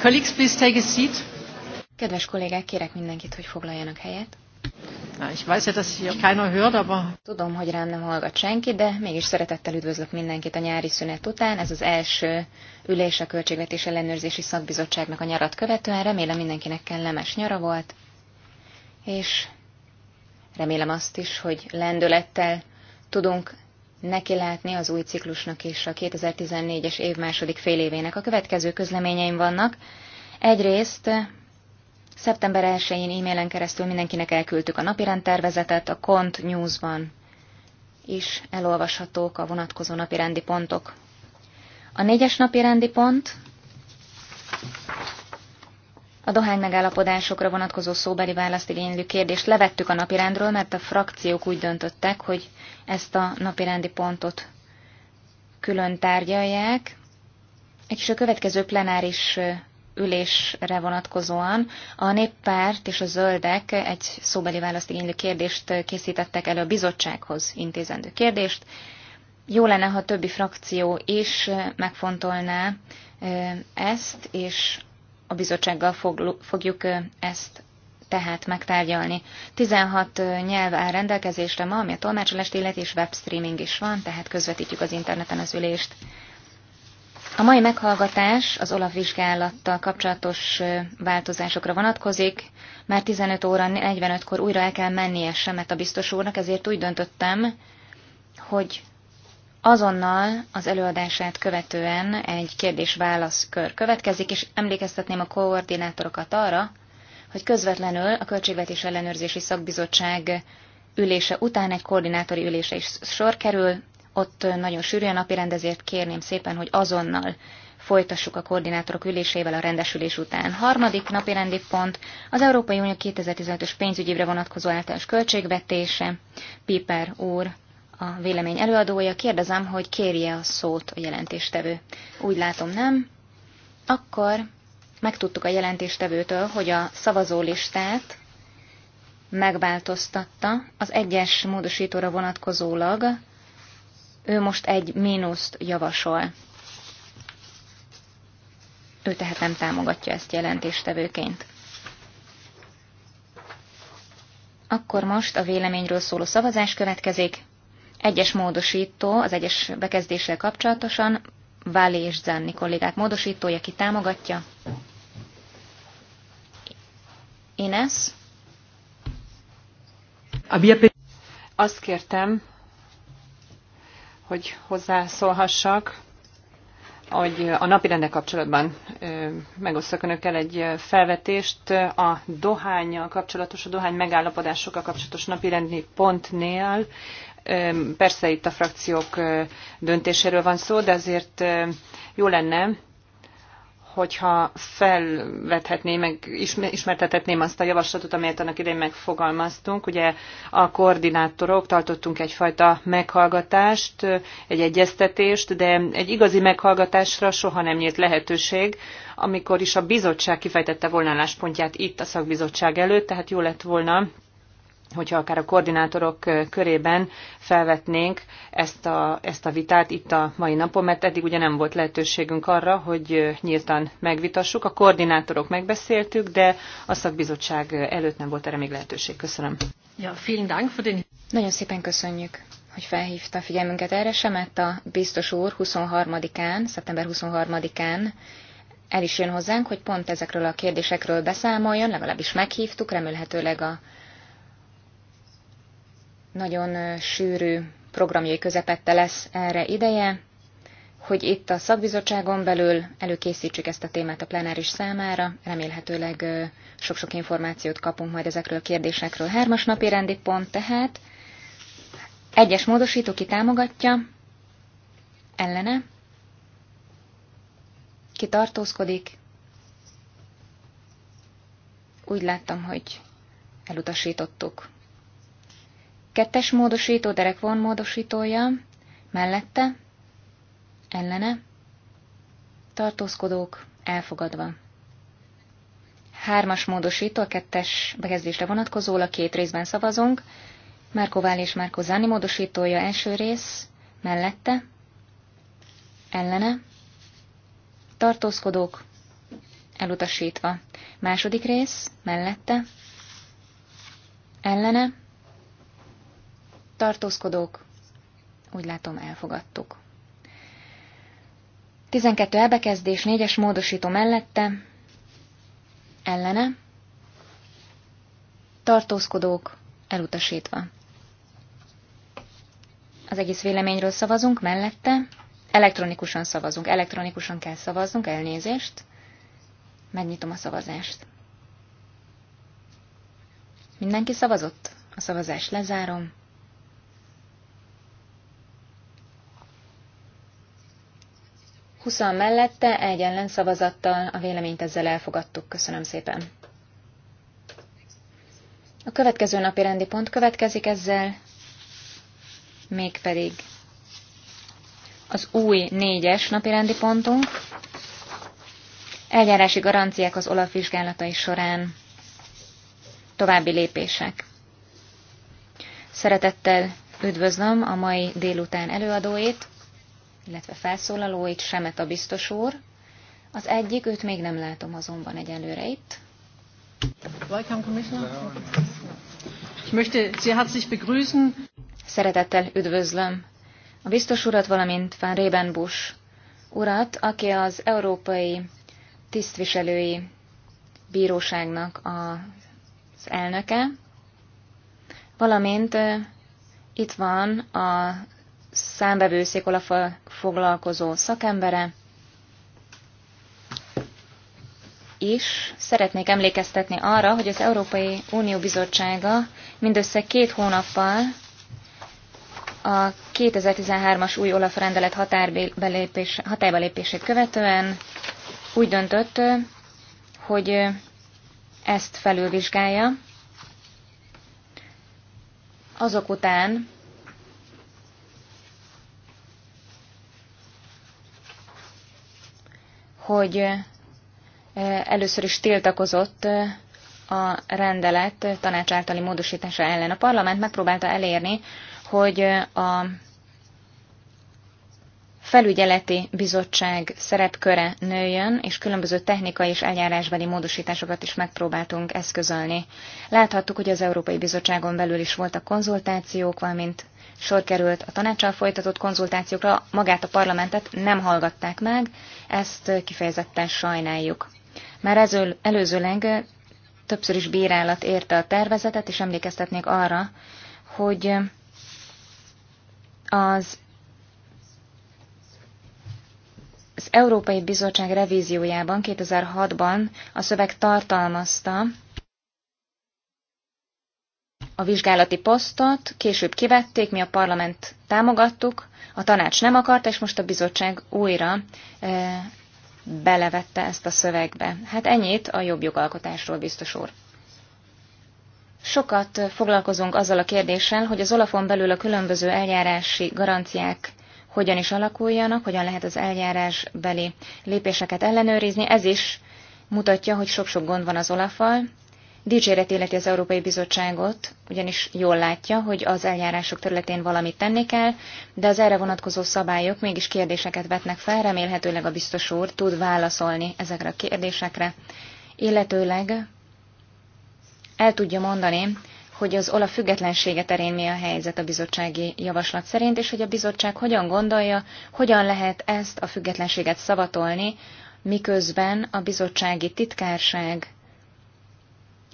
Colleagues, please take a seat. Kedves kollégák, kérek mindenkit, hogy foglaljanak helyet. Tudom, hogy rám nem hallgat senki, de mégis szeretettel üdvözlök mindenkit a nyári szünet után. Ez az első ülés a Költségvetés Ellenőrzési Szakbizottságnak a nyarat követően. Remélem mindenkinek kellemes nyara volt, és remélem azt is, hogy lendülettel tudunk neki látni az új ciklusnak is, a 2014-es év második fél évének. A következő közleményeim vannak. Egyrészt szeptember 1-én e-mailen keresztül mindenkinek elküldtük a napirend tervezetet, a Kont News-ban is elolvashatók a vonatkozó napirendi pontok. A négyes napirendi pont a dohány megállapodásokra vonatkozó szóbeli választ igénylő kérdést levettük a napirendről, mert a frakciók úgy döntöttek, hogy ezt a napirendi pontot külön tárgyalják, és a következő plenáris ülésre vonatkozóan a néppárt és a zöldek egy szóbeli választ igénylő kérdést készítettek elő a bizottsághoz intézendő kérdést. Jó lenne, ha többi frakció is megfontolná ezt, és a bizottsággal fogjuk ezt tehát megtárgyalni. 16 nyelv áll rendelkezésre ma, ami a tolmácsolást illeti, és webstreaming is van, tehát közvetítjük az interneten az ülést. A mai meghallgatás az Olaf vizsgálattal kapcsolatos változásokra vonatkozik. Már 15 óra 45-kor újra el kell mennie Semet a biztos úrnak, ezért úgy döntöttem, hogy Azonnal az előadását követően egy kérdés-válasz kör következik, és emlékeztetném a koordinátorokat arra, hogy közvetlenül a Költségvetés Ellenőrzési Szakbizottság ülése után egy koordinátori ülése is sor kerül, ott nagyon sűrű a napi rendezért kérném szépen, hogy azonnal folytassuk a koordinátorok ülésével a rendesülés után. Harmadik napi rendi pont az Európai Unió 2015-ös pénzügyévre vonatkozó általános költségvetése. Piper úr a vélemény előadója. Kérdezem, hogy kérje a szót a jelentéstevő. Úgy látom nem. Akkor megtudtuk a jelentéstevőtől, hogy a szavazólistát megváltoztatta az egyes módosítóra vonatkozólag. Ő most egy mínuszt javasol. Ő tehát nem támogatja ezt jelentéstevőként. Akkor most a véleményről szóló szavazás következik. Egyes módosító az egyes bekezdéssel kapcsolatosan Váli és Zanni kollégák módosítója, aki támogatja. Ines? Azt kértem, hogy hozzászólhassak hogy a napi kapcsolatban megosztok önökkel egy felvetést. A dohányjal kapcsolatos, a dohány megállapodásokkal kapcsolatos napirendi pontnél persze itt a frakciók döntéséről van szó, de azért jó lenne, hogyha felvethetné, meg ismertethetném azt a javaslatot, amelyet annak idején megfogalmaztunk. Ugye a koordinátorok tartottunk egyfajta meghallgatást, egy egyeztetést, de egy igazi meghallgatásra soha nem nyílt lehetőség, amikor is a bizottság kifejtette volna álláspontját itt a szakbizottság előtt, tehát jó lett volna hogyha akár a koordinátorok körében felvetnénk ezt a, ezt a vitát itt a mai napon, mert eddig ugye nem volt lehetőségünk arra, hogy nyíltan megvitassuk. A koordinátorok megbeszéltük, de a szakbizottság előtt nem volt erre még lehetőség. Köszönöm. Ja, vielen Dank für den... Nagyon szépen köszönjük hogy felhívta a figyelmünket erre, a biztos úr 23-án, szeptember 23-án el is jön hozzánk, hogy pont ezekről a kérdésekről beszámoljon, legalábbis meghívtuk, remélhetőleg a nagyon sűrű programjai közepette lesz erre ideje, hogy itt a szakbizottságon belül előkészítsük ezt a témát a plenáris számára. Remélhetőleg sok-sok információt kapunk majd ezekről a kérdésekről. Hármas napi rendi pont tehát. Egyes módosító ki támogatja, ellene, ki tartózkodik. Úgy láttam, hogy elutasítottuk. Kettes módosító, Derek von módosítója, mellette, ellene, tartózkodók, elfogadva. Hármas módosító, a kettes bekezdésre vonatkozóla két részben szavazunk. Márkovál és Márko Zani módosítója első rész, mellette, ellene, tartózkodók, elutasítva. Második rész, mellette, ellene, tartózkodók, úgy látom elfogadtuk. 12 elbekezdés, 4-es módosító mellette, ellene, tartózkodók, elutasítva. Az egész véleményről szavazunk, mellette, elektronikusan szavazunk, elektronikusan kell szavaznunk, elnézést, megnyitom a szavazást. Mindenki szavazott? A szavazást lezárom. 20 mellette, egy ellenszavazattal a véleményt ezzel elfogadtuk. Köszönöm szépen. A következő napi rendi pont következik ezzel, mégpedig az új négyes napi rendi pontunk, eljárási garanciák az OLAF vizsgálatai során, további lépések. Szeretettel üdvözlöm a mai délután előadóit, illetve felszólalóit, Semet a biztos úr. Az egyik, őt még nem látom azonban egyelőre itt. möchte Szeretettel üdvözlöm a biztos urat, valamint Van Bush urat, aki az Európai Tisztviselői Bíróságnak az elnöke, valamint itt van a számbevőszékola foglalkozó szakembere, és szeretnék emlékeztetni arra, hogy az Európai Unió Bizottsága mindössze két hónappal a 2013-as új Olaf rendelet határba lépését követően úgy döntött, hogy ezt felülvizsgálja. Azok után, hogy eh, először is tiltakozott eh, a rendelet tanács általi módosítása ellen. A parlament megpróbálta elérni, hogy eh, a felügyeleti bizottság szerepköre nőjön, és különböző technikai és eljárásbeli módosításokat is megpróbáltunk eszközölni. Láthattuk, hogy az Európai Bizottságon belül is voltak konzultációk, valamint sor került a tanácssal folytatott konzultációkra, magát a parlamentet nem hallgatták meg, ezt kifejezetten sajnáljuk. Már ezől előzőleg többször is bírálat érte a tervezetet, és emlékeztetnék arra, hogy az az Európai Bizottság revíziójában 2006-ban a szöveg tartalmazta a vizsgálati posztot, később kivették, mi a parlament támogattuk, a tanács nem akart, és most a bizottság újra e, belevette ezt a szövegbe. Hát ennyit a jobb jogalkotásról, biztos úr. Sokat foglalkozunk azzal a kérdéssel, hogy az olafon belül a különböző eljárási garanciák hogyan is alakuljanak, hogyan lehet az eljárásbeli lépéseket ellenőrizni. Ez is mutatja, hogy sok-sok gond van az olafal, Dicséret életi az Európai Bizottságot, ugyanis jól látja, hogy az eljárások területén valamit tenni kell, de az erre vonatkozó szabályok mégis kérdéseket vetnek fel, remélhetőleg a biztos úr tud válaszolni ezekre a kérdésekre, illetőleg el tudja mondani, hogy az OLA függetlensége terén mi a helyzet a bizottsági javaslat szerint, és hogy a bizottság hogyan gondolja, hogyan lehet ezt a függetlenséget szavatolni, miközben a bizottsági titkárság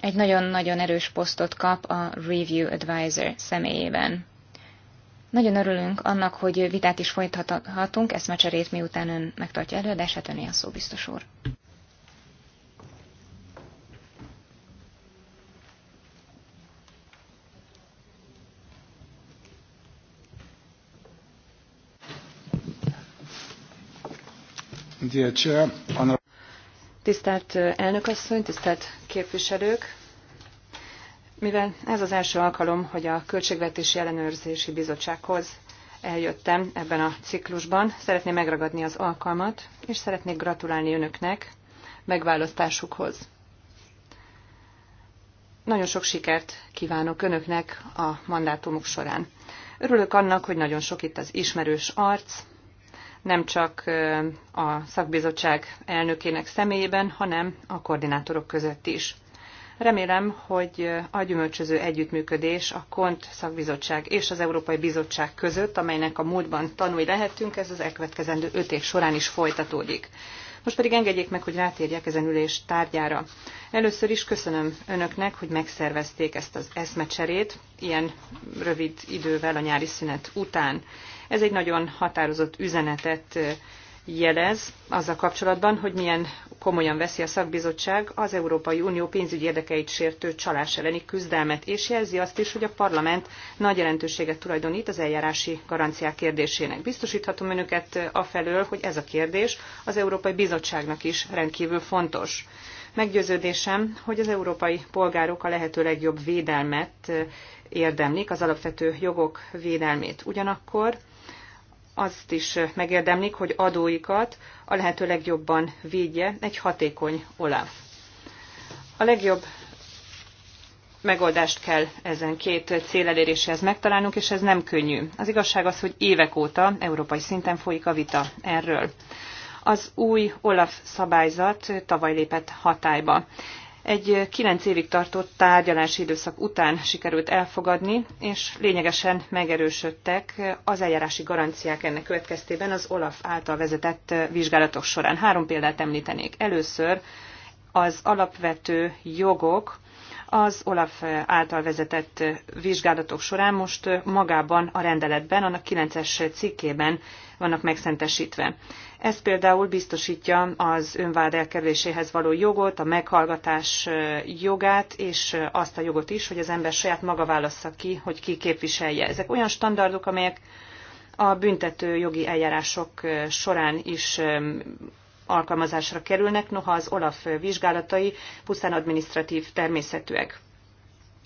egy nagyon-nagyon erős posztot kap a Review Advisor személyében. Nagyon örülünk annak, hogy vitát is folytathatunk, eszmecserét miután ön megtartja előadását, öné a szó biztos úr. Dear Chair, Tisztelt elnökasszony, tisztelt képviselők! Mivel ez az első alkalom, hogy a Költségvetési Ellenőrzési Bizottsághoz eljöttem ebben a ciklusban, szeretném megragadni az alkalmat, és szeretnék gratulálni önöknek megválasztásukhoz. Nagyon sok sikert kívánok önöknek a mandátumuk során. Örülök annak, hogy nagyon sok itt az ismerős arc, nem csak a szakbizottság elnökének személyében, hanem a koordinátorok között is. Remélem, hogy a gyümölcsöző együttműködés a KONT szakbizottság és az Európai Bizottság között, amelynek a múltban tanulni lehettünk, ez az elkövetkezendő öt év során is folytatódik. Most pedig engedjék meg, hogy rátérjek ezen ülés tárgyára. Először is köszönöm önöknek, hogy megszervezték ezt az eszmecserét ilyen rövid idővel a nyári szünet után. Ez egy nagyon határozott üzenetet jelez azzal kapcsolatban, hogy milyen komolyan veszi a szakbizottság az Európai Unió pénzügyi érdekeit sértő csalás elleni küzdelmet, és jelzi azt is, hogy a parlament nagy jelentőséget tulajdonít az eljárási garanciák kérdésének. Biztosíthatom önöket afelől, hogy ez a kérdés az Európai Bizottságnak is rendkívül fontos. Meggyőződésem, hogy az európai polgárok a lehető legjobb védelmet érdemlik, az alapvető jogok védelmét. Ugyanakkor azt is megérdemlik, hogy adóikat a lehető legjobban védje egy hatékony OLAF. A legjobb megoldást kell ezen két cél eléréséhez megtalálnunk, és ez nem könnyű. Az igazság az, hogy évek óta európai szinten folyik a vita erről. Az új OLAF szabályzat tavaly lépett hatályba egy kilenc évig tartott tárgyalási időszak után sikerült elfogadni, és lényegesen megerősödtek az eljárási garanciák ennek következtében az Olaf által vezetett vizsgálatok során. Három példát említenék. Először az alapvető jogok, az Olaf által vezetett vizsgálatok során most magában a rendeletben, annak 9-es cikkében vannak megszentesítve. Ez például biztosítja az önvád elkerüléséhez való jogot, a meghallgatás jogát, és azt a jogot is, hogy az ember saját maga válassza ki, hogy ki képviselje. Ezek olyan standardok, amelyek a büntető jogi eljárások során is alkalmazásra kerülnek, noha az OLAF vizsgálatai pusztán administratív természetűek.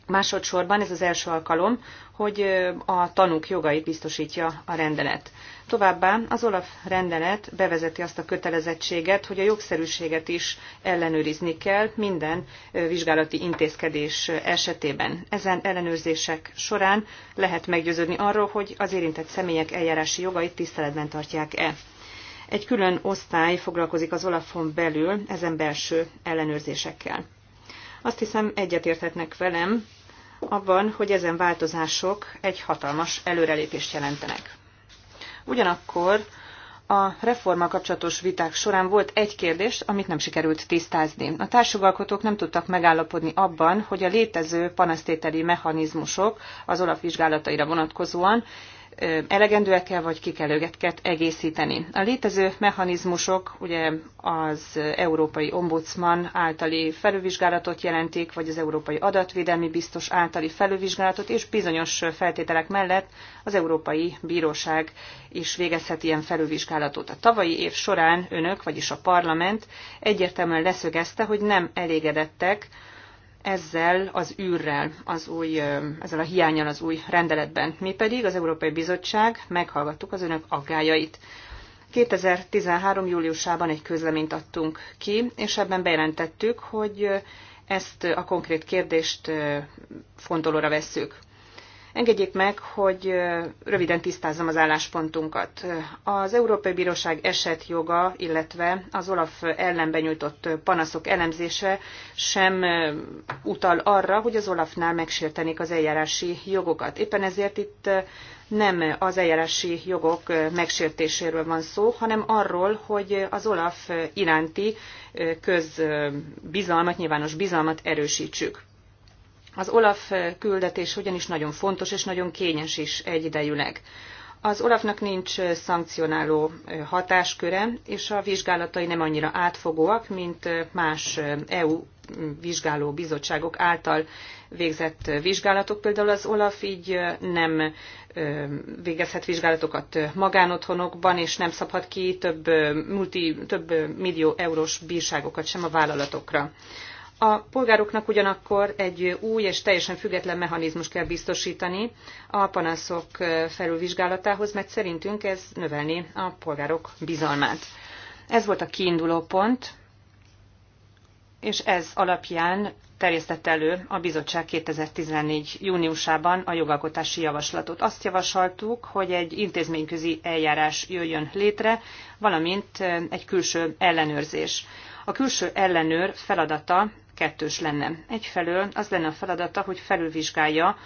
Másodszorban ez az első alkalom, hogy a tanúk jogait biztosítja a rendelet. Továbbá az OLAF rendelet bevezeti azt a kötelezettséget, hogy a jogszerűséget is ellenőrizni kell minden vizsgálati intézkedés esetében. Ezen ellenőrzések során lehet meggyőződni arról, hogy az érintett személyek eljárási jogait tiszteletben tartják-e. Egy külön osztály foglalkozik az olaf belül ezen belső ellenőrzésekkel. Azt hiszem egyetérthetnek velem abban, hogy ezen változások egy hatalmas előrelépést jelentenek. Ugyanakkor a reforma kapcsolatos viták során volt egy kérdés, amit nem sikerült tisztázni. A társjogalkotók nem tudtak megállapodni abban, hogy a létező panasztételi mechanizmusok az vizsgálataira vonatkozóan elegendőek-e, vagy ki kell őket egészíteni. A létező mechanizmusok ugye az Európai Ombudsman általi felülvizsgálatot jelentik, vagy az Európai Adatvédelmi Biztos általi felülvizsgálatot, és bizonyos feltételek mellett az Európai Bíróság is végezhet ilyen felülvizsgálatot. A tavalyi év során önök, vagyis a parlament egyértelműen leszögezte, hogy nem elégedettek ezzel az űrrel, az új, ezzel a hiányal az új rendeletben. Mi pedig az Európai Bizottság meghallgattuk az önök aggájait. 2013. júliusában egy közleményt adtunk ki, és ebben bejelentettük, hogy ezt a konkrét kérdést fontolóra vesszük. Engedjék meg, hogy röviden tisztázzam az álláspontunkat. Az Európai Bíróság esetjoga, illetve az Olaf ellen benyújtott panaszok elemzése sem utal arra, hogy az Olafnál megsértenék az eljárási jogokat. Éppen ezért itt nem az eljárási jogok megsértéséről van szó, hanem arról, hogy az Olaf iránti közbizalmat, nyilvános bizalmat erősítsük. Az Olaf küldetés ugyanis nagyon fontos és nagyon kényes is egyidejűleg. Az Olafnak nincs szankcionáló hatásköre, és a vizsgálatai nem annyira átfogóak, mint más EU vizsgáló bizottságok által végzett vizsgálatok. Például az Olaf így nem végezhet vizsgálatokat magánotthonokban, és nem szabhat ki több, multi, több millió eurós bírságokat sem a vállalatokra. A polgároknak ugyanakkor egy új és teljesen független mechanizmus kell biztosítani a panaszok felülvizsgálatához, mert szerintünk ez növelni a polgárok bizalmát. Ez volt a kiinduló pont, és ez alapján terjesztett elő a bizottság 2014. júniusában a jogalkotási javaslatot. Azt javasoltuk, hogy egy intézményközi eljárás jöjjön létre, valamint egy külső ellenőrzés. A külső ellenőr feladata kettős lenne. Egyfelől az lenne a feladata, hogy felülvizsgálja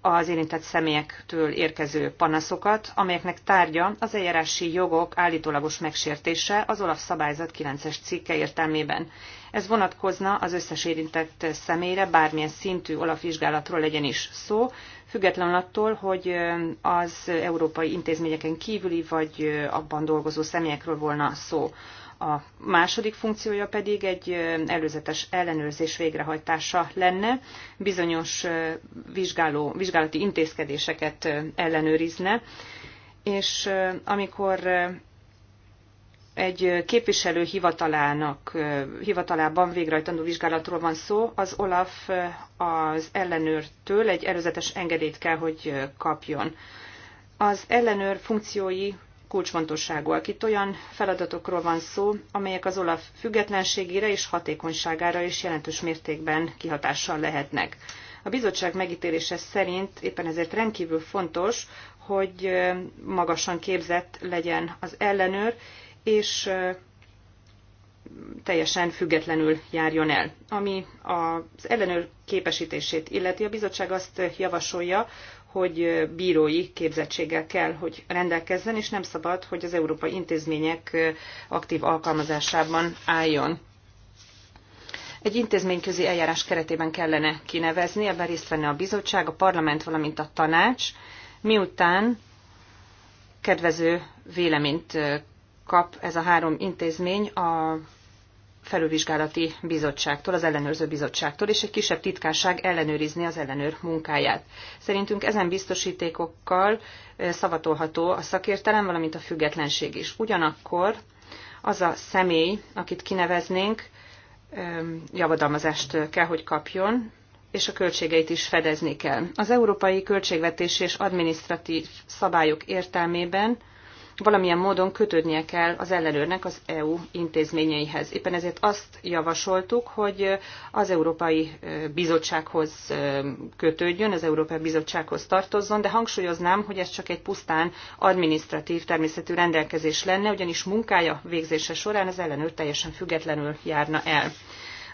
az érintett személyektől érkező panaszokat, amelyeknek tárgya az eljárási jogok állítólagos megsértése az olaf szabályzat 9-es cikke értelmében. Ez vonatkozna az összes érintett személyre, bármilyen szintű olaf vizsgálatról legyen is szó, függetlenül attól, hogy az európai intézményeken kívüli vagy abban dolgozó személyekről volna szó. A második funkciója pedig egy előzetes ellenőrzés végrehajtása lenne, bizonyos vizsgáló, vizsgálati intézkedéseket ellenőrizne, és amikor egy képviselő hivatalának, hivatalában végrehajtandó vizsgálatról van szó, az OLAF az ellenőrtől egy előzetes engedélyt kell, hogy kapjon. Az ellenőr funkciói kulcsfontosságúak. Itt olyan feladatokról van szó, amelyek az OLAF függetlenségére és hatékonyságára is jelentős mértékben kihatással lehetnek. A bizottság megítélése szerint éppen ezért rendkívül fontos, hogy magasan képzett legyen az ellenőr, és teljesen függetlenül járjon el. Ami az ellenőr képesítését illeti, a bizottság azt javasolja, hogy bírói képzettséggel kell, hogy rendelkezzen, és nem szabad, hogy az európai intézmények aktív alkalmazásában álljon. Egy intézményközi eljárás keretében kellene kinevezni, ebben részt venne a bizottság, a parlament, valamint a tanács, miután kedvező véleményt kap ez a három intézmény a felülvizsgálati bizottságtól, az ellenőrző bizottságtól, és egy kisebb titkárság ellenőrizni az ellenőr munkáját. Szerintünk ezen biztosítékokkal szavatolható a szakértelem, valamint a függetlenség is. Ugyanakkor az a személy, akit kineveznénk, javadalmazást kell, hogy kapjon, és a költségeit is fedezni kell. Az európai költségvetés és adminisztratív szabályok értelmében valamilyen módon kötődnie kell az ellenőrnek az EU intézményeihez. Éppen ezért azt javasoltuk, hogy az Európai Bizottsághoz kötődjön, az Európai Bizottsághoz tartozzon, de hangsúlyoznám, hogy ez csak egy pusztán administratív természetű rendelkezés lenne, ugyanis munkája végzése során az ellenőr teljesen függetlenül járna el.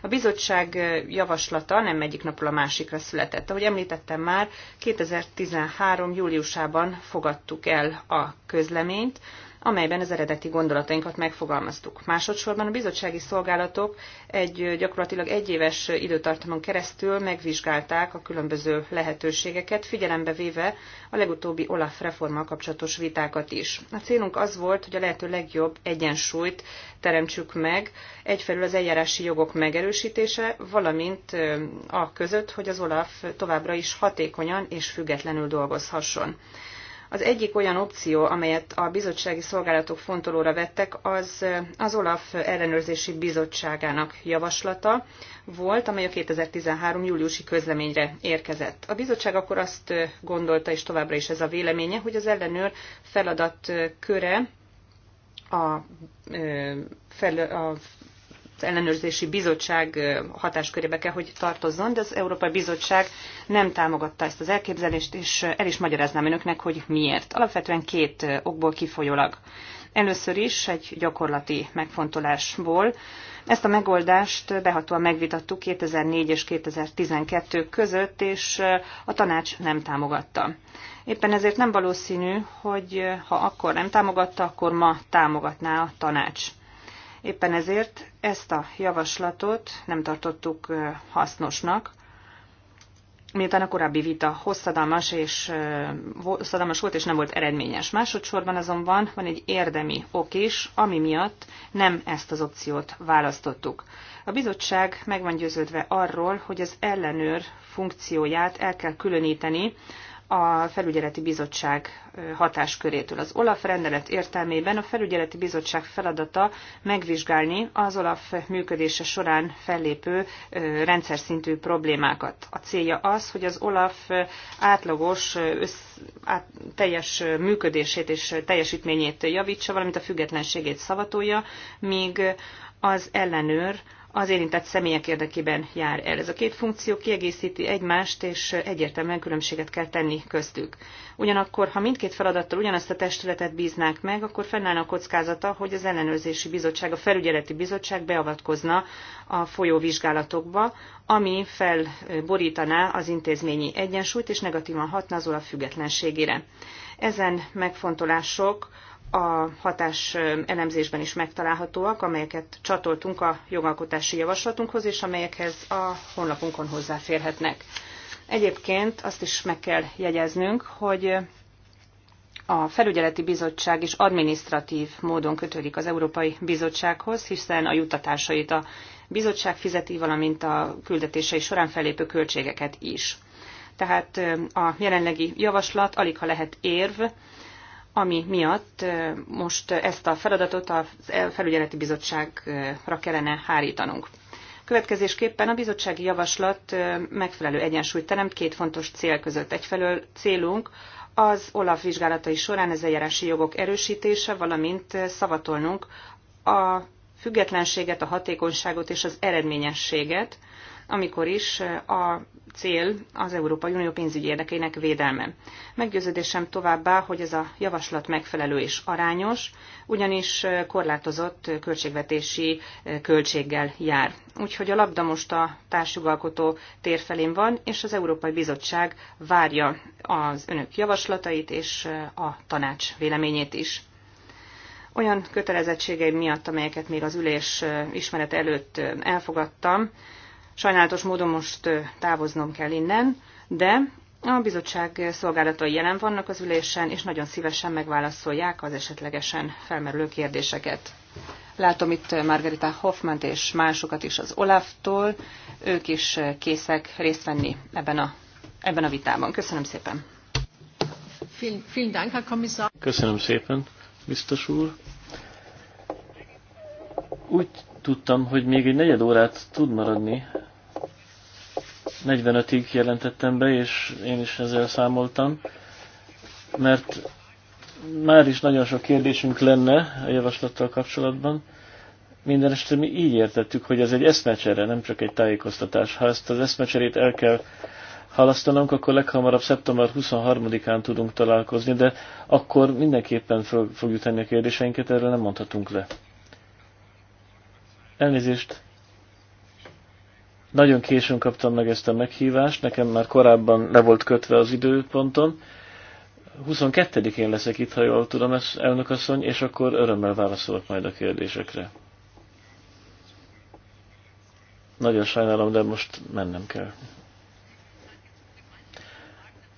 A bizottság javaslata nem egyik napról a másikra született. Ahogy említettem már, 2013. júliusában fogadtuk el a közleményt, amelyben az eredeti gondolatainkat megfogalmaztuk. Másodszorban a bizottsági szolgálatok egy gyakorlatilag egyéves időtartamon keresztül megvizsgálták a különböző lehetőségeket, figyelembe véve a legutóbbi Olaf reformmal kapcsolatos vitákat is. A célunk az volt, hogy a lehető legjobb egyensúlyt teremtsük meg, egyfelől az eljárási jogok megerősítése, valamint a között, hogy az Olaf továbbra is hatékonyan és függetlenül dolgozhasson. Az egyik olyan opció, amelyet a bizottsági szolgálatok fontolóra vettek, az az OLAF ellenőrzési bizottságának javaslata volt, amely a 2013. júliusi közleményre érkezett. A bizottság akkor azt gondolta, és továbbra is ez a véleménye, hogy az ellenőr feladat köre a, fel, a az ellenőrzési bizottság hatáskörébe kell, hogy tartozzon, de az Európai Bizottság nem támogatta ezt az elképzelést, és el is magyaráznám önöknek, hogy miért. Alapvetően két okból kifolyólag. Először is egy gyakorlati megfontolásból. Ezt a megoldást behatóan megvitattuk 2004 és 2012 között, és a tanács nem támogatta. Éppen ezért nem valószínű, hogy ha akkor nem támogatta, akkor ma támogatná a tanács. Éppen ezért ezt a javaslatot nem tartottuk hasznosnak, miután a korábbi vita hosszadalmas, és, hosszadalmas volt, és nem volt eredményes. Másodszorban azonban van egy érdemi ok is, ami miatt nem ezt az opciót választottuk. A bizottság meg van győződve arról, hogy az ellenőr funkcióját el kell különíteni a felügyeleti bizottság hatáskörétől. Az OLAF rendelet értelmében a felügyeleti bizottság feladata megvizsgálni az OLAF működése során fellépő rendszer szintű problémákat. A célja az, hogy az OLAF átlagos össz, át, teljes működését és teljesítményét javítsa, valamint a függetlenségét szavatolja, míg az ellenőr az érintett személyek érdekében jár el. Ez a két funkció kiegészíti egymást, és egyértelműen különbséget kell tenni köztük. Ugyanakkor, ha mindkét feladattal ugyanazt a testületet bíznák meg, akkor fennállna a kockázata, hogy az ellenőrzési bizottság, a felügyeleti bizottság beavatkozna a folyó vizsgálatokba, ami felborítaná az intézményi egyensúlyt, és negatívan hatna az olaf függetlenségére. Ezen megfontolások a hatás elemzésben is megtalálhatóak, amelyeket csatoltunk a jogalkotási javaslatunkhoz, és amelyekhez a honlapunkon hozzáférhetnek. Egyébként azt is meg kell jegyeznünk, hogy a felügyeleti bizottság is adminisztratív módon kötődik az Európai Bizottsághoz, hiszen a juttatásait a bizottság fizeti, valamint a küldetései során fellépő költségeket is. Tehát a jelenlegi javaslat alig ha lehet érv, ami miatt most ezt a feladatot a e- felügyeleti bizottságra kellene hárítanunk. Következésképpen a bizottsági javaslat megfelelő egyensúlyt teremt két fontos cél között. Egyfelől célunk az OLAF vizsgálatai során az eljárási jogok erősítése, valamint szavatolnunk a függetlenséget, a hatékonyságot és az eredményességet, amikor is eh, a cél az Európai Unió pénzügyi érdekeinek védelme. Meggyőződésem továbbá, hogy ez a javaslat megfelelő és arányos, ugyanis eh, korlátozott eh, költségvetési költséggel jár. Úgyhogy a labda most a társjogalkotó térfelén van, és az Európai Bizottság várja az önök javaslatait és a tanács véleményét is olyan kötelezettségeim miatt, amelyeket még az ülés ismerete előtt elfogadtam, Sajnálatos módon most távoznom kell innen, de a bizottság szolgálatai jelen vannak az ülésen, és nagyon szívesen megválaszolják az esetlegesen felmerülő kérdéseket. Látom itt Margarita Hoffmant és másokat is az olaf-tól, ők is készek részt venni ebben a, ebben a vitában. Köszönöm szépen. Köszönöm szépen, biztos úr. Úgy tudtam, hogy még egy negyed órát tud maradni. 45-ig jelentettem be, és én is ezzel számoltam, mert már is nagyon sok kérdésünk lenne a javaslattal kapcsolatban. Minden este mi így értettük, hogy ez egy eszmecsere, nem csak egy tájékoztatás. Ha ezt az eszmecserét el kell halasztanunk, akkor leghamarabb szeptember 23-án tudunk találkozni, de akkor mindenképpen fogjuk tenni a kérdéseinket, erről nem mondhatunk le. Elnézést. Nagyon későn kaptam meg ezt a meghívást, nekem már korábban le volt kötve az időpontom. 22-én leszek itt, ha jól tudom, ez elnökasszony, és akkor örömmel válaszolok majd a kérdésekre. Nagyon sajnálom, de most mennem kell.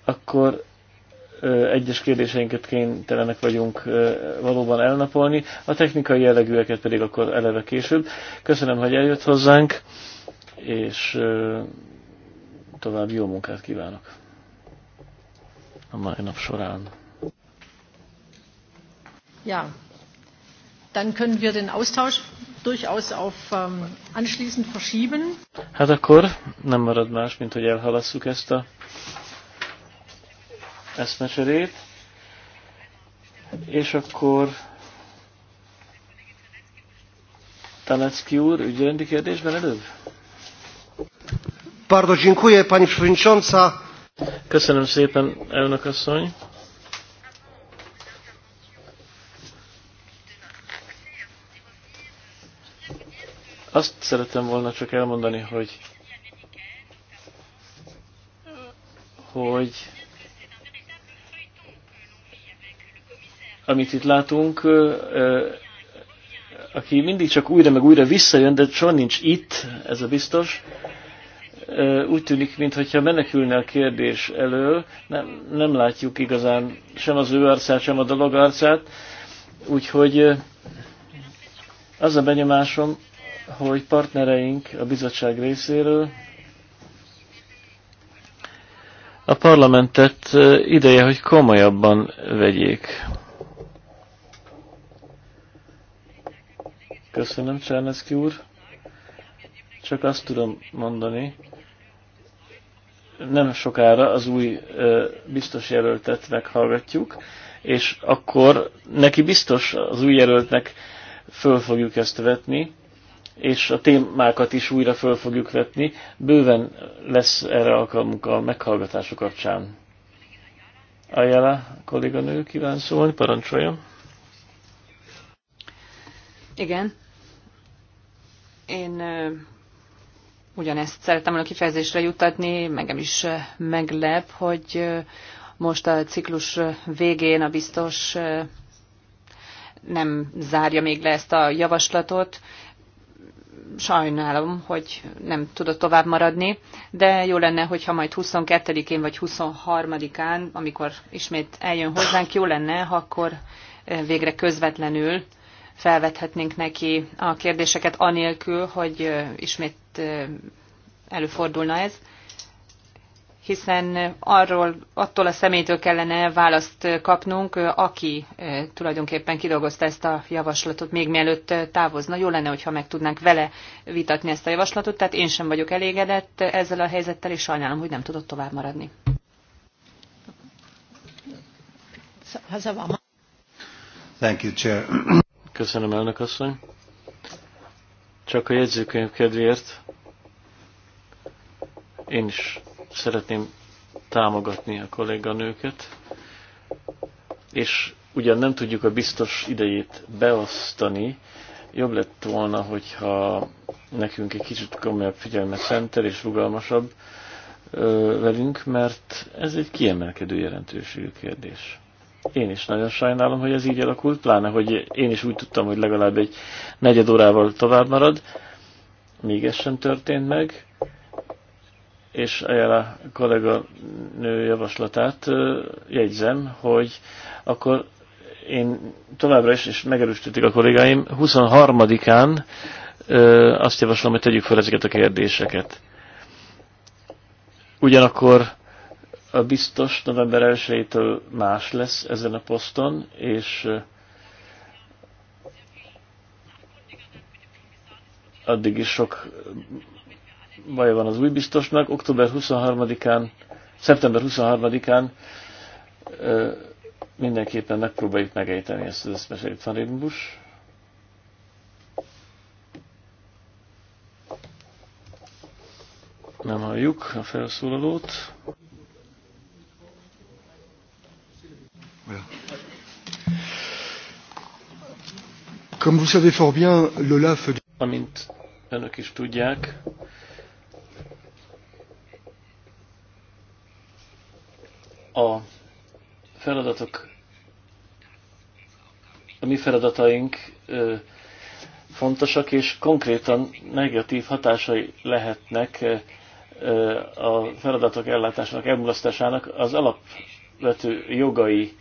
Akkor egyes kérdéseinket kénytelenek vagyunk valóban elnapolni, a technikai jellegűeket pedig akkor eleve később. Köszönöm, hogy eljött hozzánk, és további jó munkát kívánok a mai nap során. Ja, dann können wir den Austausch durchaus auf um, anschließend verschieben. Hát akkor nem marad más, mint hogy elhalasszuk ezt a eszmecserét, és akkor Talecki úr, ügyrendi kérdésben előbb? Bardzo dziękuję, pani przewodnicząca. Köszönöm szépen, elnök asszony. Azt szerettem volna csak elmondani, hogy hogy amit itt látunk, aki mindig csak újra meg újra visszajön, de soha nincs itt, ez a biztos, úgy tűnik, mintha menekülne a kérdés elől, nem, nem látjuk igazán sem az ő arcát, sem a dolog arcát, úgyhogy az a benyomásom, hogy partnereink a bizottság részéről a parlamentet ideje, hogy komolyabban vegyék. Köszönöm, Cserneszki úr. Csak azt tudom mondani, nem sokára az új ö, biztos jelöltet meghallgatjuk, és akkor neki biztos az új jelöltnek föl fogjuk ezt vetni, és a témákat is újra föl fogjuk vetni. Bőven lesz erre alkalmunk a meghallgatások kapcsán. Ajala kolléganő kíván szólni, parancsoljon. Igen. Én ugyanezt szerettem volna kifejezésre jutatni, megem is meglep, hogy most a ciklus végén a biztos nem zárja még le ezt a javaslatot. Sajnálom, hogy nem tudott tovább maradni, de jó lenne, hogyha majd 22-én vagy 23-án, amikor ismét eljön hozzánk, jó lenne, ha akkor végre közvetlenül felvethetnénk neki a kérdéseket anélkül, hogy ismét előfordulna ez hiszen arról, attól a személytől kellene választ kapnunk, aki tulajdonképpen kidolgozta ezt a javaslatot, még mielőtt távozna. Jó lenne, hogyha meg tudnánk vele vitatni ezt a javaslatot, tehát én sem vagyok elégedett ezzel a helyzettel, és sajnálom, hogy nem tudott tovább maradni. Thank you, Chair. Köszönöm, elnök asszony. Csak a jegyzőkönyv kedvéért én is szeretném támogatni a kolléganőket, és ugyan nem tudjuk a biztos idejét beosztani, jobb lett volna, hogyha nekünk egy kicsit komolyabb figyelmet szentel és rugalmasabb ö, velünk, mert ez egy kiemelkedő jelentőségű kérdés. Én is nagyon sajnálom, hogy ez így alakult, pláne, hogy én is úgy tudtam, hogy legalább egy negyed órával tovább marad. Még ez sem történt meg, és a kollega nő javaslatát jegyzem, hogy akkor én továbbra is, és megerősítik a kollégáim, 23-án azt javaslom, hogy tegyük fel ezeket a kérdéseket. Ugyanakkor a biztos november 1 más lesz ezen a poszton, és addig is sok baj van az új biztosnak. Október 23-án, szeptember 23-án mindenképpen megpróbáljuk megejteni ezt az eszmeseit van Rédenbus. Nem halljuk a felszólalót. Amint önök is tudják, a feladatok, a mi feladataink ö, fontosak, és konkrétan negatív hatásai lehetnek ö, a feladatok ellátásának, elmulasztásának az alapvető jogai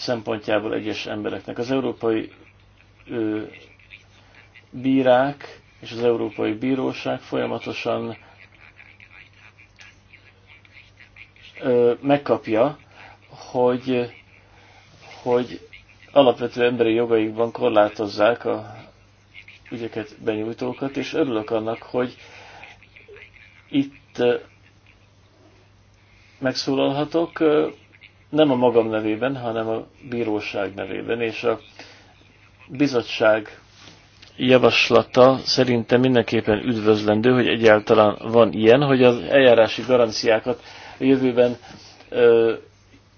szempontjából egyes embereknek. Az európai ö, bírák és az Európai Bíróság folyamatosan ö, megkapja, hogy, hogy alapvető emberi jogaikban korlátozzák a ügyeket benyújtókat, és örülök annak, hogy itt megszólalhatok nem a magam nevében, hanem a bíróság nevében, és a bizottság javaslata szerintem mindenképpen üdvözlendő, hogy egyáltalán van ilyen, hogy az eljárási garanciákat a jövőben ö,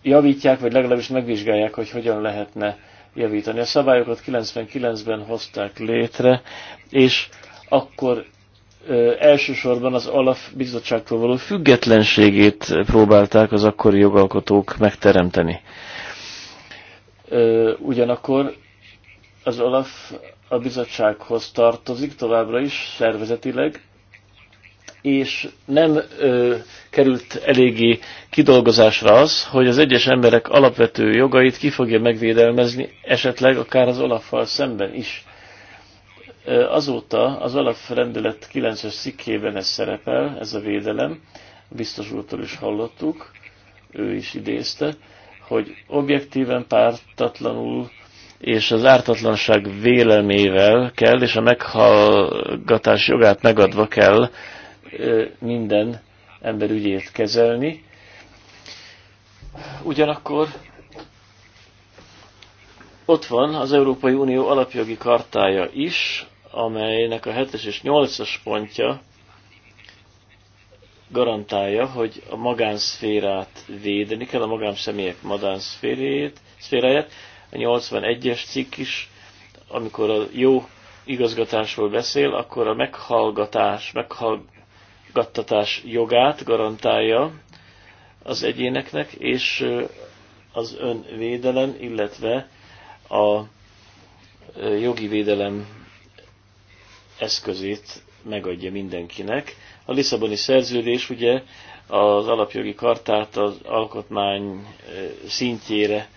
javítják, vagy legalábbis megvizsgálják, hogy hogyan lehetne javítani. A szabályokat 99-ben hozták létre, és akkor elsősorban az Alaf bizottságtól való függetlenségét próbálták az akkori jogalkotók megteremteni. Ugyanakkor az Alaf a bizottsághoz tartozik továbbra is szervezetileg, és nem ö, került eléggé kidolgozásra az, hogy az egyes emberek alapvető jogait ki fogja megvédelmezni, esetleg akár az Olaffal szemben is. Azóta az alaprendelet 9-es szikkében ez szerepel, ez a védelem, biztos úrtól is hallottuk, ő is idézte, hogy objektíven, pártatlanul és az ártatlanság vélemével kell, és a meghallgatás jogát megadva kell minden ember ügyét kezelni. Ugyanakkor ott van az Európai Unió alapjogi kartája is, amelynek a 7-es és 8-as pontja garantálja, hogy a magánszférát védeni kell, a magánszemélyek magánszféráját. A 81-es cikk is, amikor a jó igazgatásról beszél, akkor a meghallgatás, meghallgattatás jogát garantálja az egyéneknek, és az önvédelem, illetve a jogi védelem eszközét megadja mindenkinek. A Lisszaboni szerződés ugye az alapjogi kartát az alkotmány szintjére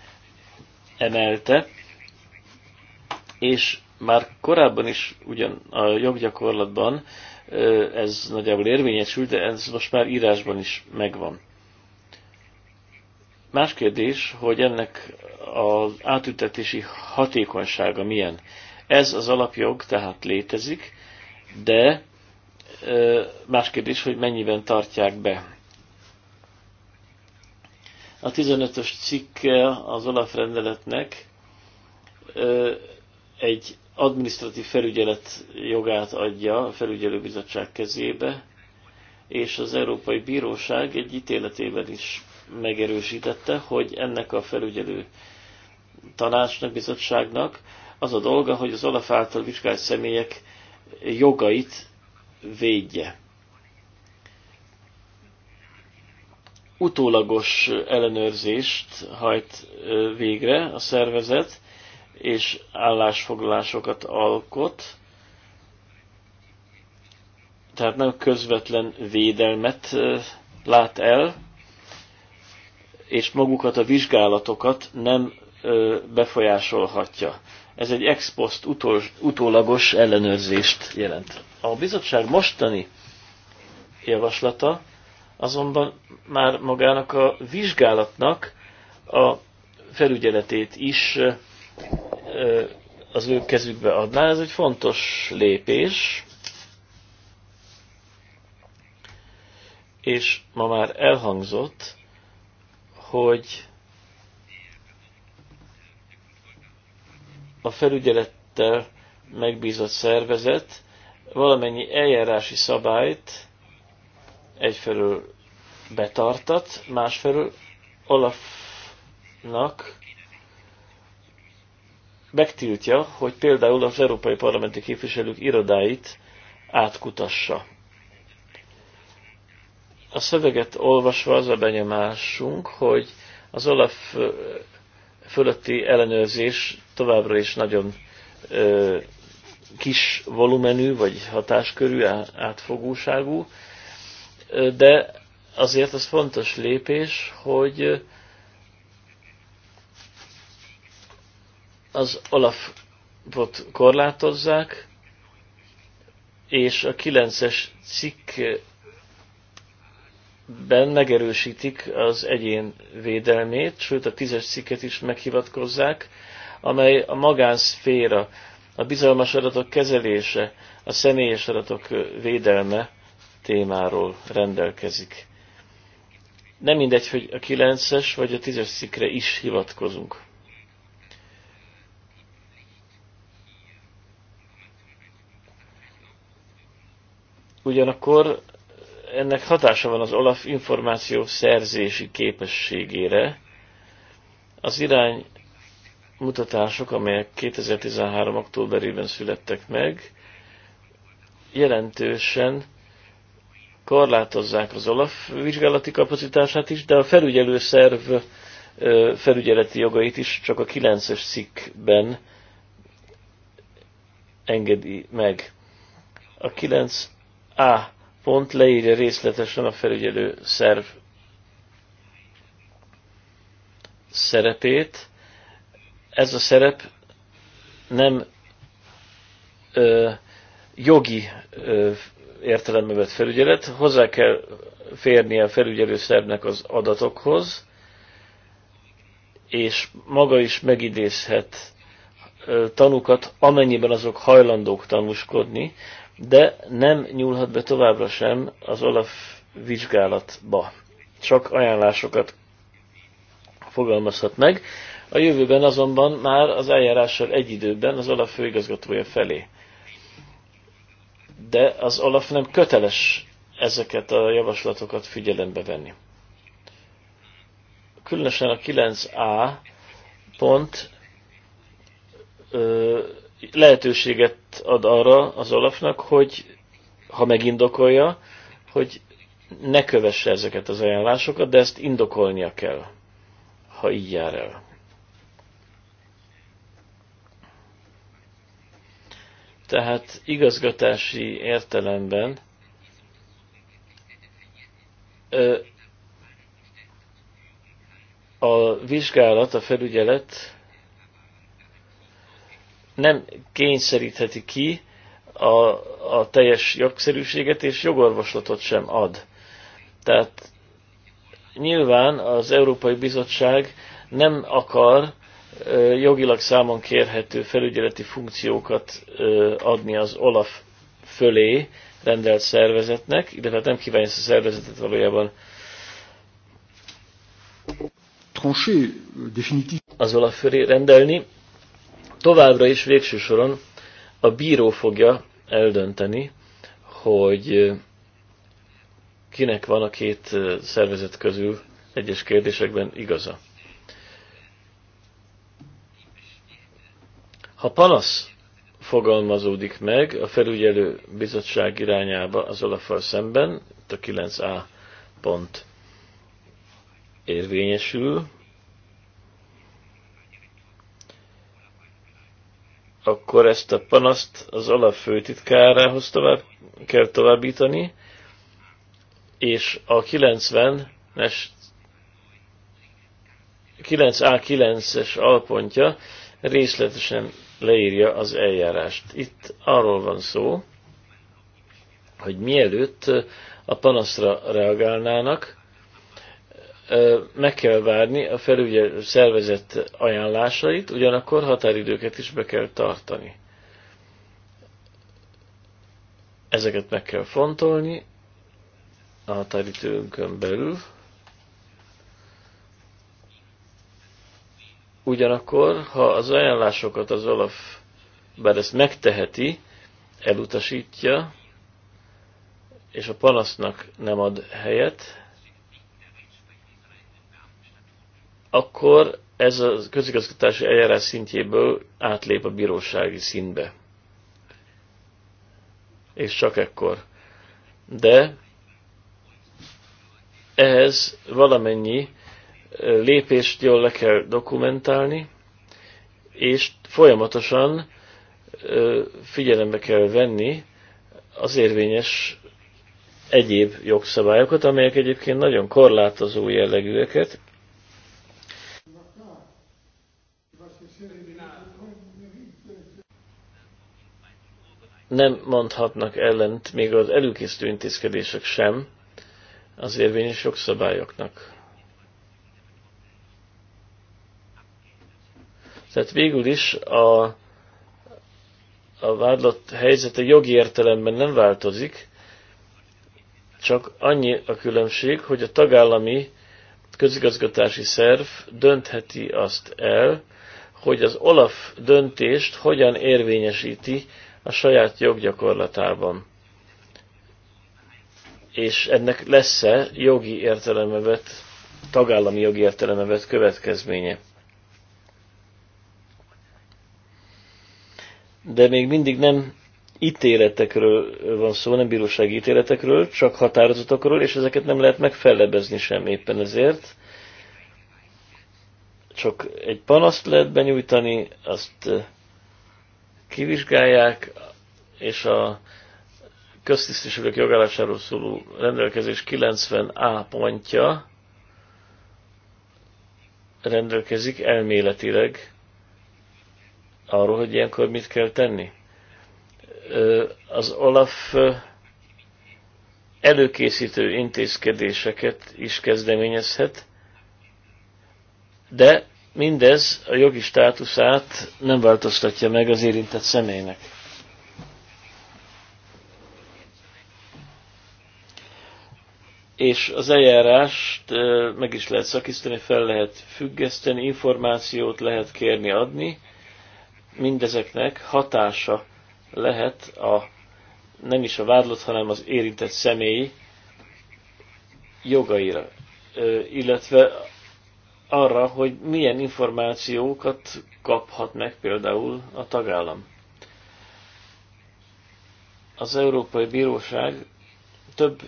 emelte, és már korábban is ugyan a joggyakorlatban ez nagyjából érvényesült, de ez most már írásban is megvan. Más kérdés, hogy ennek az átültetési hatékonysága milyen. Ez az alapjog tehát létezik, de más kérdés, hogy mennyiben tartják be. A 15-ös cikke az alaprendeletnek egy administratív felügyelet jogát adja a felügyelőbizottság kezébe, és az Európai Bíróság egy ítéletében is megerősítette, hogy ennek a felügyelő tanácsnak, bizottságnak az a dolga, hogy az Olaf által vizsgált személyek jogait védje. Utólagos ellenőrzést hajt végre a szervezet, és állásfoglalásokat alkot, tehát nem közvetlen védelmet lát el, és magukat a vizsgálatokat nem befolyásolhatja. Ez egy ex post utol, utólagos ellenőrzést jelent. A bizottság mostani javaslata azonban már magának a vizsgálatnak a felügyeletét is az ő kezükbe adná. Ez egy fontos lépés, és ma már elhangzott, hogy a felügyelettel megbízott szervezet valamennyi eljárási szabályt egyfelől betartat, másfelől Olafnak megtiltja, hogy például az európai parlamenti képviselők irodáit átkutassa. A szöveget olvasva az a benyomásunk, hogy az Olaf fölötti ellenőrzés továbbra is nagyon ö, kis volumenű, vagy hatáskörű, átfogóságú, de azért az fontos lépés, hogy az alapot korlátozzák, és a 9-es cikk ben megerősítik az egyén védelmét, sőt a tízes cikket is meghivatkozzák, amely a magánszféra, a bizalmas adatok kezelése, a személyes adatok védelme témáról rendelkezik. Nem mindegy, hogy a kilences vagy a tízes cikkre is hivatkozunk. Ugyanakkor ennek hatása van az OLAF információ szerzési képességére. Az irány mutatások, amelyek 2013. októberében születtek meg, jelentősen korlátozzák az OLAF vizsgálati kapacitását is, de a felügyelő szerv felügyeleti jogait is csak a 9-es cikkben engedi meg. A 9A pont leírja részletesen a felügyelő szerv szerepét. Ez a szerep nem ö, jogi ö, értelembe vett felügyelet, hozzá kell férnie a felügyelő szervnek az adatokhoz, és maga is megidézhet tanukat, amennyiben azok hajlandók tanúskodni, de nem nyúlhat be továbbra sem az Olaf vizsgálatba. Csak ajánlásokat fogalmazhat meg. A jövőben azonban már az eljárással egy időben az Olaf főigazgatója felé. De az Olaf nem köteles ezeket a javaslatokat figyelembe venni. Különösen a 9A pont ö, lehetőséget ad arra az alapnak, hogy ha megindokolja, hogy ne kövesse ezeket az ajánlásokat, de ezt indokolnia kell, ha így jár el. Tehát igazgatási értelemben a vizsgálat, a felügyelet nem kényszerítheti ki a, a teljes jogszerűséget, és jogorvoslatot sem ad. Tehát nyilván az Európai Bizottság nem akar jogilag számon kérhető felügyeleti funkciókat adni az OLAF fölé rendelt szervezetnek, illetve hát nem kívánja ezt a szervezetet valójában euh, az OLAF fölé rendelni, Továbbra is végső soron a bíró fogja eldönteni, hogy kinek van a két szervezet közül egyes kérdésekben igaza. Ha panasz fogalmazódik meg a felügyelő bizottság irányába az olafal szemben, a 9a pont érvényesül, akkor ezt a panaszt az alapfőtitkárához tovább kell továbbítani, és a 90-es 9A9-es alpontja részletesen leírja az eljárást. Itt arról van szó, hogy mielőtt a panaszra reagálnának, meg kell várni a felügyelő szervezet ajánlásait, ugyanakkor határidőket is be kell tartani. Ezeket meg kell fontolni a határidőnkön belül. Ugyanakkor, ha az ajánlásokat az Olaf, bár ezt megteheti, elutasítja, és a panasznak nem ad helyet, akkor ez a közigazgatási eljárás szintjéből átlép a bírósági szintbe, És csak ekkor. De ehhez valamennyi lépést jól le kell dokumentálni, és folyamatosan figyelembe kell venni az érvényes egyéb jogszabályokat, amelyek egyébként nagyon korlátozó jellegűeket, nem mondhatnak ellent még az előkészítő intézkedések sem az érvényes jogszabályoknak. Tehát végül is a, a vádlott helyzete jogi értelemben nem változik, csak annyi a különbség, hogy a tagállami közigazgatási szerv döntheti azt el, hogy az OLAF döntést hogyan érvényesíti a saját joggyakorlatában. És ennek lesz-e jogi értelembe vett, tagállami jogi értelembe vett következménye. De még mindig nem ítéletekről van szó, nem bírósági ítéletekről, csak határozatokról, és ezeket nem lehet megfelebezni sem éppen ezért. Csak egy panaszt lehet benyújtani, azt eh, kivizsgálják, és a köztisztviselők jogállásáról szóló rendelkezés 90A pontja rendelkezik elméletileg arról, hogy ilyenkor mit kell tenni. Az Olaf előkészítő intézkedéseket is kezdeményezhet, de Mindez a jogi státuszát nem változtatja meg az érintett személynek. És az eljárást meg is lehet szakítani, fel lehet függeszteni, információt lehet kérni, adni. Mindezeknek hatása lehet a nem is a vádlott, hanem az érintett személy jogaira, illetve arra, hogy milyen információkat kaphat meg például a tagállam. Az Európai Bíróság több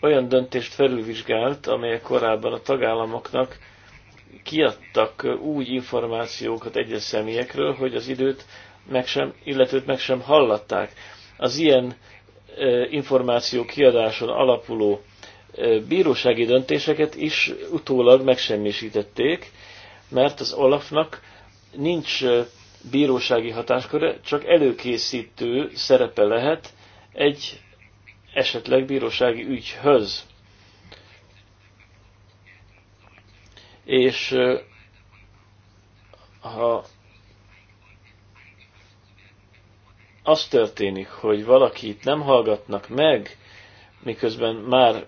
olyan döntést felülvizsgált, amelyek korábban a tagállamoknak kiadtak úgy információkat egyes személyekről, hogy az időt meg sem, illetőt meg sem hallatták. Az ilyen információ kiadáson alapuló bírósági döntéseket is utólag megsemmisítették, mert az Olafnak nincs bírósági hatásköre, csak előkészítő szerepe lehet egy esetleg bírósági ügyhöz. És ha az történik, hogy valakit nem hallgatnak meg, miközben már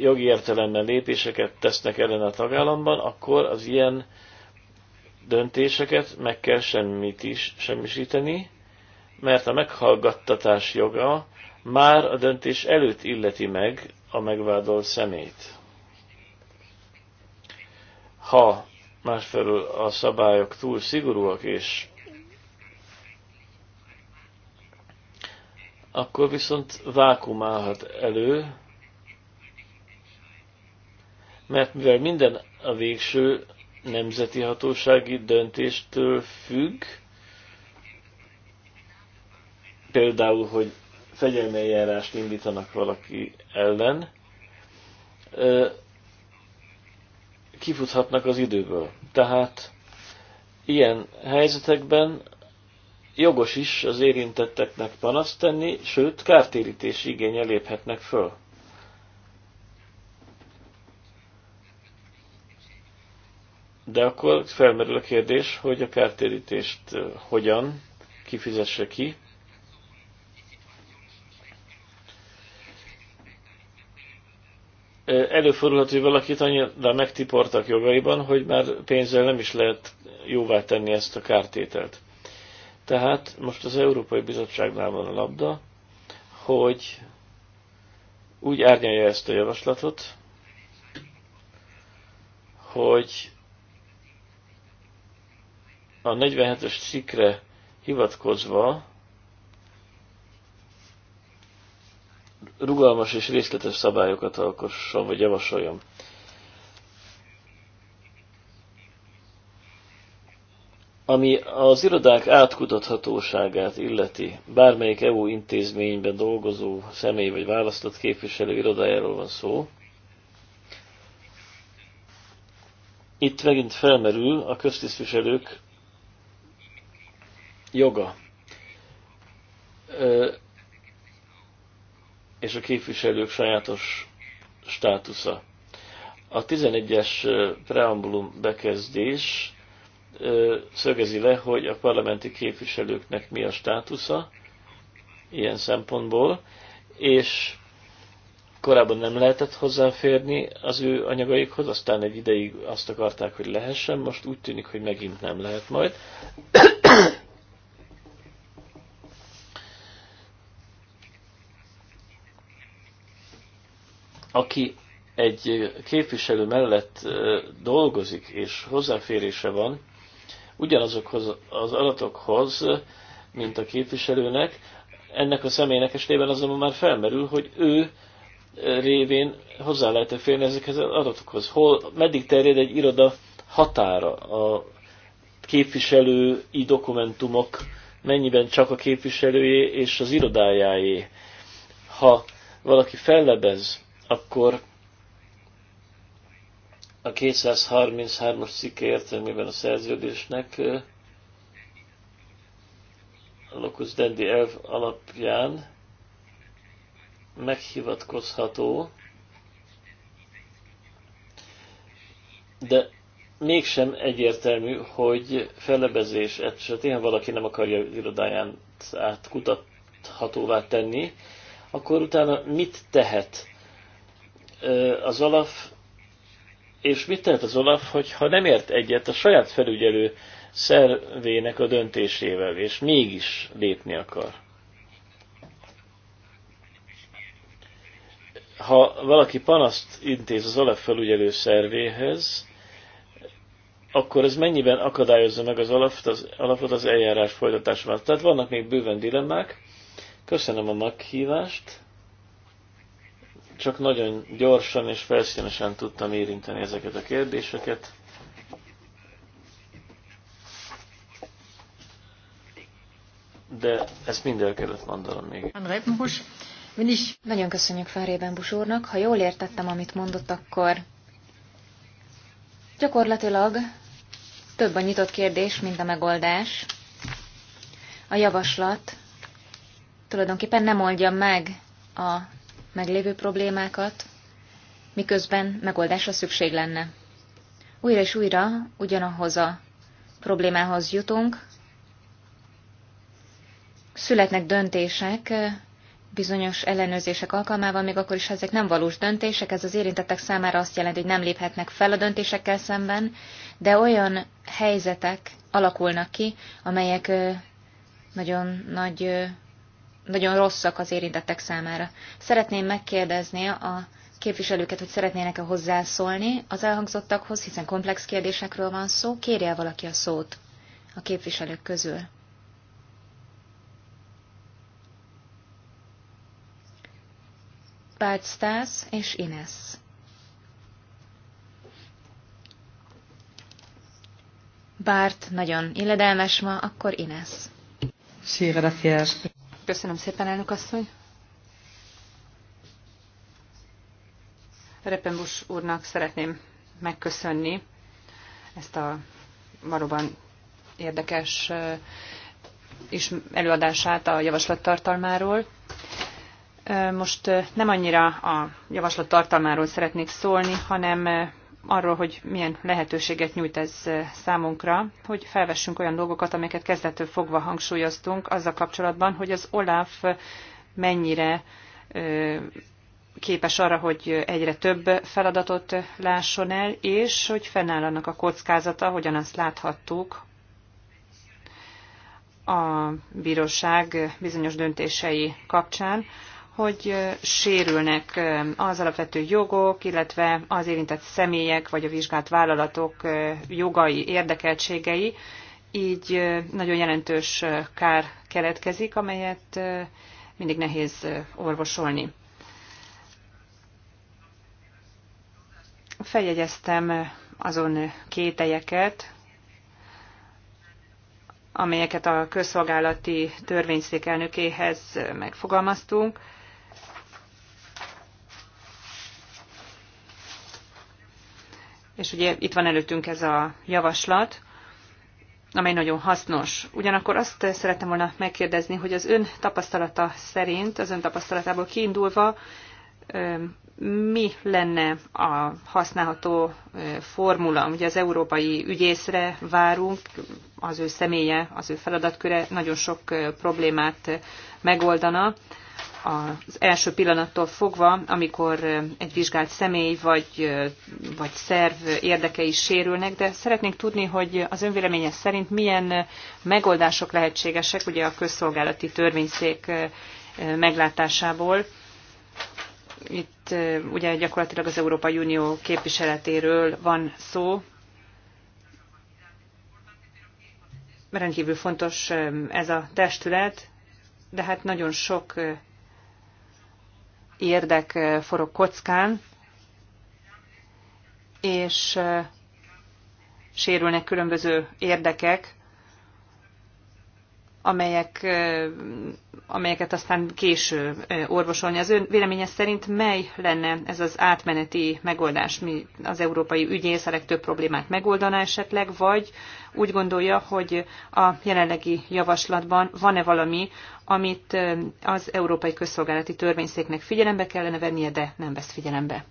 jogi értelemben lépéseket tesznek ellen a tagállamban, akkor az ilyen döntéseket meg kell semmit is, semmisíteni, mert a meghallgattatás joga már a döntés előtt illeti meg a megvádolt szemét. Ha másfelől a szabályok túl szigorúak, és akkor viszont vákum állhat elő, mert mivel minden a végső nemzeti hatósági döntéstől függ, például, hogy fegyelmeljárást indítanak valaki ellen, kifuthatnak az időből. Tehát ilyen helyzetekben jogos is az érintetteknek panaszt tenni, sőt, kártérítési igénye léphetnek föl. De akkor felmerül a kérdés, hogy a kártérítést hogyan kifizesse ki. Előfordulhat, hogy valakit annyira megtiportak jogaiban, hogy már pénzzel nem is lehet jóvá tenni ezt a kártételt. Tehát most az Európai Bizottságnál van a labda, hogy úgy árnyalja ezt a javaslatot, hogy a 47-es cikkre hivatkozva rugalmas és részletes szabályokat alkosson, vagy javasoljon. Ami az irodák átkutathatóságát illeti, bármelyik EU intézményben dolgozó személy vagy választott képviselő irodájáról van szó, itt megint felmerül a köztisztviselők joga és a képviselők sajátos státusza. A 11-es preambulum bekezdés szögezi le, hogy a parlamenti képviselőknek mi a státusza ilyen szempontból, és korábban nem lehetett hozzáférni az ő anyagaikhoz, aztán egy ideig azt akarták, hogy lehessen, most úgy tűnik, hogy megint nem lehet majd. aki egy képviselő mellett dolgozik és hozzáférése van ugyanazokhoz az adatokhoz, mint a képviselőnek, ennek a személynek esetében azonban már felmerül, hogy ő révén hozzá lehet -e férni ezekhez az adatokhoz. Hol, meddig terjed egy iroda határa a képviselői dokumentumok mennyiben csak a képviselőjé és az irodájáé. Ha valaki fellebez akkor a 233-as cikke értelmében a szerződésnek a locus dendi elv alapján meghivatkozható, de mégsem egyértelmű, hogy felebezés esetén, ha valaki nem akarja az irodáján átkutathatóvá tenni, akkor utána mit tehet? az Olaf, és mit tett az Olaf, hogyha nem ért egyet a saját felügyelő szervének a döntésével, és mégis lépni akar? Ha valaki panaszt intéz az Olaf felügyelő szervéhez, akkor ez mennyiben akadályozza meg az alapot az, alapot az eljárás folytatásában. Tehát vannak még bőven dilemmák. Köszönöm a meghívást csak nagyon gyorsan és felszínesen tudtam érinteni ezeket a kérdéseket. De ezt mind el kellett mondanom még. Nagyon köszönjük Fárében Bus úrnak. Ha jól értettem, amit mondott, akkor gyakorlatilag több a nyitott kérdés, mint a megoldás. A javaslat tulajdonképpen nem oldja meg a meglévő problémákat, miközben megoldásra szükség lenne. Újra és újra ugyanahoz a problémához jutunk, születnek döntések, bizonyos ellenőrzések alkalmával, még akkor is, ha ezek nem valós döntések, ez az érintettek számára azt jelenti, hogy nem léphetnek fel a döntésekkel szemben, de olyan helyzetek alakulnak ki, amelyek nagyon nagy nagyon rosszak az érintettek számára. Szeretném megkérdezni a képviselőket, hogy szeretnének-e hozzászólni az elhangzottakhoz, hiszen komplex kérdésekről van szó. Kérje valaki a szót a képviselők közül. Bárt Stász és Ines. Bárt nagyon illedelmes ma, akkor Ines. Sí, gracias. Köszönöm szépen, elnök asszony. Repenbus úrnak szeretném megköszönni ezt a valóban érdekes is előadását a javaslat tartalmáról. Most nem annyira a javaslat tartalmáról szeretnék szólni, hanem arról, hogy milyen lehetőséget nyújt ez számunkra, hogy felvessünk olyan dolgokat, amelyeket kezdettől fogva hangsúlyoztunk azzal kapcsolatban, hogy az OLAF mennyire képes arra, hogy egyre több feladatot lásson el, és hogy fennáll annak a kockázata, hogyan azt láthattuk a bíróság bizonyos döntései kapcsán, hogy sérülnek az alapvető jogok, illetve az érintett személyek vagy a vizsgált vállalatok jogai, érdekeltségei, így nagyon jelentős kár keletkezik, amelyet mindig nehéz orvosolni. Feljegyeztem azon kételyeket, amelyeket a közszolgálati törvényszék elnökéhez megfogalmaztunk, és ugye itt van előttünk ez a javaslat, amely nagyon hasznos. Ugyanakkor azt szerettem volna megkérdezni, hogy az ön tapasztalata szerint, az ön tapasztalatából kiindulva, mi lenne a használható formula? Ugye az európai ügyészre várunk, az ő személye, az ő feladatköre nagyon sok problémát megoldana, az első pillanattól fogva, amikor egy vizsgált személy vagy, vagy szerv érdekei sérülnek, de szeretnénk tudni, hogy az önvéleménye szerint milyen megoldások lehetségesek, ugye a közszolgálati törvényszék meglátásából. Itt ugye gyakorlatilag az Európai Unió képviseletéről van szó, rendkívül fontos ez a testület, de hát nagyon sok érdek eh, forog kockán, és eh, sérülnek különböző érdekek, amelyek, eh, amelyeket aztán késő orvosolni. Az ön véleménye szerint mely lenne ez az átmeneti megoldás, mi az európai ügyész a legtöbb problémát megoldaná esetleg, vagy úgy gondolja, hogy a jelenlegi javaslatban van-e valami, amit az Európai Közszolgálati Törvényszéknek figyelembe kellene vennie, de nem vesz figyelembe.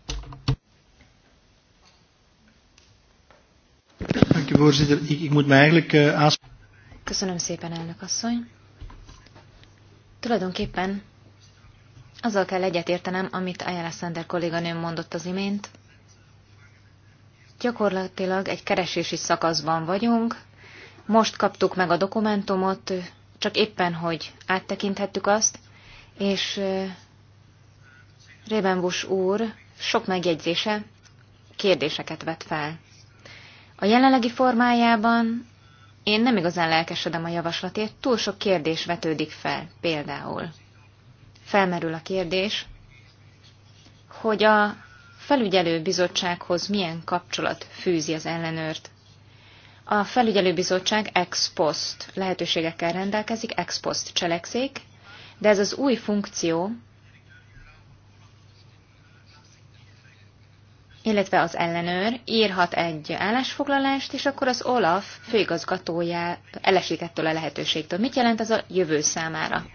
Eh, Köszönöm szépen, elnök asszony. Tulajdonképpen azzal kell egyetértenem, amit Ayala Sander kolléganőm mondott az imént. Gyakorlatilag egy keresési szakaszban vagyunk. Most kaptuk meg a dokumentumot, csak éppen, hogy áttekinthettük azt, és Rébenbus úr sok megjegyzése kérdéseket vet fel. A jelenlegi formájában én nem igazán lelkesedem a javaslatért, túl sok kérdés vetődik fel, például. Felmerül a kérdés, hogy a felügyelő bizottsághoz milyen kapcsolat fűzi az ellenőrt. A felügyelőbizottság ex post lehetőségekkel rendelkezik, ex post cselekszik, de ez az új funkció, illetve az ellenőr írhat egy állásfoglalást, és akkor az OLAF főigazgatója elesik ettől a lehetőségtől. Mit jelent ez a jövő számára?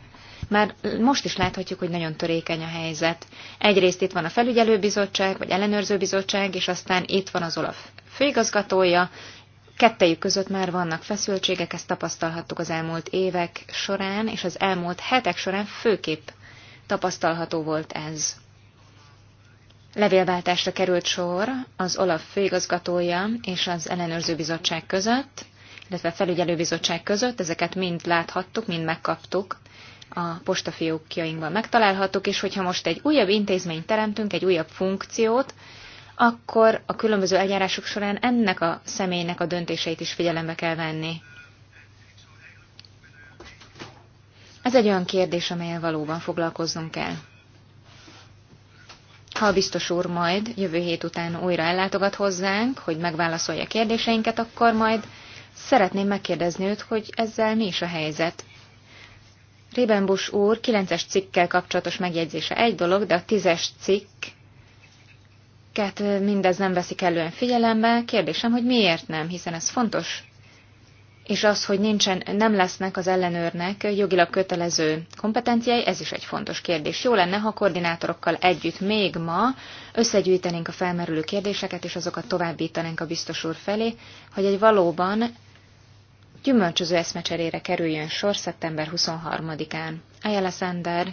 Már most is láthatjuk, hogy nagyon törékeny a helyzet. Egyrészt itt van a felügyelőbizottság, vagy ellenőrzőbizottság, és aztán itt van az OLAF főigazgatója, kettejük között már vannak feszültségek, ezt tapasztalhattuk az elmúlt évek során, és az elmúlt hetek során főképp tapasztalható volt ez. Levélváltásra került sor az OLAF főigazgatója és az ellenőrző bizottság között, illetve a felügyelőbizottság között, ezeket mind láthattuk, mind megkaptuk, a postafiókjainkban megtalálhattuk, és hogyha most egy újabb intézményt teremtünk, egy újabb funkciót, akkor a különböző eljárások során ennek a személynek a döntéseit is figyelembe kell venni. Ez egy olyan kérdés, amelyel valóban foglalkoznunk kell. Ha a biztos úr majd jövő hét után újra ellátogat hozzánk, hogy megválaszolja kérdéseinket, akkor majd szeretném megkérdezni őt, hogy ezzel mi is a helyzet. Rébenbus úr 9-es cikkkel kapcsolatos megjegyzése egy dolog, de a 10-es cikk amiket mindez nem veszik elően figyelembe. Kérdésem, hogy miért nem, hiszen ez fontos. És az, hogy nincsen, nem lesznek az ellenőrnek jogilag kötelező kompetenciái, ez is egy fontos kérdés. Jó lenne, ha a koordinátorokkal együtt még ma összegyűjtenénk a felmerülő kérdéseket, és azokat továbbítanánk a biztos úr felé, hogy egy valóban gyümölcsöző eszmecserére kerüljön sor szeptember 23-án. Ayala Sander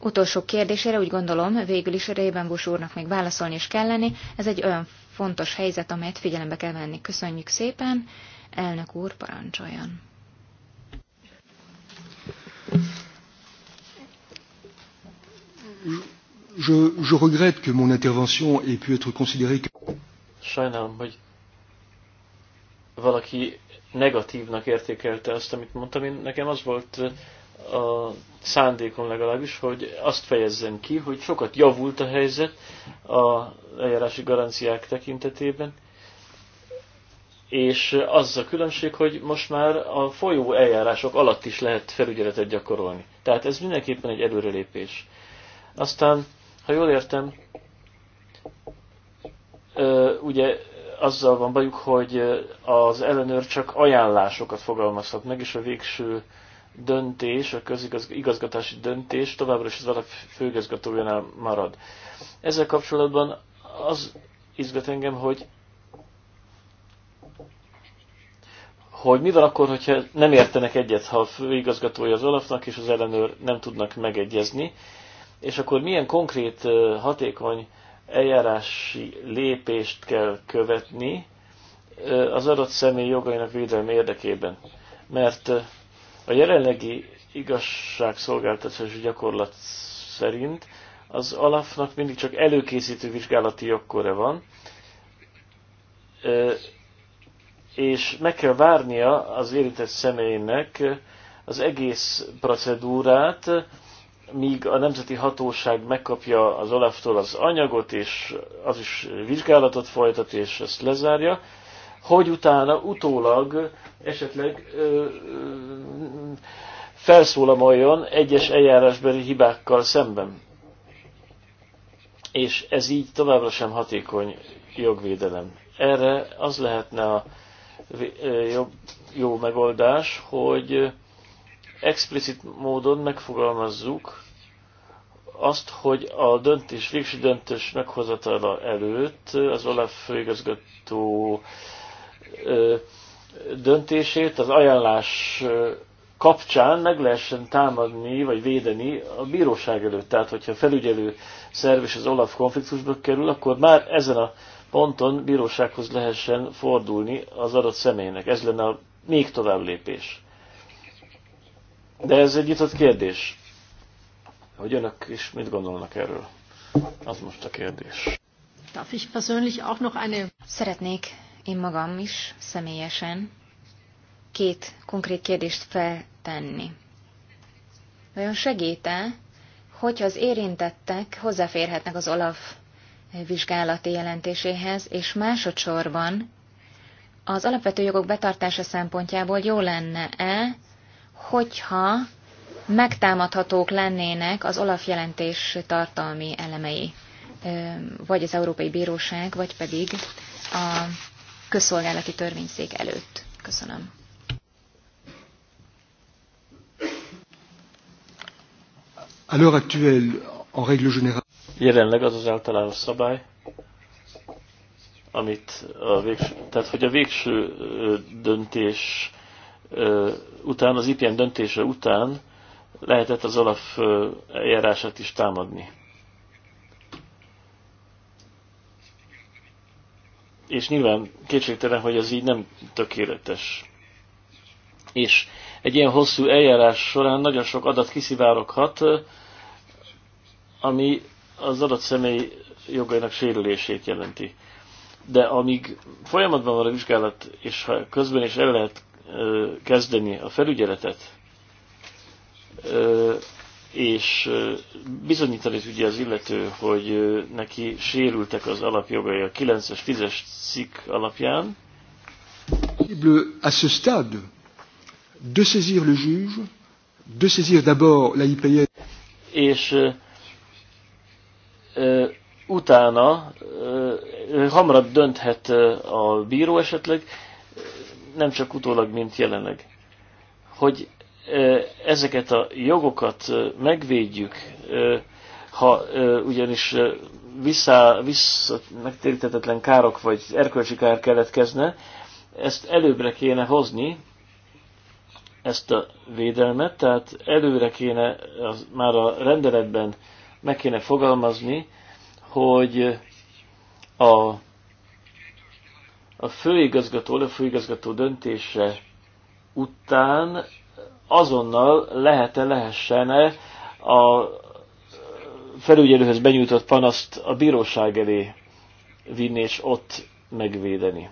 utolsó kérdésére úgy gondolom, végül is Rében Bush úrnak még válaszolni is kellene. Ez egy olyan fontos helyzet, amelyet figyelembe kell venni. Köszönjük szépen. Elnök úr, parancsoljon. Je, je regrette que mon intervention ait pu être considérée que... Sajnálom, hogy valaki negatívnak értékelte azt, amit mondtam. Én, nekem az volt uh, a szándékom legalábbis, hogy azt fejezzem ki, hogy sokat javult a helyzet a eljárási garanciák tekintetében, és az a különbség, hogy most már a folyó eljárások alatt is lehet felügyeletet gyakorolni. Tehát ez mindenképpen egy előrelépés. Aztán, ha jól értem, ugye azzal van bajuk, hogy az ellenőr csak ajánlásokat fogalmazhat meg, és a végső döntés, a közigazgatási döntés továbbra is az alap főgazgatójánál marad. Ezzel kapcsolatban az izgat engem, hogy hogy mi van akkor, hogyha nem értenek egyet, ha a főigazgatója az Olafnak és az ellenőr nem tudnak megegyezni, és akkor milyen konkrét, hatékony eljárási lépést kell követni az adott személy jogainak védelme érdekében. Mert a jelenlegi igazságszolgáltatási gyakorlat szerint az alapnak mindig csak előkészítő vizsgálati jogkora van, és meg kell várnia az érintett személynek az egész procedúrát, míg a nemzeti hatóság megkapja az Olaftól az anyagot, és az is vizsgálatot folytat, és ezt lezárja, hogy utána utólag esetleg ö, ö, felszólamoljon egyes eljárásbeli hibákkal szemben. És ez így továbbra sem hatékony jogvédelem. Erre az lehetne a jobb, jó megoldás, hogy explicit módon megfogalmazzuk azt, hogy a döntés, végső döntés meghozatala előtt az Olaf főigazgató döntését az ajánlás kapcsán meg lehessen támadni vagy védeni a bíróság előtt. Tehát, hogyha felügyelő szerv és az Olaf konfliktusba kerül, akkor már ezen a ponton bírósághoz lehessen fordulni az adott személynek. Ez lenne a még tovább lépés. De ez egy nyitott kérdés. Hogy önök is mit gondolnak erről? Az most a kérdés. Darf ich persönlich auch noch eine... Szeretnék én magam is személyesen két konkrét kérdést feltenni. Vajon segíte, hogyha az érintettek hozzáférhetnek az OLAF vizsgálati jelentéséhez, és másodszorban az alapvető jogok betartása szempontjából jó lenne-e, hogyha megtámadhatók lennének az OLAF jelentés tartalmi elemei, vagy az Európai Bíróság, vagy pedig a közszolgálati törvényszék előtt. Köszönöm. À l'heure actuelle, en règle générale. Jelenleg az az általános szabály, amit a végső, tehát hogy a végső döntés után, az IPM döntése után lehetett az alap eljárását is támadni. és nyilván kétségtelen, hogy ez így nem tökéletes. És egy ilyen hosszú eljárás során nagyon sok adat kiszivároghat, ami az adott személy jogainak sérülését jelenti. De amíg folyamatban van a vizsgálat, és ha közben is el lehet kezdeni a felügyeletet, és bizonyítani tudja az illető, hogy neki sérültek az alapjogai a 9-es, 10-es cikk alapján. À ce stade, de saisir le juge, de saisir d'abord la IPS. És uh, utána uh, hamarabb dönthet a bíró esetleg, nem csak utólag, mint jelenleg. Hogy ezeket a jogokat megvédjük, ha ugyanis vissza, vissza megtérítetetlen károk vagy erkölcsi kár keletkezne, ezt előbbre kéne hozni, ezt a védelmet, tehát előre kéne az, már a rendeletben meg kéne fogalmazni, hogy a, a főigazgató, a főigazgató döntése után azonnal lehet-e, lehessen-e a felügyelőhöz benyújtott panaszt a bíróság elé vinni és ott megvédeni.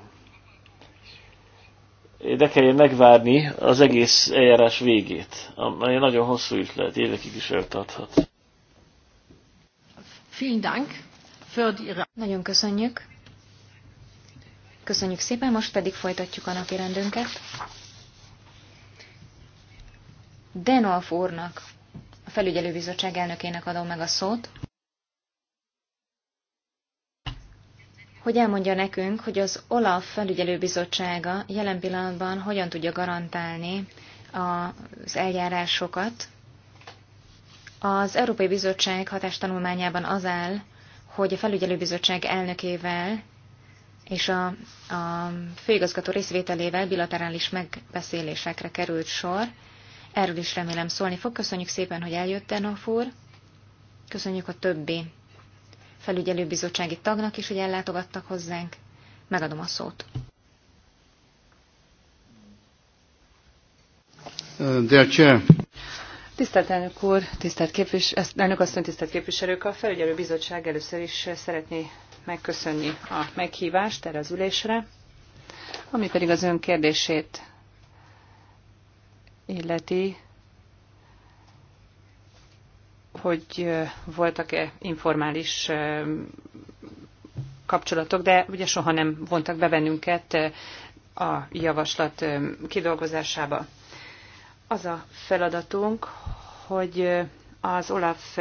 De kelljen megvárni az egész eljárás végét, amely nagyon hosszú is lehet, évekig is eltarthat. Nagyon köszönjük. Köszönjük szépen, most pedig folytatjuk a napi rendünket. Denolf úrnak, a felügyelőbizottság elnökének adom meg a szót, hogy elmondja nekünk, hogy az OLAF felügyelőbizottsága jelen pillanatban hogyan tudja garantálni az eljárásokat. Az Európai Bizottság hatástanulmányában az áll, hogy a felügyelőbizottság elnökével és a, a főigazgató részvételével bilaterális megbeszélésekre került sor, Erről is remélem szólni fog. Köszönjük szépen, hogy eljött Denhoff Köszönjük a többi felügyelőbizottsági tagnak is, hogy ellátogattak hozzánk. Megadom a szót. Uh, Tisztelt elnök úr, tisztelt képvis, eh, elnök asszony, tisztelt képviselők, a felügyelő bizottság először is szeretné megköszönni a meghívást erre az ülésre, ami pedig az ön kérdését illeti, hogy voltak-e informális kapcsolatok, de ugye soha nem vontak be bennünket a javaslat kidolgozásába. Az a feladatunk, hogy az OLAF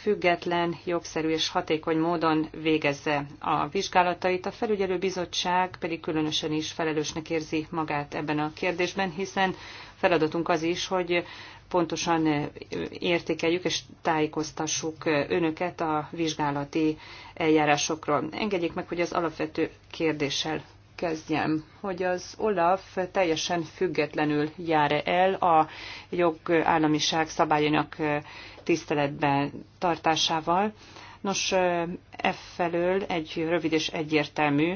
független, jogszerű és hatékony módon végezze a vizsgálatait. A felügyelőbizottság pedig különösen is felelősnek érzi magát ebben a kérdésben, hiszen feladatunk az is, hogy pontosan értékeljük és tájékoztassuk önöket a vizsgálati eljárásokról. Engedjék meg, hogy az alapvető kérdéssel kezdjem, hogy az Olaf teljesen függetlenül jár el a jogállamiság szabályainak tiszteletben tartásával. Nos, e felől egy rövid és egyértelmű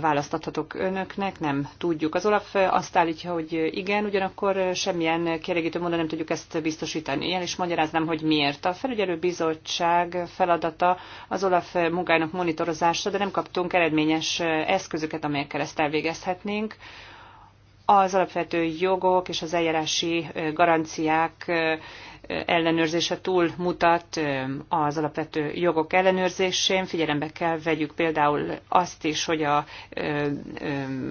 választathatok önöknek, nem tudjuk. Az Olaf azt állítja, hogy igen, ugyanakkor semmilyen kielégítő módon nem tudjuk ezt biztosítani. Ilyen is magyaráznám, hogy miért. A bizottság feladata az Olaf munkájának monitorozása, de nem kaptunk eredményes eszközöket, amelyekkel ezt elvégezhetnénk az alapvető jogok és az eljárási garanciák ellenőrzése túl mutat az alapvető jogok ellenőrzésén. Figyelembe kell vegyük például azt is, hogy a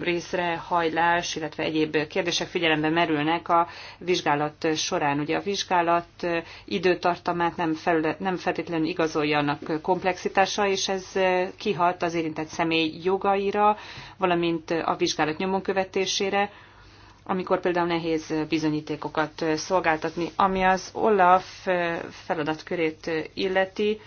részrehajlás, illetve egyéb kérdések figyelembe merülnek a vizsgálat során. Ugye a vizsgálat időtartamát nem, felület, nem feltétlenül igazolja annak komplexitása, és ez kihat az érintett személy jogaira, valamint a vizsgálat nyomon követésére amikor például nehéz bizonyítékokat szolgáltatni. Ami az OLAF feladatkörét illeti,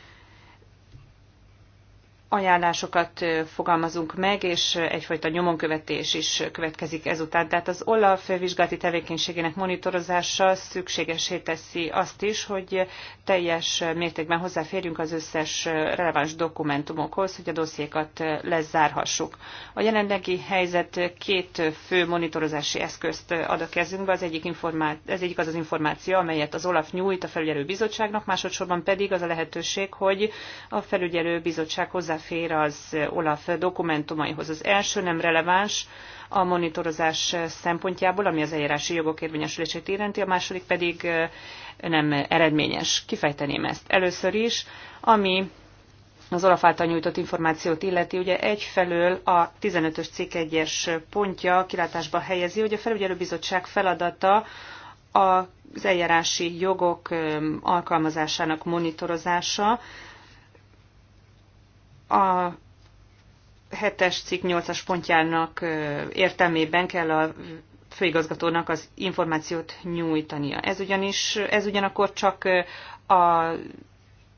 ajánlásokat fogalmazunk meg, és egyfajta nyomonkövetés is következik ezután. Tehát az OLAF vizsgálati tevékenységének monitorozása szükségesé teszi azt is, hogy teljes mértékben hozzáférjünk az összes releváns dokumentumokhoz, hogy a dossziékat lezárhassuk. A jelenlegi helyzet két fő monitorozási eszközt ad a kezünkbe, az egyik, informá... ez egyik az az információ, amelyet az OLAF nyújt a felügyelő bizottságnak, másodszorban pedig az a lehetőség, hogy a felügyelő bizottság hozzá hozzáfér az Olaf dokumentumaihoz. Az első nem releváns a monitorozás szempontjából, ami az eljárási jogok érvényesülését érinti, a második pedig nem eredményes. Kifejteném ezt. Először is, ami az Olaf által nyújtott információt illeti, ugye egyfelől a 15-ös cikk 1-es pontja kilátásba helyezi, hogy a felügyelőbizottság feladata az eljárási jogok alkalmazásának monitorozása, a hetes cikk 8-as pontjának értelmében kell a főigazgatónak az információt nyújtania. Ez, ugyanis, ez ugyanakkor csak a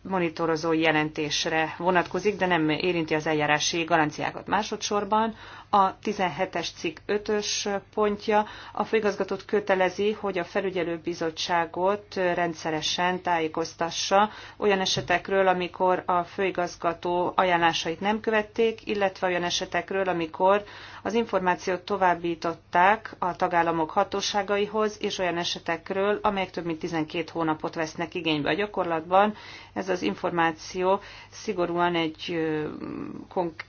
monitorozó jelentésre vonatkozik, de nem érinti az eljárási garanciákat. Másodszorban a 17-es cikk 5-ös pontja a főigazgatót kötelezi, hogy a felügyelőbizottságot rendszeresen tájékoztassa olyan esetekről, amikor a főigazgató ajánlásait nem követték, illetve olyan esetekről, amikor az információt továbbították a tagállamok hatóságaihoz, és olyan esetekről, amelyek több mint 12 hónapot vesznek igénybe. A gyakorlatban ez az információ szigorúan egy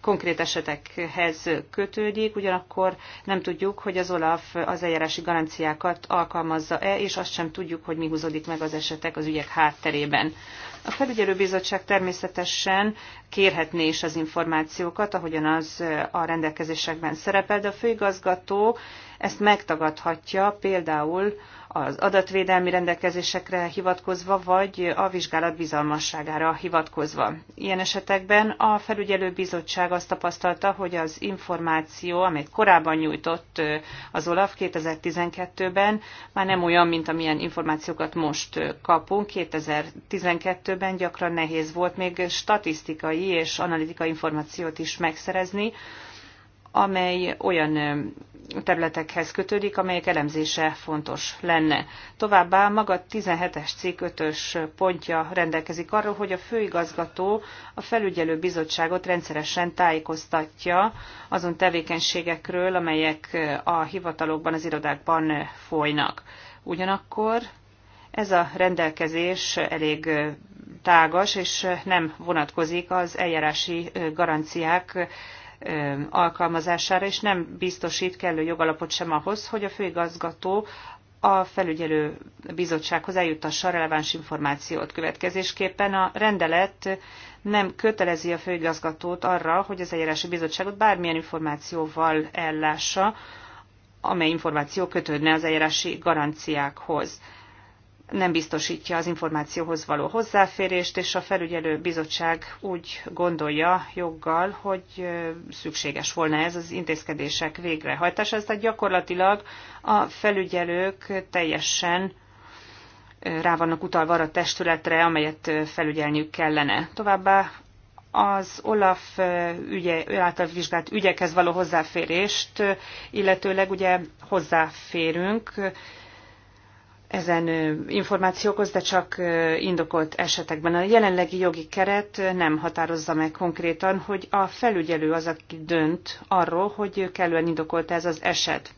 konkrét esetekhez kötődik, kötődik, ugyanakkor nem tudjuk, hogy az OLAF az eljárási garanciákat alkalmazza-e, és azt sem tudjuk, hogy mi húzódik meg az esetek az ügyek hátterében. A felügyelőbizottság természetesen kérhetné is az információkat, ahogyan az a rendelkezésekben szerepel, de a főigazgató ezt megtagadhatja például az adatvédelmi rendelkezésekre hivatkozva, vagy a vizsgálat bizalmasságára hivatkozva. Ilyen esetekben a felügyelő bizottság azt tapasztalta, hogy az információ, amit korábban nyújtott az OLAF 2012-ben, már nem olyan, mint amilyen információkat most kapunk. 2012-ben gyakran nehéz volt még statisztikai és analitikai információt is megszerezni, amely olyan területekhez kötődik, amelyek elemzése fontos lenne. Továbbá maga 17-es cikk 5 pontja rendelkezik arról, hogy a főigazgató a felügyelő bizottságot rendszeresen tájékoztatja azon tevékenységekről, amelyek a hivatalokban, az irodákban folynak. Ugyanakkor ez a rendelkezés elég tágas, és nem vonatkozik az eljárási garanciák alkalmazására, és nem biztosít kellő jogalapot sem ahhoz, hogy a főigazgató a felügyelő bizottsághoz eljuttassa a releváns információt. Következésképpen a rendelet nem kötelezi a főigazgatót arra, hogy az eljárási bizottságot bármilyen információval ellássa, amely információ kötődne az eljárási garanciákhoz nem biztosítja az információhoz való hozzáférést, és a felügyelő bizottság úgy gondolja joggal, hogy szükséges volna ez az intézkedések végrehajtása. Ez tehát gyakorlatilag a felügyelők teljesen rá vannak utalva arra a testületre, amelyet felügyelniük kellene. Továbbá az Olaf ügye, által vizsgált ügyekhez való hozzáférést, illetőleg ugye hozzáférünk ezen információkhoz, de csak indokolt esetekben. A jelenlegi jogi keret nem határozza meg konkrétan, hogy a felügyelő az, aki dönt arról, hogy kellően indokolt ez az eset.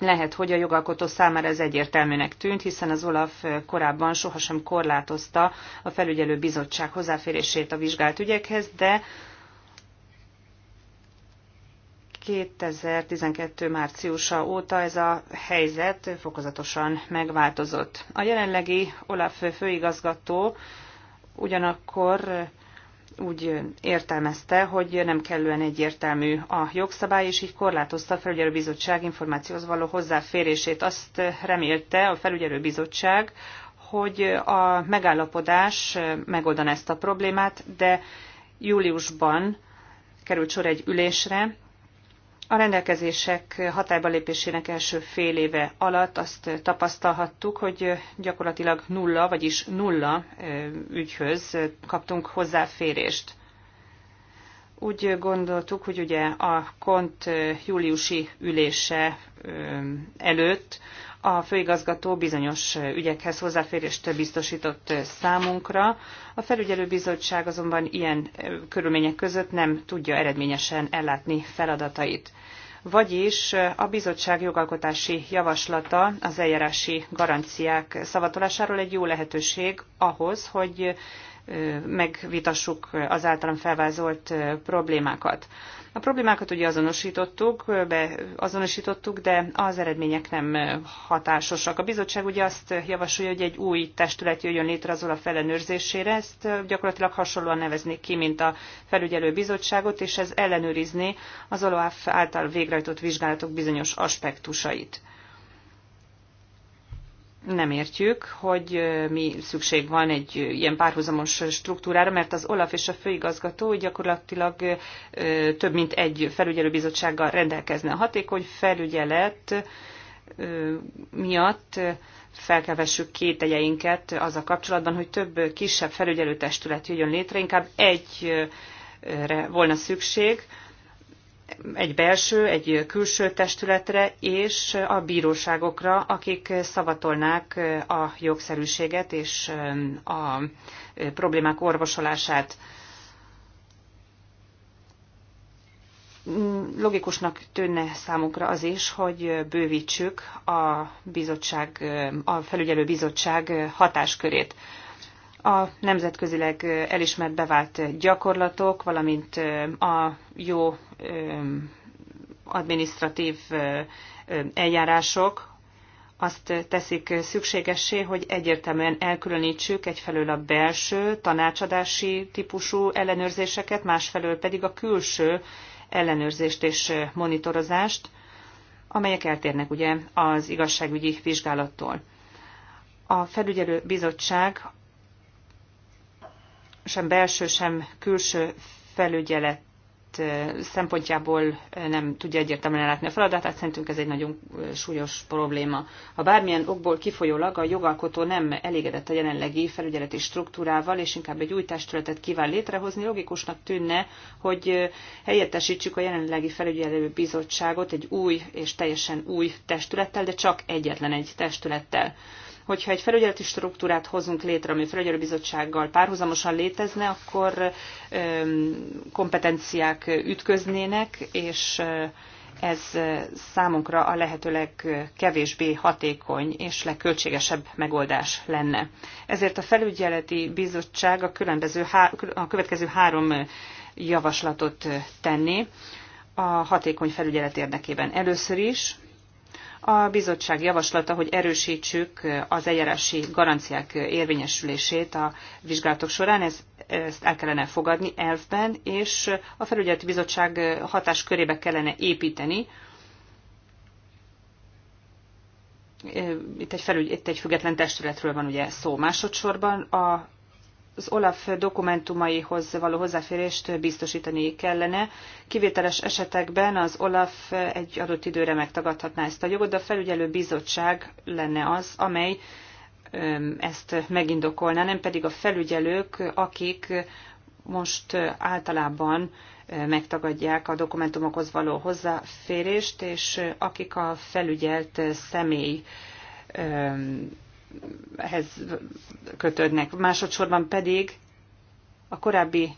Lehet, hogy a jogalkotó számára ez egyértelműnek tűnt, hiszen az Olaf korábban sohasem korlátozta a felügyelő bizottság hozzáférését a vizsgált ügyekhez, de 2012. márciusa óta ez a helyzet fokozatosan megváltozott. A jelenlegi Olaf főigazgató ugyanakkor úgy értelmezte, hogy nem kellően egyértelmű a jogszabály, és így korlátozta a felügyelőbizottság információhoz való hozzáférését. Azt remélte a felügyelőbizottság, hogy a megállapodás megoldaná ezt a problémát, de júliusban került sor egy ülésre, a rendelkezések hatályba lépésének első fél éve alatt azt tapasztalhattuk, hogy gyakorlatilag nulla, vagyis nulla ügyhöz kaptunk hozzáférést. Úgy gondoltuk, hogy ugye a kont júliusi ülése előtt a főigazgató bizonyos ügyekhez hozzáférést biztosított számunkra. A felügyelőbizottság azonban ilyen körülmények között nem tudja eredményesen ellátni feladatait vagyis a bizottság jogalkotási javaslata az eljárási garanciák szavatolásáról egy jó lehetőség ahhoz, hogy megvitassuk az általam felvázolt problémákat. A problémákat ugye azonosítottuk, be azonosítottuk, de az eredmények nem hatásosak. A bizottság ugye azt javasolja, hogy egy új testület jöjjön létre az olaf ellenőrzésére, ezt gyakorlatilag hasonlóan neveznék ki, mint a felügyelő bizottságot, és ez ellenőrizni az olaf által végrehajtott vizsgálatok bizonyos aspektusait nem értjük, hogy mi szükség van egy ilyen párhuzamos struktúrára, mert az Olaf és a főigazgató gyakorlatilag több mint egy felügyelőbizottsággal rendelkezne. A hatékony felügyelet miatt felkevessük két egyeinket az a kapcsolatban, hogy több kisebb felügyelőtestület jöjjön létre, inkább egyre volna szükség, egy belső, egy külső testületre és a bíróságokra, akik szavatolnák a jogszerűséget és um, a problémák orvosolását. Logikusnak tűnne számukra az is, hogy bővítsük a, bizottság, a felügyelő bizottság hatáskörét a nemzetközileg elismert bevált gyakorlatok, valamint a jó administratív eljárások azt teszik szükségessé, hogy egyértelműen elkülönítsük egyfelől a belső tanácsadási típusú ellenőrzéseket, másfelől pedig a külső ellenőrzést és monitorozást, amelyek eltérnek ugye az igazságügyi vizsgálattól. A felügyelő bizottság sem belső, sem külső felügyelet szempontjából nem tudja egyértelműen látni a feladatát, szerintünk ez egy nagyon súlyos probléma. Ha bármilyen okból kifolyólag a jogalkotó nem elégedett a jelenlegi felügyeleti struktúrával, és inkább egy új testületet kíván létrehozni, logikusnak tűnne, hogy helyettesítsük a jelenlegi felügyelő bizottságot egy új és teljesen új testülettel, de csak egyetlen egy testülettel hogyha egy felügyeleti struktúrát hozunk létre, ami felügyelőbizottsággal párhuzamosan létezne, akkor kompetenciák ütköznének, és ez számunkra a lehető legkevésbé hatékony és legköltségesebb megoldás lenne. Ezért a felügyeleti bizottság a, különböző a következő három javaslatot tenni a hatékony felügyelet érdekében. Először is a bizottság javaslata, hogy erősítsük az eljárási garanciák érvényesülését a vizsgálatok során, ez, ezt el kellene fogadni elfben, és a felügyeleti bizottság hatáskörébe kellene építeni, itt egy, felügy, itt egy független testületről van ugye szó másodszorban, a az OLAF dokumentumaihoz való hozzáférést biztosítani kellene. Kivételes esetekben az OLAF egy adott időre megtagadhatná ezt a jogot, de a felügyelő bizottság lenne az, amely ezt megindokolná, nem pedig a felügyelők, akik most általában megtagadják a dokumentumokhoz való hozzáférést, és akik a felügyelt személy ehhez kötődnek. Másodszorban pedig a korábbi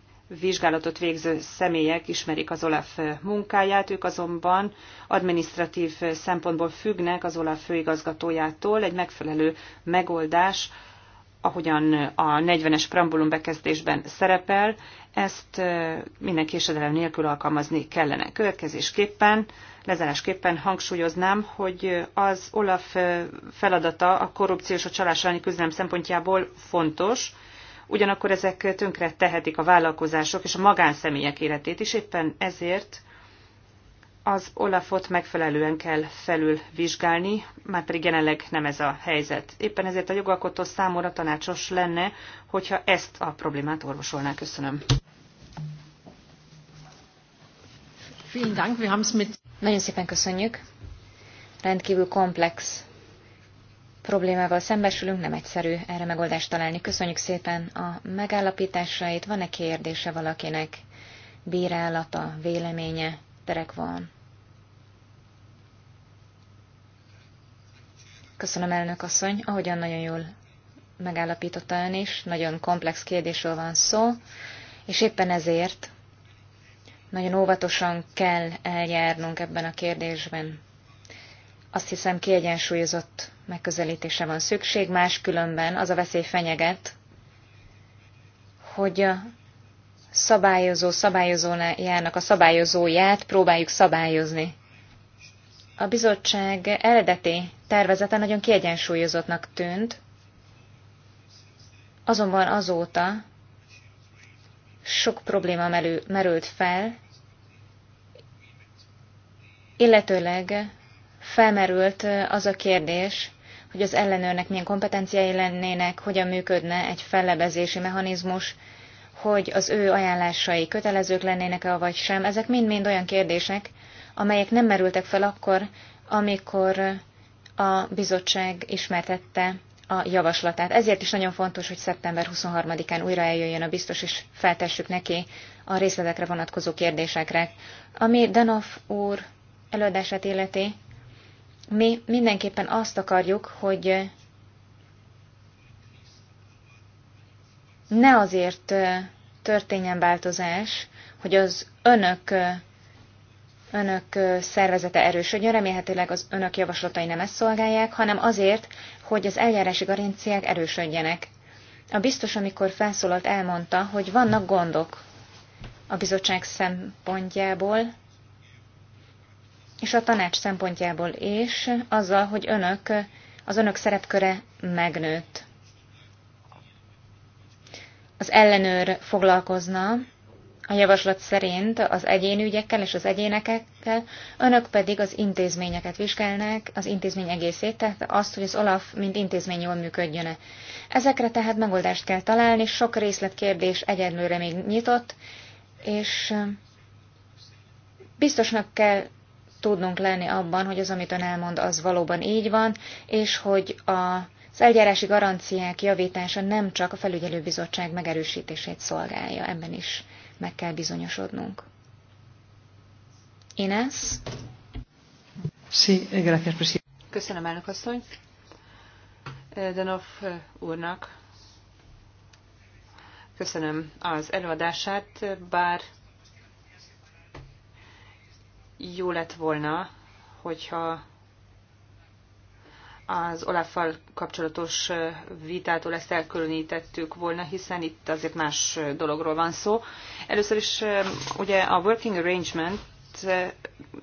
vizsgálatot végző személyek ismerik az OLAF munkáját, ők azonban administratív szempontból függnek az OLAF főigazgatójától. Egy megfelelő megoldás ahogyan a 40-es preambulum bekezdésben szerepel, ezt minden késedelem nélkül alkalmazni kellene. Következésképpen, lezárásképpen hangsúlyoznám, hogy az OLAF feladata a korrupció és a csalás elleni küzdelem szempontjából fontos, ugyanakkor ezek tönkre tehetik a vállalkozások és a magánszemélyek életét is, éppen ezért az Olafot megfelelően kell felülvizsgálni, már pedig jelenleg nem ez a helyzet. Éppen ezért a jogalkotó számomra tanácsos lenne, hogyha ezt a problémát orvosolná. Köszönöm. Nagyon szépen köszönjük. Rendkívül komplex problémával szembesülünk, nem egyszerű erre megoldást találni. Köszönjük szépen a megállapításait. Van-e kérdése valakinek? Bírálata, véleménye? Terek van. Köszönöm, elnök asszony. Ahogyan nagyon jól megállapította ön is, nagyon komplex kérdésről van szó, és éppen ezért nagyon óvatosan kell eljárnunk ebben a kérdésben. Azt hiszem, kiegyensúlyozott megközelítése van szükség, máskülönben az a veszély fenyeget, hogy a szabályozó járnak a szabályozóját próbáljuk szabályozni a bizottság eredeti tervezete nagyon kiegyensúlyozottnak tűnt, azonban azóta sok probléma merült fel, illetőleg felmerült az a kérdés, hogy az ellenőrnek milyen kompetenciái lennének, hogyan működne egy fellebezési mechanizmus, hogy az ő ajánlásai kötelezők lennének-e, vagy sem. Ezek mind-mind olyan kérdések, amelyek nem merültek fel akkor, amikor a bizottság ismertette a javaslatát. Ezért is nagyon fontos, hogy szeptember 23-án újra eljöjjön a biztos, és feltessük neki a részletekre vonatkozó kérdésekre. Ami Danov úr előadását illeti, mi mindenképpen azt akarjuk, hogy ne azért történjen változás, hogy az önök önök szervezete erősödjön, remélhetőleg az önök javaslatai nem ezt szolgálják, hanem azért, hogy az eljárási garanciák erősödjenek. A biztos, amikor felszólalt, elmondta, hogy vannak gondok a bizottság szempontjából, és a tanács szempontjából és azzal, hogy önök, az önök szerepköre megnőtt. Az ellenőr foglalkozna a javaslat szerint az egyén ügyekkel és az egyénekekkel, önök pedig az intézményeket vizsgálnák, az intézmény egészét, tehát azt, hogy az OLAF mint intézmény jól működjön -e. Ezekre tehát megoldást kell találni, sok részletkérdés egyedülre még nyitott, és biztosnak kell tudnunk lenni abban, hogy az, amit ön elmond, az valóban így van, és hogy a az eljárási garanciák javítása nem csak a felügyelőbizottság megerősítését szolgálja, ebben is meg kell bizonyosodnunk. Inés? Sí, eh, Köszönöm, elnök asszony. Eh, Danov eh, úrnak köszönöm az előadását, bár jó lett volna, hogyha az Olaffal kapcsolatos vitától ezt elkülönítettük volna, hiszen itt azért más dologról van szó. Először is ugye a working arrangement,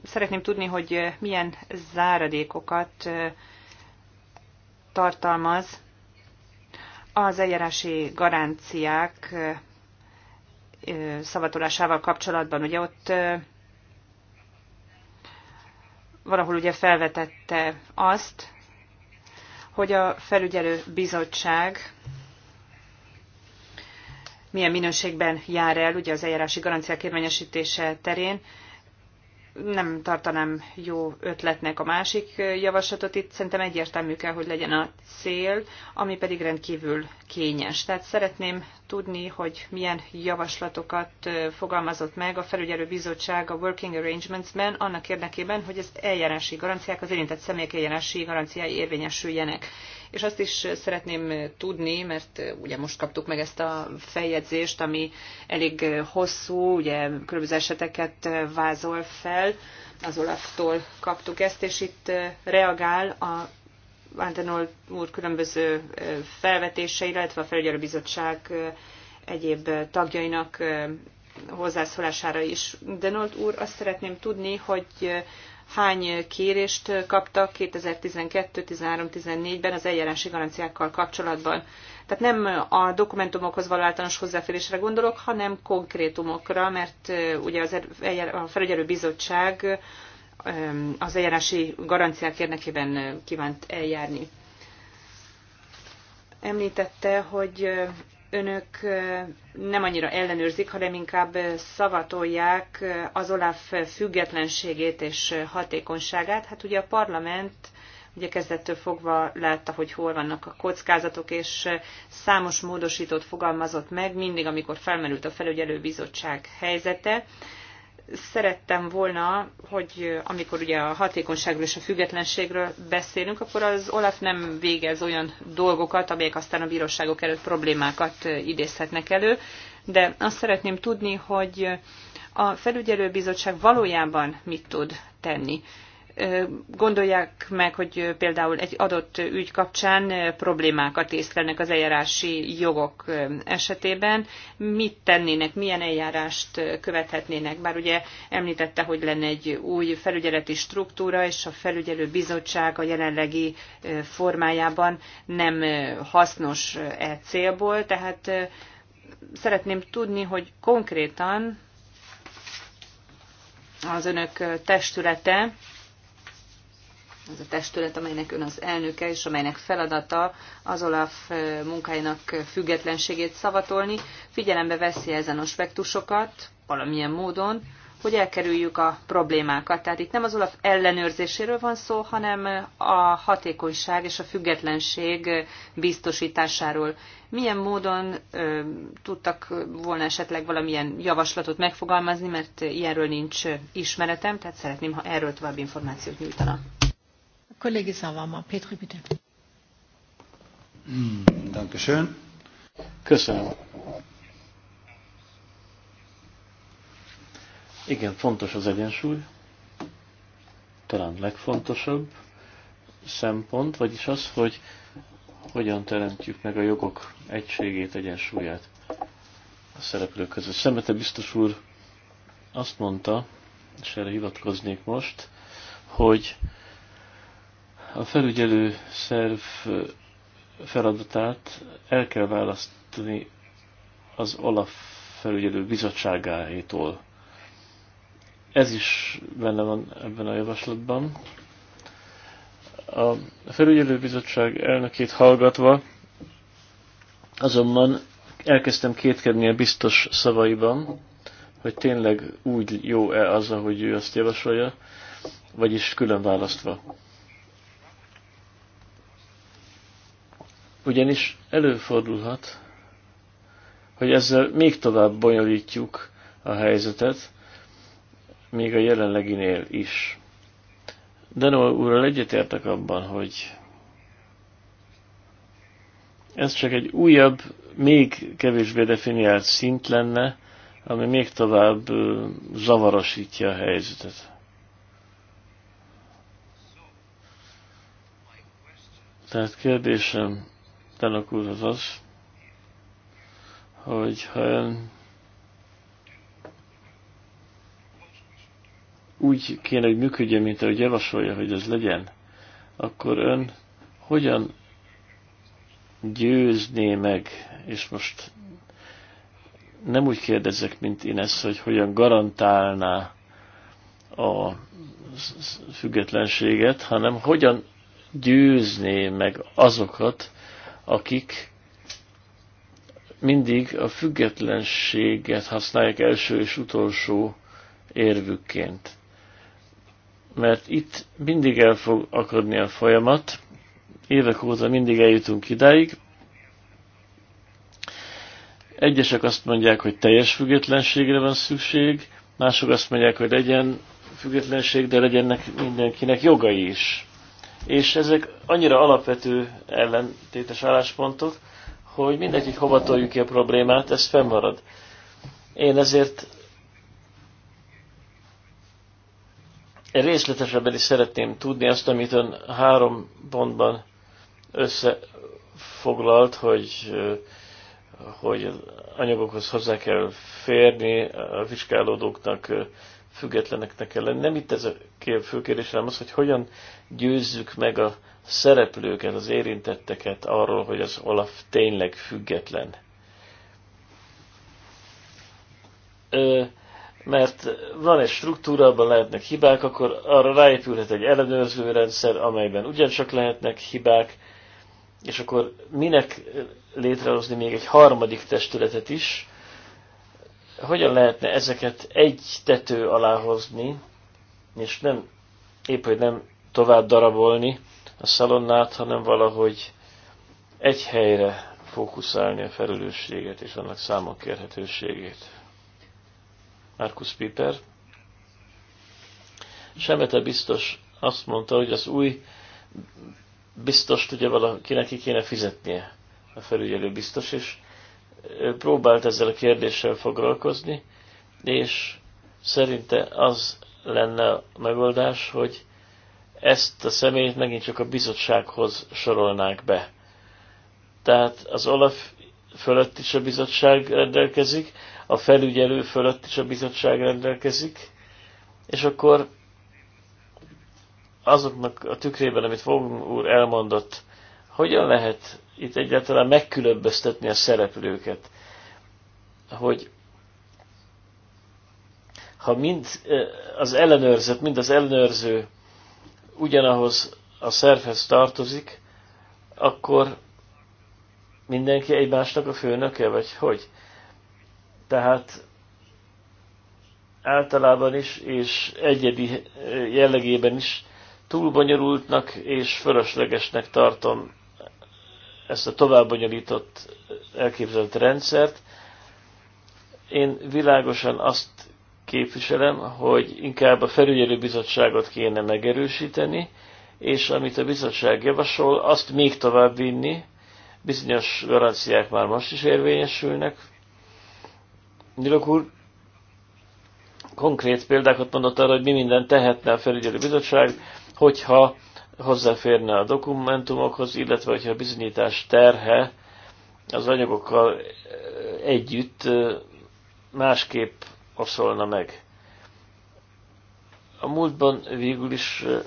szeretném tudni, hogy milyen záradékokat tartalmaz az eljárási garanciák szavatolásával kapcsolatban. Ugye ott valahol ugye felvetette azt, hogy a felügyelő bizottság milyen minőségben jár el ugye az eljárási garanciák érvényesítése terén. Nem tartanám jó ötletnek a másik javaslatot. Itt szerintem egyértelmű kell, hogy legyen a cél, ami pedig rendkívül kényes. Tehát szeretném tudni, hogy milyen javaslatokat fogalmazott meg a felügyelő bizottság a Working Arrangements-ben annak érdekében, hogy az eljárási garanciák, az érintett személyek eljárási garanciái érvényesüljenek. És azt is szeretném tudni, mert ugye most kaptuk meg ezt a feljegyzést, ami elég hosszú, ugye különböző eseteket vázol fel, az Olaftól kaptuk ezt, és itt reagál a Antenol úr különböző felvetése, illetve a bizottság egyéb tagjainak hozzászólására is. De Nolt úr, azt szeretném tudni, hogy hány kérést kaptak 2012, 13, 14 ben az eljárási garanciákkal kapcsolatban. Tehát nem a dokumentumokhoz való általános hozzáférésre gondolok, hanem konkrétumokra, mert ugye az, er-, a felügyelő bizottság az eljárási garanciák érdekében kívánt eljárni. Említette, hogy önök nem annyira ellenőrzik, hanem inkább szavatolják az OLAF függetlenségét és hatékonyságát. Hát ugye a parlament ugye kezdettől fogva látta, hogy hol vannak a kockázatok, és számos módosítót fogalmazott meg, mindig, amikor felmerült a felügyelőbizottság helyzete, szerettem volna, hogy amikor ugye a hatékonyságról és a függetlenségről beszélünk, akkor az Olaf nem végez olyan dolgokat, amelyek aztán a bíróságok előtt problémákat idézhetnek elő, de azt szeretném tudni, hogy a felügyelőbizottság valójában mit tud tenni gondolják meg, hogy például egy adott ügy kapcsán problémákat észlelnek az eljárási jogok esetében. Mit tennének, milyen eljárást követhetnének? Bár ugye említette, hogy lenne egy új felügyeleti struktúra, és a felügyelő bizottság a jelenlegi formájában nem hasznos e célból, tehát szeretném tudni, hogy konkrétan az önök testülete az a testület, amelynek ön az elnöke, és amelynek feladata az Olaf munkáinak függetlenségét szavatolni, figyelembe veszi ezen aspektusokat valamilyen módon, hogy elkerüljük a problémákat. Tehát itt nem az Olaf ellenőrzéséről van szó, hanem a hatékonyság és a függetlenség biztosításáról. Milyen módon ö, tudtak volna esetleg valamilyen javaslatot megfogalmazni, mert ilyenről nincs ismeretem, tehát szeretném, ha erről további információt nyújtana. A kollégi Szavama, bitte. Mm, Dankeschön. Köszönöm. Igen, fontos az egyensúly. Talán legfontosabb szempont, vagyis az, hogy hogyan teremtjük meg a jogok egységét, egyensúlyát a szereplők között. Szemete biztos úr azt mondta, és erre hivatkoznék most, hogy a felügyelő szerv feladatát el kell választani az Olaf felügyelő bizottságáitól. Ez is benne van ebben a javaslatban. A felügyelő bizottság elnökét hallgatva azonban elkezdtem kétkedni a biztos szavaiban, hogy tényleg úgy jó-e az, ahogy ő azt javasolja, vagyis külön választva. Ugyanis előfordulhat, hogy ezzel még tovább bonyolítjuk a helyzetet, még a jelenleginél is. De Denol úrral egyetértek abban, hogy ez csak egy újabb, még kevésbé definiált szint lenne, ami még tovább zavarosítja a helyzetet. Tehát kérdésem Tanok úr az az, hogy ha ön úgy kéne, hogy működjön, mint ahogy javasolja, hogy ez legyen, akkor ön hogyan győzné meg, és most nem úgy kérdezek, mint én ezt, hogy hogyan garantálná a függetlenséget, hanem hogyan győzné meg azokat, akik mindig a függetlenséget használják első és utolsó érvükként. Mert itt mindig el fog akadni a folyamat, évek óta mindig eljutunk idáig. Egyesek azt mondják, hogy teljes függetlenségre van szükség, mások azt mondják, hogy legyen függetlenség, de legyennek mindenkinek jogai is és ezek annyira alapvető ellentétes álláspontok, hogy mindegyik hova toljuk ki a problémát, ez fennmarad. Én ezért részletesebben is szeretném tudni azt, amit ön három pontban összefoglalt, hogy, hogy anyagokhoz hozzá kell férni, a vizsgálódóknak függetleneknek kell lenni. Nem itt ez a fő kérdés, hanem az, hogy hogyan győzzük meg a szereplőket, az érintetteket arról, hogy az Olaf tényleg független. Ö, mert van egy struktúra, abban lehetnek hibák, akkor arra ráépülhet egy ellenőrző rendszer, amelyben ugyancsak lehetnek hibák, és akkor minek létrehozni még egy harmadik testületet is, hogyan lehetne ezeket egy tető alá hozni, és nem, épp hogy nem tovább darabolni a szalonnát, hanem valahogy egy helyre fókuszálni a felelősséget és annak számok kérhetőségét. Markus Piper. Semete biztos azt mondta, hogy az új biztos ugye valakinek ki kéne fizetnie a felügyelő biztos, és próbált ezzel a kérdéssel foglalkozni, és szerinte az lenne a megoldás, hogy ezt a személyt megint csak a bizottsághoz sorolnák be. Tehát az Olaf fölött is a bizottság rendelkezik, a felügyelő fölött is a bizottság rendelkezik, és akkor azoknak a tükrében, amit Fogum úr elmondott, hogyan lehet itt egyáltalán megkülönböztetni a szereplőket, hogy ha mind eh, az ellenőrzet, mind az ellenőrző ugyanahoz a szervhez tartozik, akkor mindenki egymásnak a főnöke, vagy hogy? Tehát általában is, és egyedi eh, jellegében is túl bonyolultnak és fölöslegesnek tartom ezt a tovább bonyolított elképzelt rendszert. Én világosan azt képviselem, hogy inkább a bizottságot kéne megerősíteni, és amit a bizottság javasol, azt még tovább vinni. Bizonyos garanciák már most is érvényesülnek. Nyilok úr konkrét példákat mondott arra, hogy mi mindent tehetne a bizottság, hogyha hozzáférne a dokumentumokhoz, illetve hogyha a bizonyítás terhe az anyagokkal eh, együtt eh, másképp oszolna meg. A múltban végül is eh,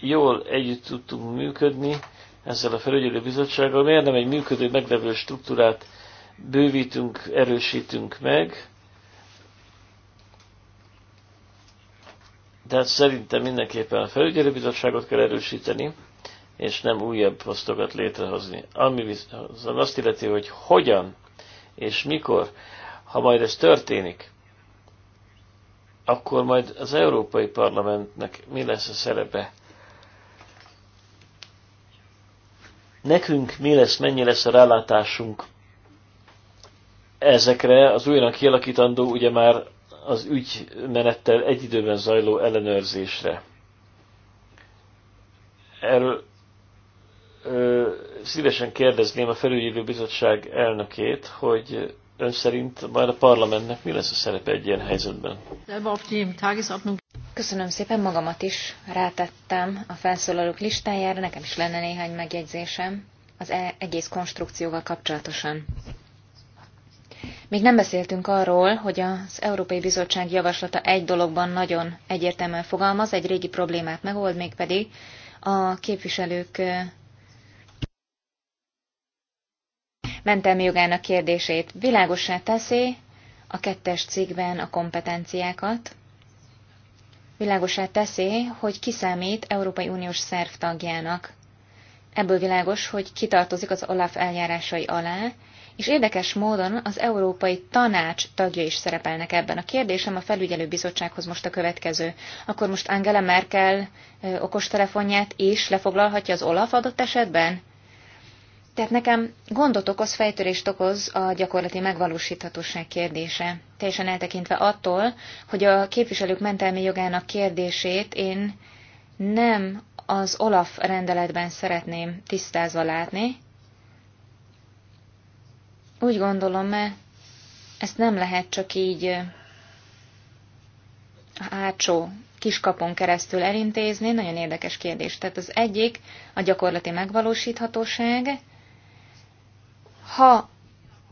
jól együtt tudtunk működni ezzel a felügyelő bizottsággal. Miért nem egy működő, meglevő struktúrát bővítünk, erősítünk meg, de hát szerintem mindenképpen a felügyelőbizottságot kell erősíteni, és nem újabb posztokat létrehozni. Ami viszont azt illeti, hogy hogyan és mikor, ha majd ez történik, akkor majd az Európai Parlamentnek mi lesz a szerepe? Nekünk mi lesz, mennyi lesz a rálátásunk ezekre az újra kialakítandó, ugye már az ügymenettel egy időben zajló ellenőrzésre. Erről ö, szívesen kérdezném a felügyelő bizottság elnökét, hogy ön szerint majd a parlamentnek mi lesz a szerepe egy ilyen helyzetben? Köszönöm szépen, magamat is rátettem a felszólalók listájára, nekem is lenne néhány megjegyzésem az e- egész konstrukcióval kapcsolatosan. Még nem beszéltünk arról, hogy az Európai Bizottság javaslata egy dologban nagyon egyértelműen fogalmaz, egy régi problémát megold, mégpedig a képviselők mentelmi jogának kérdését világosá teszi a kettes cikkben a kompetenciákat, világosá teszi, hogy kiszámít Európai Uniós szerv tagjának. Ebből világos, hogy kitartozik az OLAF eljárásai alá, és érdekes módon az Európai Tanács tagja is szerepelnek ebben. A kérdésem a felügyelőbizottsághoz most a következő. Akkor most Angela Merkel okostelefonját is lefoglalhatja az Olaf adott esetben? Tehát nekem gondot okoz, fejtörést okoz a gyakorlati megvalósíthatóság kérdése. Teljesen eltekintve attól, hogy a képviselők mentelmi jogának kérdését én nem az Olaf rendeletben szeretném tisztázva látni, úgy gondolom mert ezt nem lehet csak így a hátsó kiskapon keresztül elintézni, nagyon érdekes kérdés. Tehát az egyik a gyakorlati megvalósíthatóság. Ha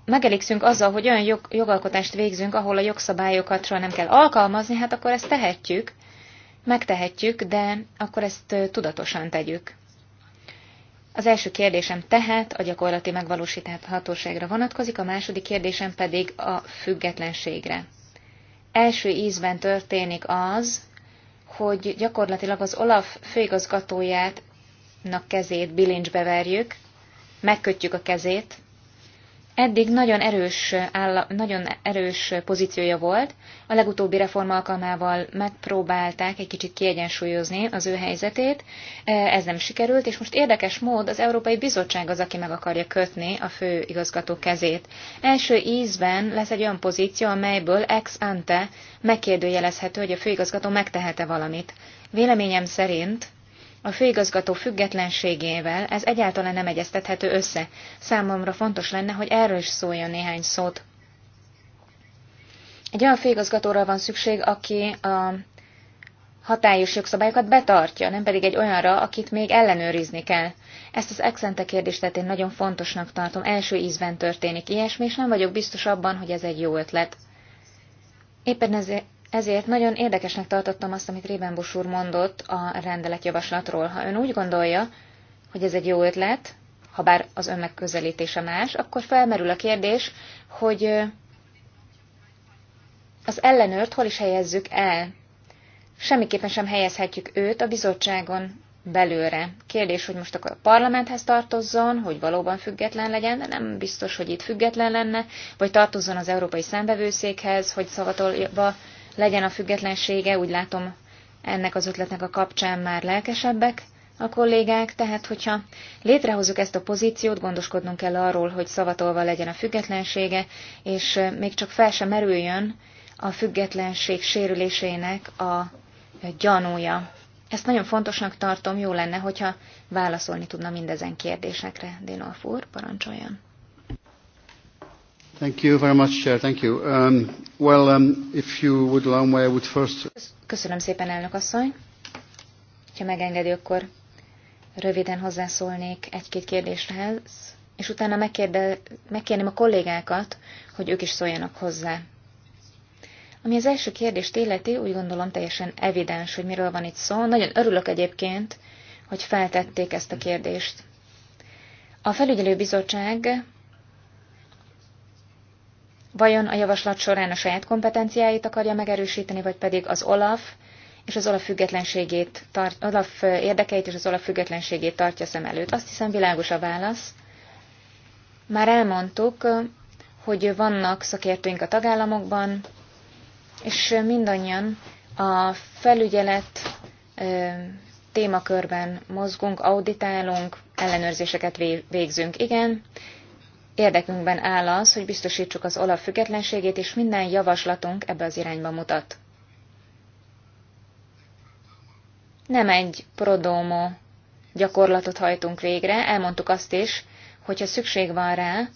megelégszünk azzal, hogy olyan jog, jogalkotást végzünk, ahol a jogszabályokat soha nem kell alkalmazni, hát akkor ezt tehetjük, megtehetjük, de akkor ezt tudatosan tegyük. Az első kérdésem tehát a gyakorlati megvalósíthatóságra vonatkozik, a második kérdésem pedig a függetlenségre. Első ízben történik az, hogy gyakorlatilag az Olaf főigazgatójának kezét bilincsbe verjük, megkötjük a kezét, Eddig nagyon erős, áll, nagyon erős pozíciója volt, a legutóbbi reform alkalmával megpróbálták egy kicsit kiegyensúlyozni az ő helyzetét, e, ez nem sikerült, és most érdekes mód az Európai Bizottság az, aki meg akarja kötni a fő igazgató kezét. Első ízben lesz egy olyan pozíció, amelyből ex ante megkérdőjelezhető, hogy a főigazgató megtehet-e valamit. Véleményem szerint a főigazgató függetlenségével ez egyáltalán nem egyeztethető össze. Számomra fontos lenne, hogy erről is szóljon néhány szót. Egy olyan főigazgatóra van szükség, aki a hatályos jogszabályokat betartja, nem pedig egy olyanra, akit még ellenőrizni kell. Ezt az exente kérdést tehát én nagyon fontosnak tartom, első ízben történik ilyesmi, és nem vagyok biztos abban, hogy ez egy jó ötlet. Éppen ezért, ezért nagyon érdekesnek tartottam azt, amit Rébenbus úr mondott a rendeletjavaslatról. Ha ön úgy gondolja, hogy ez egy jó ötlet, ha bár az ön megközelítése más, akkor felmerül a kérdés, hogy az ellenőrt hol is helyezzük el. Semmiképpen sem helyezhetjük őt a bizottságon belőre. Kérdés, hogy most akkor a parlamenthez tartozzon, hogy valóban független legyen, de nem biztos, hogy itt független lenne, vagy tartozzon az Európai Szembevőszékhez, hogy szavatolva legyen a függetlensége, úgy látom ennek az ötletnek a kapcsán már lelkesebbek a kollégák, tehát hogyha létrehozzuk ezt a pozíciót, gondoskodnunk kell arról, hogy szavatolva legyen a függetlensége, és még csak fel sem merüljön a függetlenség sérülésének a gyanúja. Ezt nagyon fontosnak tartom, jó lenne, hogyha válaszolni tudna mindezen kérdésekre. Dénolf úr, parancsoljon! Thank you very much, Chair. Thank you. Um, well, um, if you would allow me, I would first... Köszönöm szépen, elnök asszony. Ha megengedi, akkor röviden hozzászólnék egy-két kérdéshez, és utána megkérném a kollégákat, hogy ők is szóljanak hozzá. Ami az első kérdést illeti, úgy gondolom teljesen evidens, hogy miről van itt szó. Nagyon örülök egyébként, hogy feltették ezt a kérdést. A felügyelőbizottság Vajon a javaslat során a saját kompetenciáit akarja megerősíteni, vagy pedig az OLAF és az OLAF függetlenségét, tart, OLAF érdekeit és az OLAF függetlenségét tartja szem előtt? Azt hiszem világos a válasz. Már elmondtuk, hogy vannak szakértőink a tagállamokban, és mindannyian a felügyelet témakörben mozgunk, auditálunk, ellenőrzéseket végzünk. Igen, Érdekünkben áll az, hogy biztosítsuk az olaf függetlenségét, és minden javaslatunk ebbe az irányba mutat. Nem egy prodómo gyakorlatot hajtunk végre, elmondtuk azt is, hogyha szükség van rá,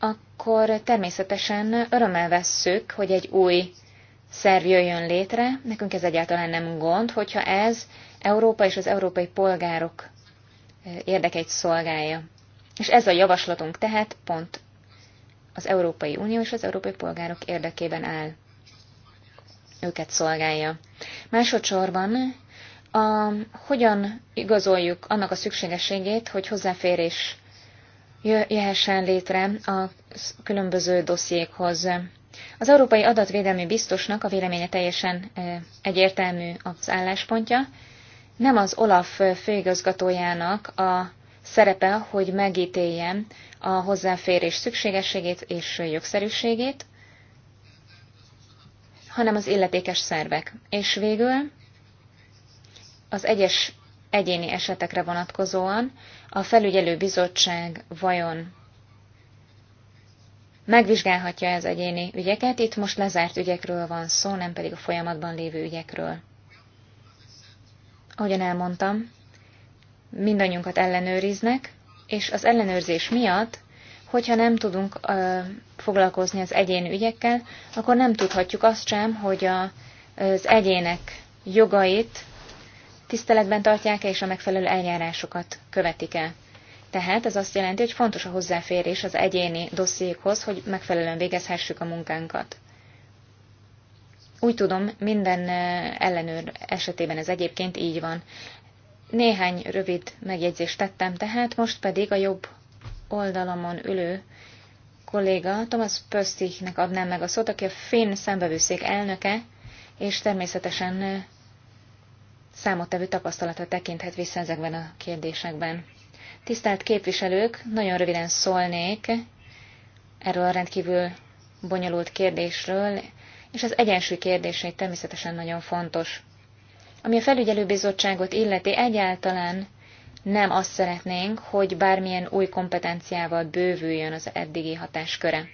akkor természetesen örömmel vesszük, hogy egy új szerv jöjjön létre. Nekünk ez egyáltalán nem gond, hogyha ez Európa és az európai polgárok eh, érdekeit szolgálja. És ez a javaslatunk tehát pont az Európai Unió és az európai polgárok érdekében áll. Őket szolgálja. Másodszorban a, hogyan igazoljuk annak a szükségességét, hogy hozzáférés jöhessen létre a különböző dossziékhoz. Az Európai Adatvédelmi Biztosnak a véleménye teljesen egyértelmű az álláspontja. Nem az OLAF főigazgatójának a szerepe, hogy megítéljem a hozzáférés szükségességét és jogszerűségét, hanem az illetékes szervek. És végül az egyes egyéni esetekre vonatkozóan a felügyelő bizottság vajon megvizsgálhatja ez egyéni ügyeket, itt most lezárt ügyekről van szó, nem pedig a folyamatban lévő ügyekről. Ahogyan elmondtam, mindannyiunkat ellenőriznek, és az ellenőrzés miatt, hogyha nem tudunk ö, foglalkozni az egyén ügyekkel, akkor nem tudhatjuk azt sem, hogy a, az egyének jogait tiszteletben tartják -e, és a megfelelő eljárásokat követik e Tehát ez azt jelenti, hogy fontos a hozzáférés az egyéni dossziékhoz, hogy megfelelően végezhessük a munkánkat. Úgy tudom, minden ellenőr esetében ez egyébként így van. Néhány rövid megjegyzést tettem, tehát most pedig a jobb oldalamon ülő kolléga Thomas Pöstiknek adnám meg a szót, aki a Finn szembevőszék elnöke, és természetesen számottevő tapasztalata tekinthet vissza ezekben a kérdésekben. Tisztelt képviselők, nagyon röviden szólnék erről a rendkívül bonyolult kérdésről, és az egyensúly kérdését természetesen nagyon fontos. Ami a felügyelőbizottságot illeti, egyáltalán nem azt szeretnénk, hogy bármilyen új kompetenciával bővüljön az eddigi hatásköre.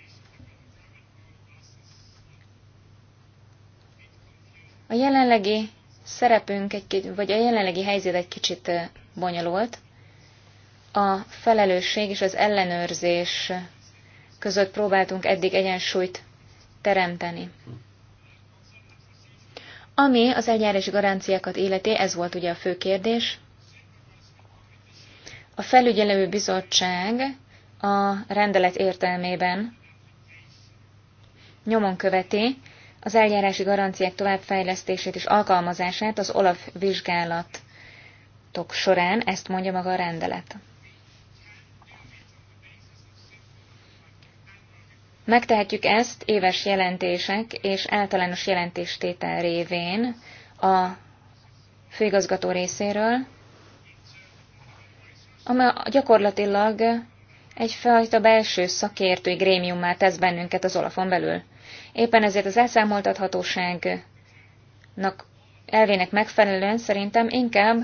A jelenlegi szerepünk, egy, vagy a jelenlegi helyzet egy kicsit bonyolult. A felelősség és az ellenőrzés között próbáltunk eddig egyensúlyt teremteni. Ami az eljárási garanciákat életé, ez volt ugye a fő kérdés. A felügyelő bizottság a rendelet értelmében nyomon követi az eljárási garanciák továbbfejlesztését és alkalmazását az OLAF vizsgálatok során, ezt mondja maga a rendelet. Megtehetjük ezt éves jelentések és általános jelentéstétel révén a főigazgató részéről, amely gyakorlatilag egyfajta belső szakértői grémiummá tesz bennünket az olafon belül. Éppen ezért az elszámoltathatóságnak elvének megfelelően szerintem inkább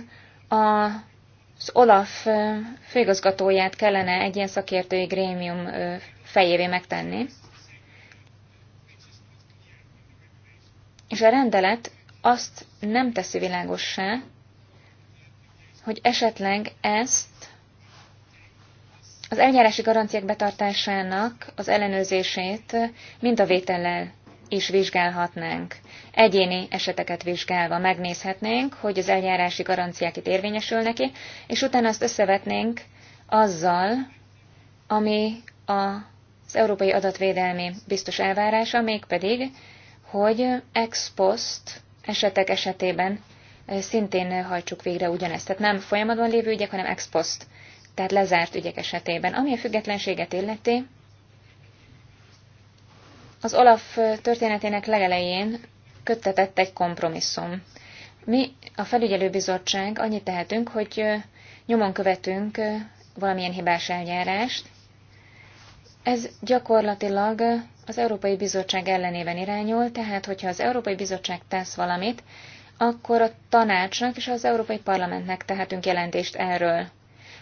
az Olaf főigazgatóját kellene egy ilyen szakértői grémium fejévé megtenni. És a rendelet azt nem teszi világossá, hogy esetleg ezt az eljárási garanciák betartásának az ellenőrzését mind a vétellel is vizsgálhatnánk. Egyéni eseteket vizsgálva megnézhetnénk, hogy az eljárási garanciák itt érvényesülnek neki, és utána azt összevetnénk azzal, ami a az európai adatvédelmi biztos elvárása, mégpedig, hogy ex post esetek esetében szintén hajtsuk végre ugyanezt. Tehát nem folyamatban lévő ügyek, hanem ex post, tehát lezárt ügyek esetében. Ami a függetlenséget illeti, az Olaf történetének legelején köttetett egy kompromisszum. Mi, a felügyelőbizottság annyit tehetünk, hogy nyomon követünk valamilyen hibás eljárást, ez gyakorlatilag az Európai Bizottság ellenében irányul, tehát hogyha az Európai Bizottság tesz valamit, akkor a tanácsnak és az Európai Parlamentnek tehetünk jelentést erről.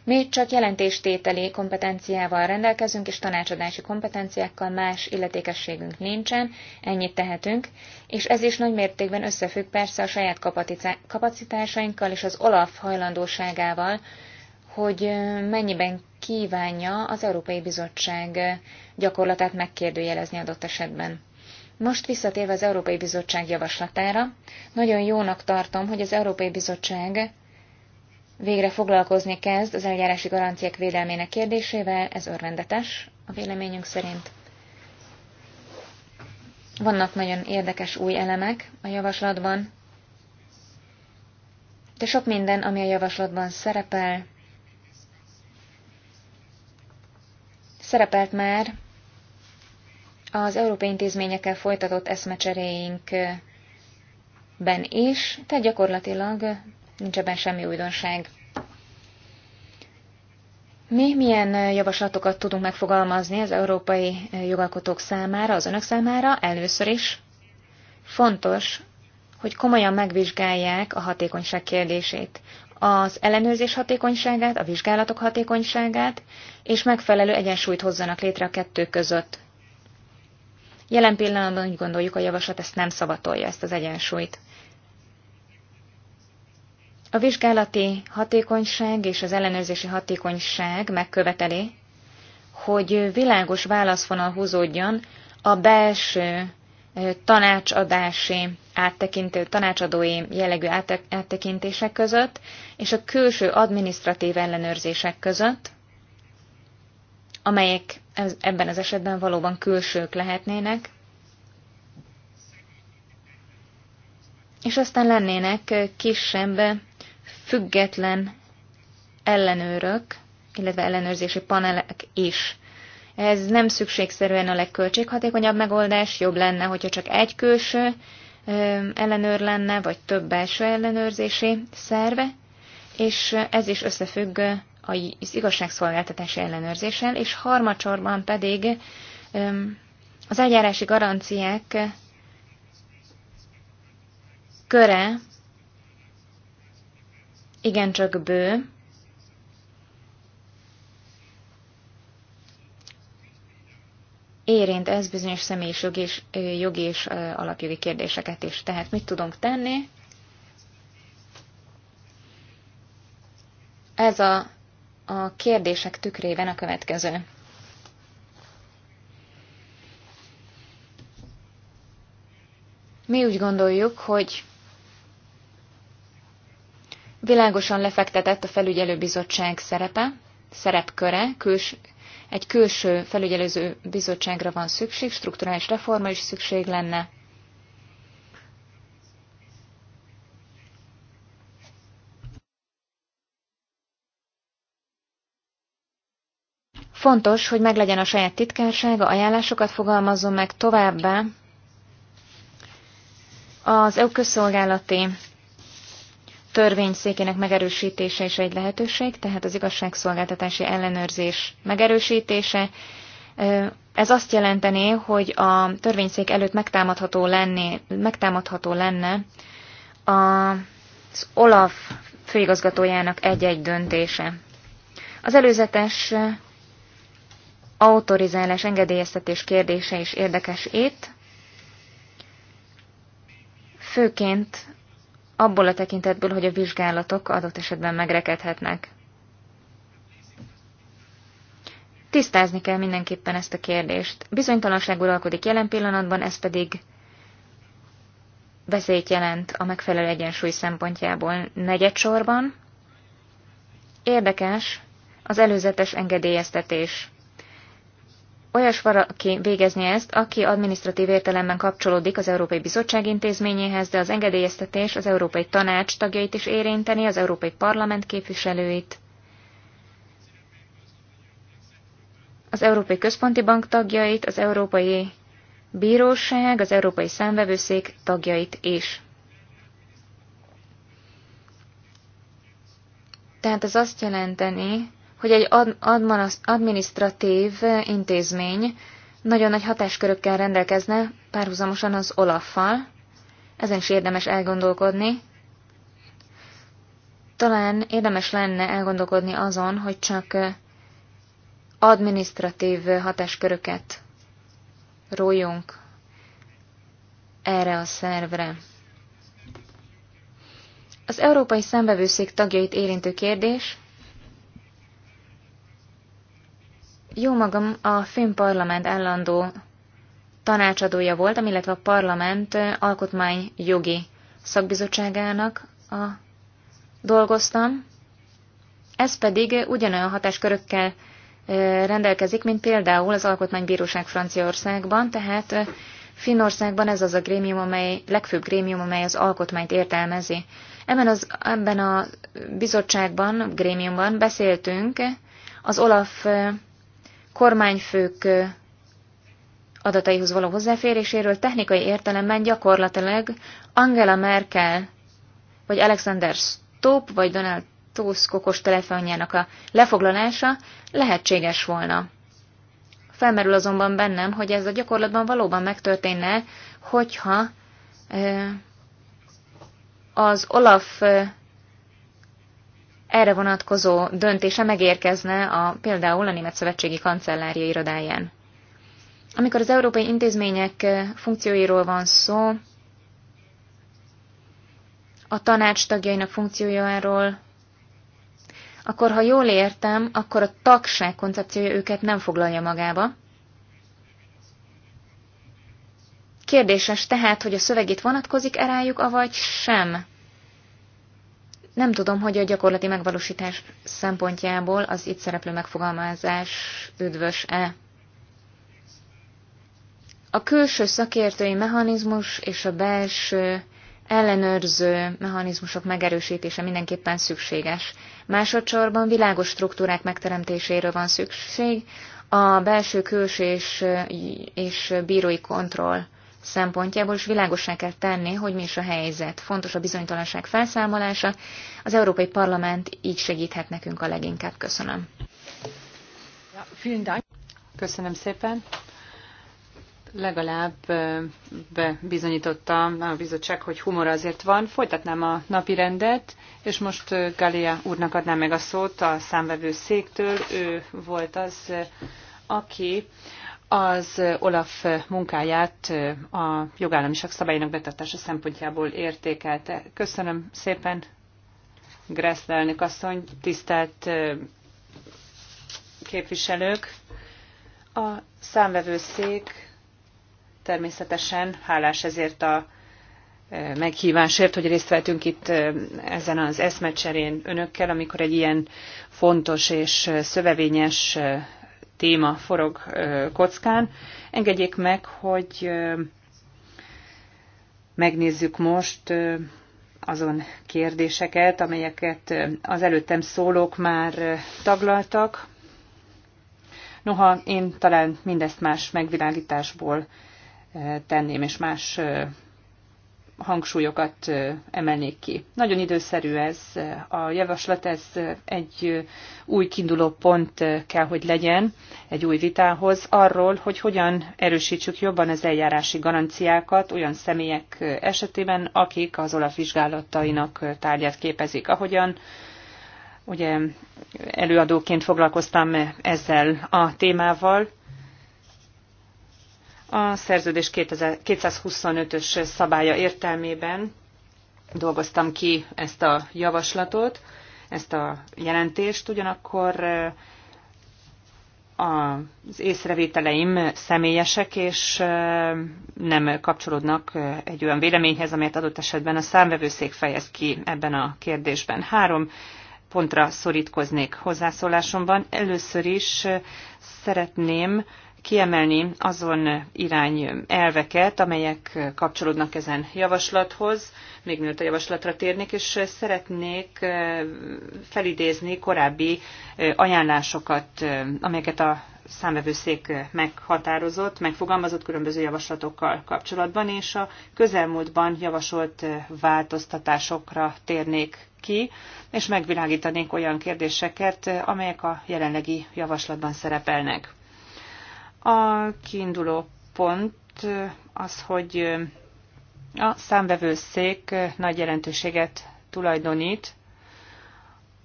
Mi csak jelentéstételi kompetenciával rendelkezünk, és tanácsadási kompetenciákkal más illetékességünk nincsen, ennyit tehetünk, és ez is nagy mértékben összefügg persze a saját kapacitásainkkal és az OLAF hajlandóságával, hogy mennyiben kívánja az Európai Bizottság gyakorlatát megkérdőjelezni adott esetben. Most visszatérve az Európai Bizottság javaslatára, nagyon jónak tartom, hogy az Európai Bizottság végre foglalkozni kezd az eljárási garanciák védelmének kérdésével, ez örvendetes a véleményünk szerint. Vannak nagyon érdekes új elemek a javaslatban, de sok minden, ami a javaslatban szerepel, Szerepelt már az európai intézményekkel folytatott eszmecseréinkben is, tehát gyakorlatilag nincs ebben semmi újdonság. Mi milyen javaslatokat tudunk megfogalmazni az európai jogalkotók számára, az önök számára? Először is fontos, hogy komolyan megvizsgálják a hatékonyság kérdését az ellenőrzés hatékonyságát, a vizsgálatok hatékonyságát, és megfelelő egyensúlyt hozzanak létre a kettő között. Jelen pillanatban úgy gondoljuk, a javaslat ezt nem szavatolja, ezt az egyensúlyt. A vizsgálati hatékonyság és az ellenőrzési hatékonyság megköveteli, hogy világos válaszvonal húzódjon a belső tanácsadási, áttekintő, tanácsadói jellegű áttekintések között, és a külső adminisztratív ellenőrzések között, amelyek ebben az esetben valóban külsők lehetnének, és aztán lennének kisebb, független ellenőrök, illetve ellenőrzési panelek is. Ez nem szükségszerűen a legköltséghatékonyabb megoldás, jobb lenne, hogyha csak egy külső ellenőr lenne, vagy több belső ellenőrzési szerve, és ez is összefügg az igazságszolgáltatási ellenőrzéssel, és harmadsorban pedig az eljárási garanciák köre igencsak bő, érint ez bizonyos személyis jogi és, jogi és alapjogi kérdéseket is. Tehát mit tudunk tenni? Ez a, a kérdések tükrében a következő. Mi úgy gondoljuk, hogy világosan lefektetett a felügyelőbizottság szerepe, szerepköre, küls, egy külső felügyelőző bizottságra van szükség, strukturális reforma is szükség lenne. Fontos, hogy meglegyen a saját titkársága, ajánlásokat fogalmazzon meg továbbá az EU közszolgálati törvényszékének megerősítése is egy lehetőség, tehát az igazságszolgáltatási ellenőrzés megerősítése. Ez azt jelentené, hogy a törvényszék előtt megtámadható, lenni, megtámadható lenne az OLAF főigazgatójának egy-egy döntése. Az előzetes autorizálás, engedélyeztetés kérdése is érdekes itt, főként abból a tekintetből, hogy a vizsgálatok adott esetben megrekedhetnek. Tisztázni kell mindenképpen ezt a kérdést. Bizonytalanság uralkodik jelen pillanatban, ez pedig veszélyt jelent a megfelelő egyensúly szempontjából negyedsorban. Érdekes az előzetes engedélyeztetés olyas valaki végeznie ezt, aki adminisztratív értelemben kapcsolódik az Európai Bizottság intézményéhez, de az engedélyeztetés az Európai Tanács tagjait is érinteni, az Európai Parlament képviselőit, az Európai Központi Bank tagjait, az Európai Bíróság, az Európai Számvevőszék tagjait is. Tehát ez azt jelenteni, hogy egy adminisztratív intézmény nagyon nagy hatáskörökkel rendelkezne párhuzamosan az Olaffal. Ezen is érdemes elgondolkodni. Talán érdemes lenne elgondolkodni azon, hogy csak adminisztratív hatásköröket rójunk erre a szervre. Az Európai Szembevőszék tagjait érintő kérdés – Jó magam, a Finn Parlament állandó tanácsadója voltam, illetve a parlament alkotmányjogi szakbizottságának a dolgoztam. Ez pedig ugyanolyan hatáskörökkel rendelkezik, mint például az Alkotmánybíróság Franciaországban, tehát Finnországban ez az a grémium, amely, legfőbb grémium, amely az alkotmányt értelmezi. Ebben, az, ebben a bizottságban, grémiumban beszéltünk az Olaf kormányfők adataihoz való hozzáféréséről technikai értelemben gyakorlatilag Angela Merkel, vagy Alexander Stop, vagy Donald Tusk okos telefonjának a lefoglalása lehetséges volna. Felmerül azonban bennem, hogy ez a gyakorlatban valóban megtörténne, hogyha az Olaf erre vonatkozó döntése megérkezne a, például a Német Szövetségi Kancellária irodáján. Amikor az európai intézmények eh, funkcióiról van szó, a tanács tagjainak funkciójáról, akkor ha jól értem, akkor a tagság koncepciója őket nem foglalja magába. Kérdéses tehát, hogy a szöveg itt vonatkozik erájuk, avagy sem. Nem tudom, hogy a gyakorlati megvalósítás szempontjából az itt szereplő megfogalmazás üdvös-e. A külső szakértői mechanizmus és a belső ellenőrző mechanizmusok megerősítése mindenképpen szükséges. Másodszorban világos struktúrák megteremtéséről van szükség, a belső, külső és, és bírói kontroll szempontjából is világosá kell tenni, hogy mi is a helyzet. Fontos a bizonytalanság felszámolása. Az Európai Parlament így segíthet nekünk a leginkább. Köszönöm. Köszönöm szépen. Legalább bebizonyította a bizottság, hogy humor azért van. Folytatnám a napi rendet, és most Galia úrnak adnám meg a szót a számvevő széktől. Ő volt az, aki az Olaf munkáját a jogállamiság szabályainak betartása szempontjából értékelte. Köszönöm szépen, Gressle elnök asszony, tisztelt képviselők! A számvevőszék természetesen hálás ezért a meghívásért, hogy részt vettünk itt ezen az eszmecserén önökkel, amikor egy ilyen fontos és szövevényes téma forog kockán. Engedjék meg, hogy megnézzük most azon kérdéseket, amelyeket az előttem szólók már taglaltak. Noha én talán mindezt más megvilágításból tenném, és más hangsúlyokat emelnék ki. Nagyon időszerű ez a javaslat, ez egy új kiinduló pont kell, hogy legyen egy új vitához arról, hogy hogyan erősítsük jobban az eljárási garanciákat olyan személyek esetében, akik az olaf vizsgálatainak tárgyát képezik. Ahogyan ugye előadóként foglalkoztam ezzel a témával, a szerződés 225-ös szabálya értelmében dolgoztam ki ezt a javaslatot, ezt a jelentést, ugyanakkor az észrevételeim személyesek, és nem kapcsolódnak egy olyan véleményhez, amelyet adott esetben a számvevőszék fejez ki ebben a kérdésben. Három pontra szorítkoznék hozzászólásomban. Először is szeretném kiemelni azon irány elveket, amelyek kapcsolódnak ezen javaslathoz, még mielőtt a javaslatra térnék, és szeretnék eh, felidézni korábbi eh, ajánlásokat, eh, amelyeket a számvevőszék meghatározott, megfogalmazott különböző javaslatokkal kapcsolatban, és a közelmúltban javasolt változtatásokra térnék ki, és megvilágítanék olyan kérdéseket, amelyek a jelenlegi javaslatban szerepelnek. A kiinduló pont az, hogy a számvevőszék nagy jelentőséget tulajdonít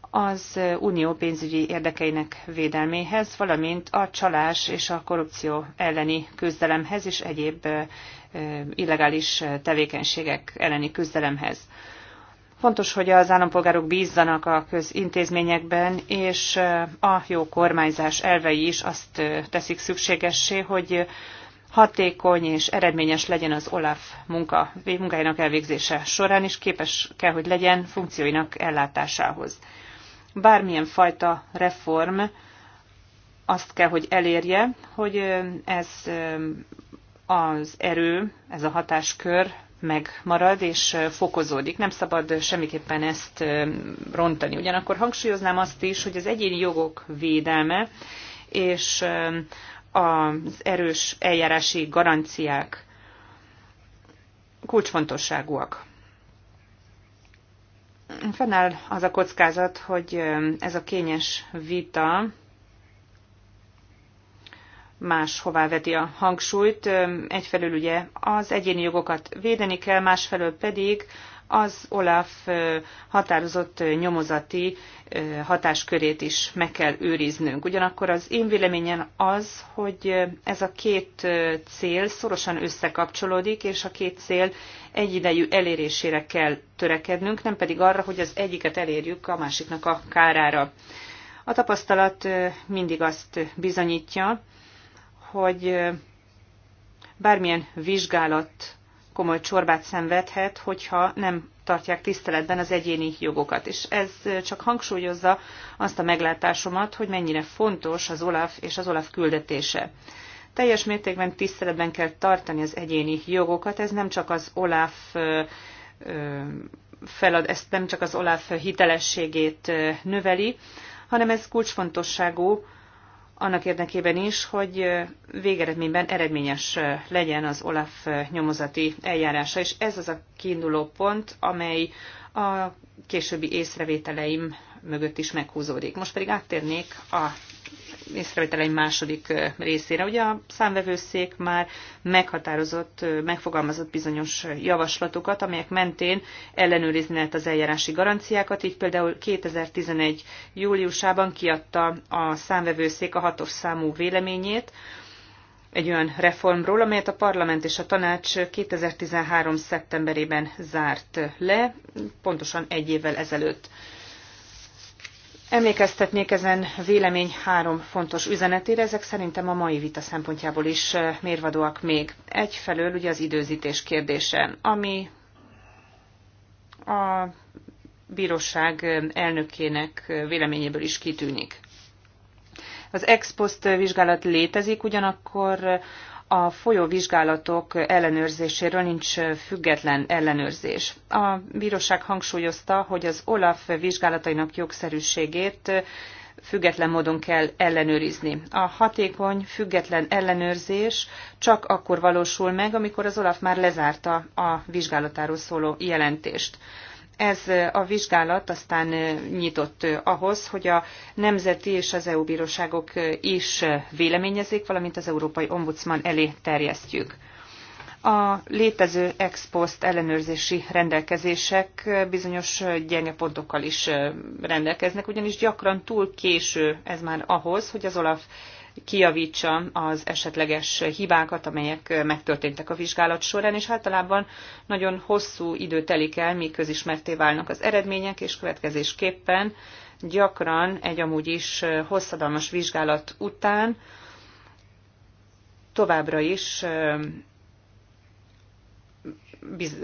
az unió pénzügyi érdekeinek védelméhez, valamint a csalás és a korrupció elleni küzdelemhez és egyéb illegális tevékenységek elleni küzdelemhez. Fontos, hogy az állampolgárok bízzanak a közintézményekben, és a jó kormányzás elvei is azt teszik szükségessé, hogy hatékony és eredményes legyen az OLAF munka, munkájának elvégzése során, és képes kell, hogy legyen funkcióinak ellátásához. Bármilyen fajta reform azt kell, hogy elérje, hogy ez az erő, ez a hatáskör megmarad és fokozódik. Nem szabad semmiképpen ezt rontani. Ugyanakkor hangsúlyoznám azt is, hogy az egyéni jogok védelme és az erős eljárási garanciák kulcsfontosságúak. Fennáll az a kockázat, hogy ez a kényes vita máshová veti a hangsúlyt. Egyfelől ugye az egyéni jogokat védeni kell, másfelől pedig az Olaf határozott nyomozati hatáskörét is meg kell őriznünk. Ugyanakkor az én véleményem az, hogy ez a két cél szorosan összekapcsolódik, és a két cél egyidejű elérésére kell törekednünk, nem pedig arra, hogy az egyiket elérjük a másiknak a kárára. A tapasztalat mindig azt bizonyítja, hogy bármilyen vizsgálat komoly csorbát szenvedhet, hogyha nem tartják tiszteletben az egyéni jogokat. És ez csak hangsúlyozza azt a meglátásomat, hogy mennyire fontos az OLAF és az OLAF küldetése. Teljes mértékben tiszteletben kell tartani az egyéni jogokat, ez nem csak az OLAF felad, ez nem csak az OLAF hitelességét növeli, hanem ez kulcsfontosságú annak érdekében is, hogy végeredményben eredményes legyen az OLAF nyomozati eljárása, és ez az a kiinduló pont, amely a későbbi észrevételeim mögött is meghúzódik. Most pedig áttérnék a észrevétel egy második részére. Ugye a számvevőszék már meghatározott, megfogalmazott bizonyos javaslatokat, amelyek mentén ellenőrizni lehet az eljárási garanciákat, így például 2011. júliusában kiadta a számvevőszék a hatos számú véleményét, egy olyan reformról, amelyet a parlament és a tanács 2013. szeptemberében zárt le, pontosan egy évvel ezelőtt. Emlékeztetnék ezen vélemény három fontos üzenetére, ezek szerintem a mai vita szempontjából is eh, mérvadóak még. Egyfelől ugye az időzítés kérdése, ami a bíróság eh, elnökének eh, véleményéből is kitűnik. Az ex post vizsgálat létezik, ugyanakkor a folyóvizsgálatok ellenőrzéséről nincs független ellenőrzés. A bíróság hangsúlyozta, hogy az OLAF vizsgálatainak jogszerűségét független módon kell ellenőrizni. A hatékony, független ellenőrzés csak akkor valósul meg, amikor az OLAF már lezárta a vizsgálatáról szóló jelentést. Ez a vizsgálat aztán nyitott ahhoz, hogy a nemzeti és az EU bíróságok is véleményezik, valamint az Európai Ombudsman elé terjesztjük. A létező ex post ellenőrzési rendelkezések bizonyos gyenge pontokkal is rendelkeznek, ugyanis gyakran túl késő ez már ahhoz, hogy az OLAF kijavítsa az esetleges hibákat, amelyek megtörténtek a vizsgálat során, és általában nagyon hosszú idő telik el, míg közismerté válnak az eredmények, és következésképpen gyakran egy amúgy is hosszadalmas vizsgálat után továbbra is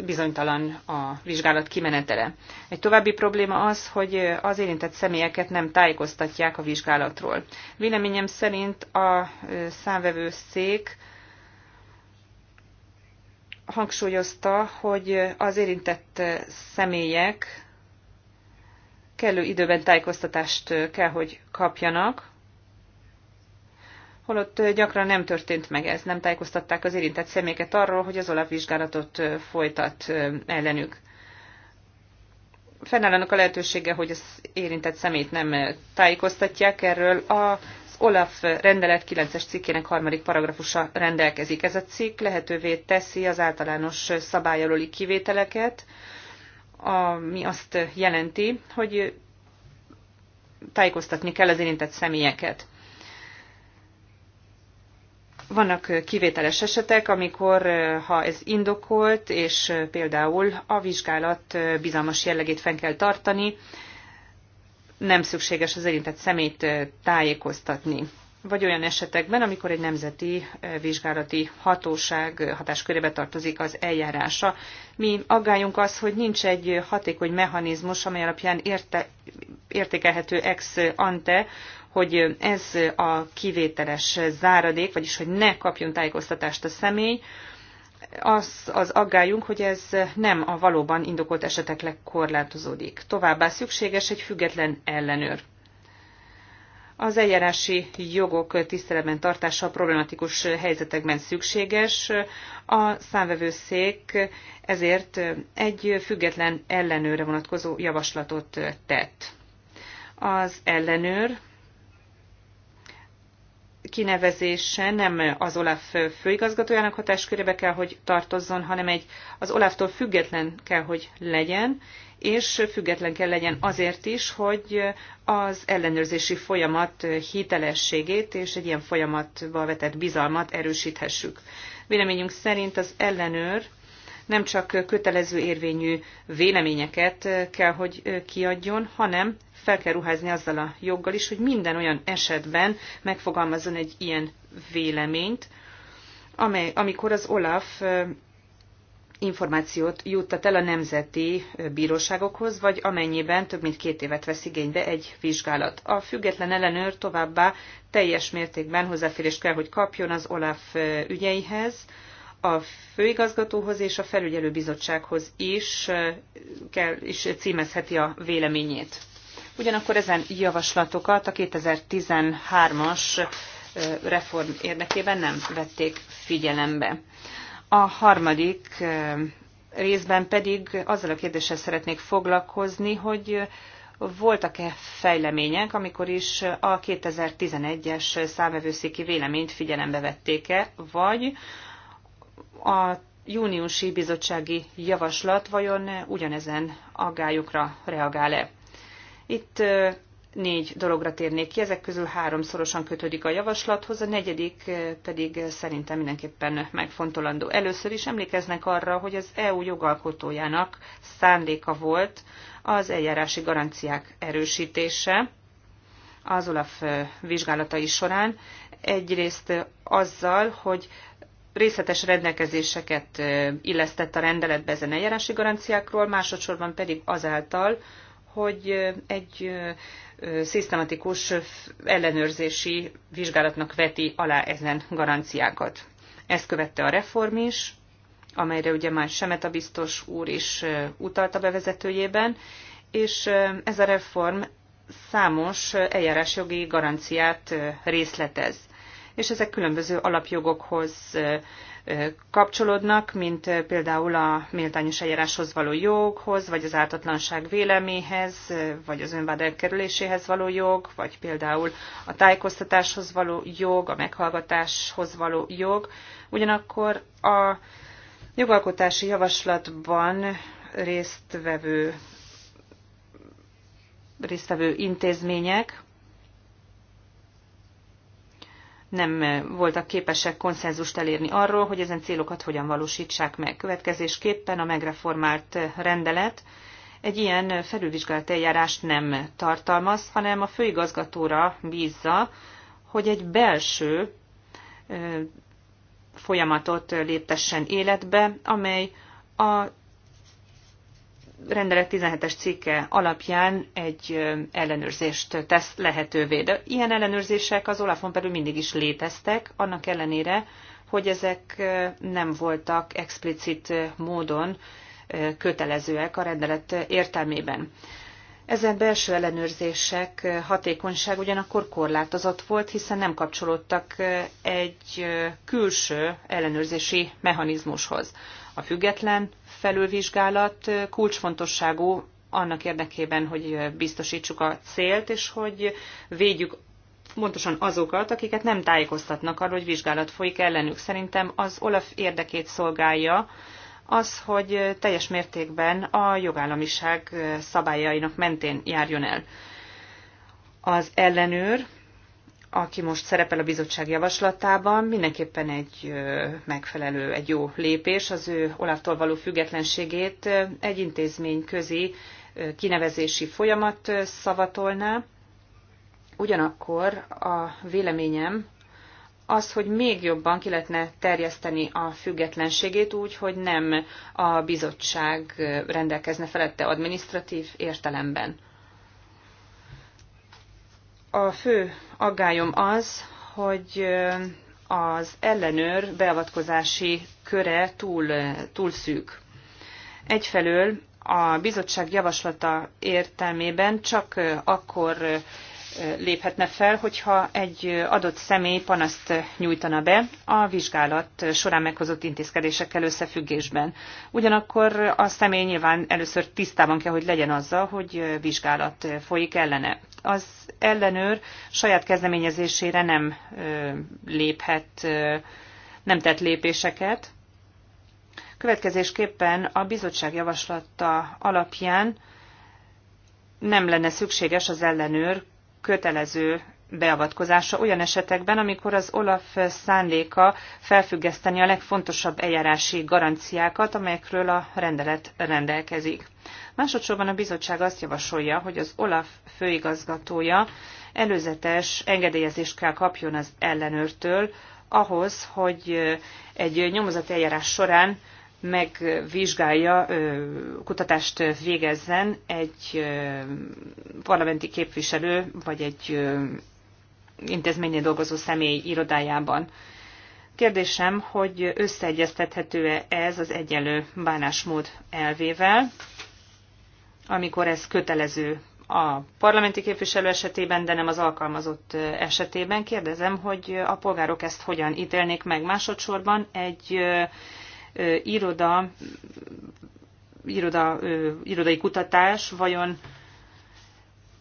bizonytalan a vizsgálat kimenetele. Egy további probléma az, hogy az érintett személyeket nem tájékoztatják a vizsgálatról. Véleményem szerint a szék hangsúlyozta, hogy az érintett személyek kellő időben tájékoztatást kell, hogy kapjanak, holott gyakran nem történt meg ez, nem tájékoztatták az érintett személyeket arról, hogy az OLAF vizsgálatot folytat ellenük. Fennáll annak a lehetősége, hogy az érintett szemét nem tájékoztatják erről. Az OLAF rendelet 9-es cikkének harmadik paragrafusa rendelkezik. Ez a cikk lehetővé teszi az általános szabályalóli kivételeket, ami azt jelenti, hogy tájékoztatni kell az érintett személyeket. Vannak kivételes esetek, amikor, ha ez indokolt, és például a vizsgálat bizalmas jellegét fenn kell tartani, nem szükséges az érintett szemét tájékoztatni. Vagy olyan esetekben, amikor egy nemzeti vizsgálati hatóság hatáskörébe tartozik az eljárása. Mi aggályunk az, hogy nincs egy hatékony mechanizmus, amely alapján érte, értékelhető ex ante, hogy ez a kivételes záradék, vagyis hogy ne kapjon tájékoztatást a személy, az az aggályunk, hogy ez nem a valóban indokolt esetek korlátozódik. Továbbá szükséges egy független ellenőr. Az eljárási jogok tiszteletben tartása problematikus helyzetekben szükséges. A számvevőszék ezért egy független ellenőre vonatkozó javaslatot tett. Az ellenőr kinevezése nem az OLAF főigazgatójának hatáskörébe kell, hogy tartozzon, hanem egy az olaftól független kell, hogy legyen, és független kell legyen azért is, hogy az ellenőrzési folyamat hitelességét és egy ilyen folyamatba vetett bizalmat erősíthessük. Véleményünk szerint az ellenőr nem csak kötelező érvényű véleményeket kell, hogy kiadjon, hanem fel kell ruházni azzal a joggal is, hogy minden olyan esetben megfogalmazzon egy ilyen véleményt, amely, amikor az OLAF információt juttat el a nemzeti bíróságokhoz, vagy amennyiben több mint két évet vesz igénybe egy vizsgálat. A független ellenőr továbbá teljes mértékben hozzáférést kell, hogy kapjon az OLAF ügyeihez, a főigazgatóhoz és a felügyelőbizottsághoz is, kell, is címezheti a véleményét. Ugyanakkor ezen javaslatokat a 2013-as reform érdekében nem vették figyelembe. A harmadik részben pedig azzal a kérdéssel szeretnék foglalkozni, hogy voltak-e fejlemények, amikor is a 2011-es számvevőszéki véleményt figyelembe vették-e, vagy a júniusi bizottsági javaslat vajon ugyanezen aggályokra reagál-e? Itt négy dologra térnék ki, ezek közül háromszorosan kötődik a javaslathoz, a negyedik pedig szerintem mindenképpen megfontolandó. Először is emlékeznek arra, hogy az EU jogalkotójának szándéka volt az eljárási garanciák erősítése az Olaf vizsgálatai során. Egyrészt azzal, hogy részletes rendelkezéseket illesztett a rendeletbe ezen eljárási garanciákról, másodszorban pedig azáltal, hogy egy szisztematikus ellenőrzési vizsgálatnak veti alá ezen garanciákat. Ezt követte a reform is, amelyre ugye már Semeta biztos úr is utalt a bevezetőjében, és ez a reform számos eljárásjogi garanciát részletez és ezek különböző alapjogokhoz kapcsolódnak, mint például a méltányos eljáráshoz való joghoz, vagy az ártatlanság véleméhez, vagy az önvád elkerüléséhez való jog, vagy például a tájékoztatáshoz való jog, a meghallgatáshoz való jog. Ugyanakkor a jogalkotási javaslatban résztvevő résztvevő intézmények nem voltak képesek konszenzust elérni arról, hogy ezen célokat hogyan valósítsák meg. Következésképpen a megreformált rendelet egy ilyen felülvizsgált eljárást nem tartalmaz, hanem a főigazgatóra bízza, hogy egy belső folyamatot léptessen életbe, amely a rendelet 17-es cikke alapján egy ellenőrzést tesz lehetővé. De ilyen ellenőrzések az Olafon belül mindig is léteztek, annak ellenére, hogy ezek nem voltak explicit módon kötelezőek a rendelet értelmében. Ezen belső ellenőrzések hatékonyság ugyanakkor korlátozott volt, hiszen nem kapcsolódtak egy külső ellenőrzési mechanizmushoz. A független, felülvizsgálat kulcsfontosságú annak érdekében, hogy biztosítsuk a célt, és hogy védjük pontosan azokat, akiket nem tájékoztatnak arról, hogy vizsgálat folyik ellenük. Szerintem az Olaf érdekét szolgálja az, hogy teljes mértékben a jogállamiság szabályainak mentén járjon el. Az ellenőr aki most szerepel a bizottság javaslatában, mindenképpen egy megfelelő, egy jó lépés az ő Olaftól való függetlenségét egy intézmény közi kinevezési folyamat szavatolná. Ugyanakkor a véleményem az, hogy még jobban ki lehetne terjeszteni a függetlenségét úgy, hogy nem a bizottság rendelkezne felette administratív értelemben. A fő aggályom az, hogy az ellenőr beavatkozási köre túl, túl szűk. Egyfelől a bizottság javaslata értelmében csak akkor léphetne fel, hogyha egy adott személy panaszt nyújtana be a vizsgálat során meghozott intézkedésekkel összefüggésben. Ugyanakkor a személy nyilván először tisztában kell, hogy legyen azzal, hogy vizsgálat folyik ellene az ellenőr saját kezdeményezésére nem léphet, nem tett lépéseket. Következésképpen a bizottság javaslata alapján nem lenne szükséges az ellenőr kötelező beavatkozása olyan esetekben, amikor az OLAF szándéka felfüggeszteni a legfontosabb eljárási garanciákat, amelyekről a rendelet rendelkezik. Másodszorban a bizottság azt javasolja, hogy az OLAF főigazgatója előzetes engedélyezést kell kapjon az ellenőrtől, ahhoz, hogy egy nyomozati eljárás során megvizsgálja, kutatást végezzen egy parlamenti képviselő vagy egy intézménynél dolgozó személy irodájában. Kérdésem, hogy összeegyeztethető-e ez az egyenlő bánásmód elvével, amikor ez kötelező a parlamenti képviselő esetében, de nem az alkalmazott esetében. Kérdezem, hogy a polgárok ezt hogyan ítélnék meg. Másodszorban egy iroda, iroda, irodai kutatás vajon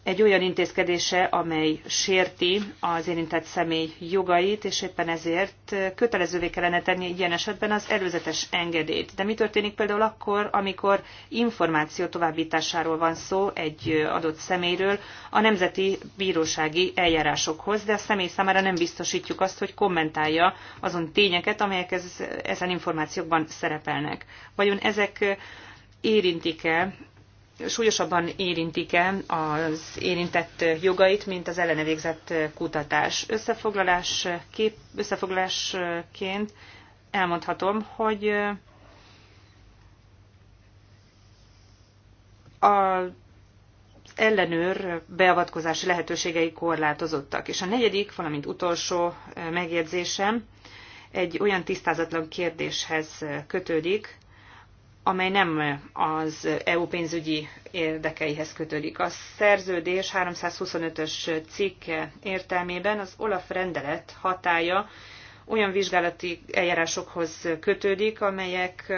egy olyan intézkedése, amely sérti az érintett személy jogait, és éppen ezért kötelezővé kellene tenni ilyen esetben az előzetes engedélyt. De mi történik például akkor, amikor információ továbbításáról van szó egy adott személyről a nemzeti bírósági eljárásokhoz, de a személy számára nem biztosítjuk azt, hogy kommentálja azon tényeket, amelyek ez, ezen információkban szerepelnek. Vajon ezek érintik-e súlyosabban érintik-e az érintett jogait, mint az ellene végzett kutatás. Összefoglalás kép, összefoglalásként elmondhatom, hogy az ellenőr beavatkozási lehetőségei korlátozottak. És a negyedik, valamint utolsó megjegyzésem egy olyan tisztázatlan kérdéshez kötődik, amely nem az EU pénzügyi érdekeihez kötődik. A szerződés 325-ös cikke értelmében az OLAF rendelet hatája olyan vizsgálati eljárásokhoz kötődik, amelyek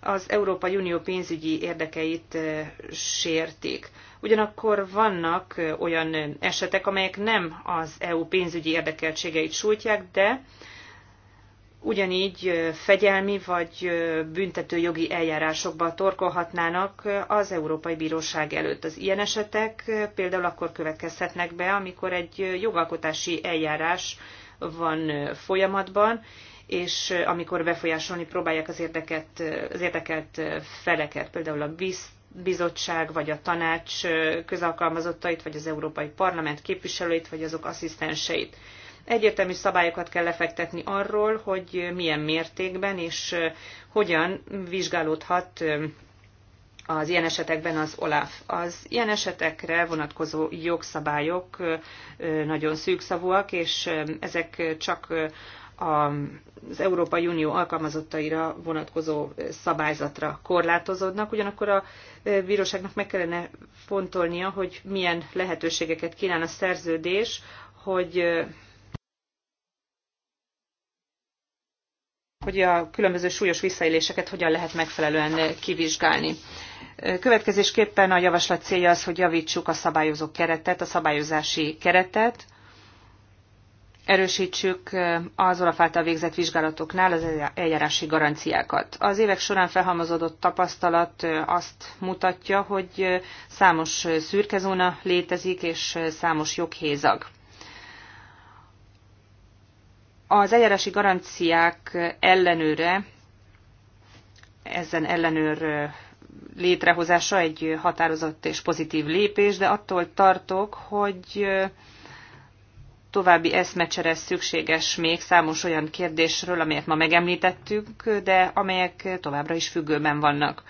az Európai Unió pénzügyi érdekeit sértik. Ugyanakkor vannak olyan esetek, amelyek nem az EU pénzügyi érdekeltségeit sújtják, de ugyanígy fegyelmi vagy büntető jogi eljárásokba torkolhatnának az Európai Bíróság előtt. Az ilyen esetek például akkor következhetnek be, amikor egy jogalkotási eljárás van folyamatban, és amikor befolyásolni próbálják az, érdeket, az érdekelt feleket, például a bizottság, vagy a tanács közalkalmazottait, vagy az Európai Parlament képviselőit, vagy azok asszisztenseit. Egyértelmű szabályokat kell lefektetni arról, hogy milyen mértékben és hogyan vizsgálódhat az ilyen esetekben az OLAF. Az ilyen esetekre vonatkozó jogszabályok nagyon szűkszavúak, és ezek csak az Európai Unió alkalmazottaira vonatkozó szabályzatra korlátozódnak, ugyanakkor a bíróságnak meg kellene fontolnia, hogy milyen lehetőségeket kínál a szerződés, hogy hogy a különböző súlyos visszaéléseket hogyan lehet megfelelően kivizsgálni. Következésképpen a javaslat célja az, hogy javítsuk a szabályozó keretet, a szabályozási keretet, erősítsük az Olaf által végzett vizsgálatoknál az eljárási garanciákat. Az évek során felhalmozódott tapasztalat azt mutatja, hogy számos szürkezóna létezik, és számos joghézag. Az eljárási garanciák ellenőre, ezen ellenőr létrehozása egy határozott és pozitív lépés, de attól tartok, hogy további eszmecsere szükséges még számos olyan kérdésről, amelyet ma megemlítettük, de amelyek továbbra is függőben vannak.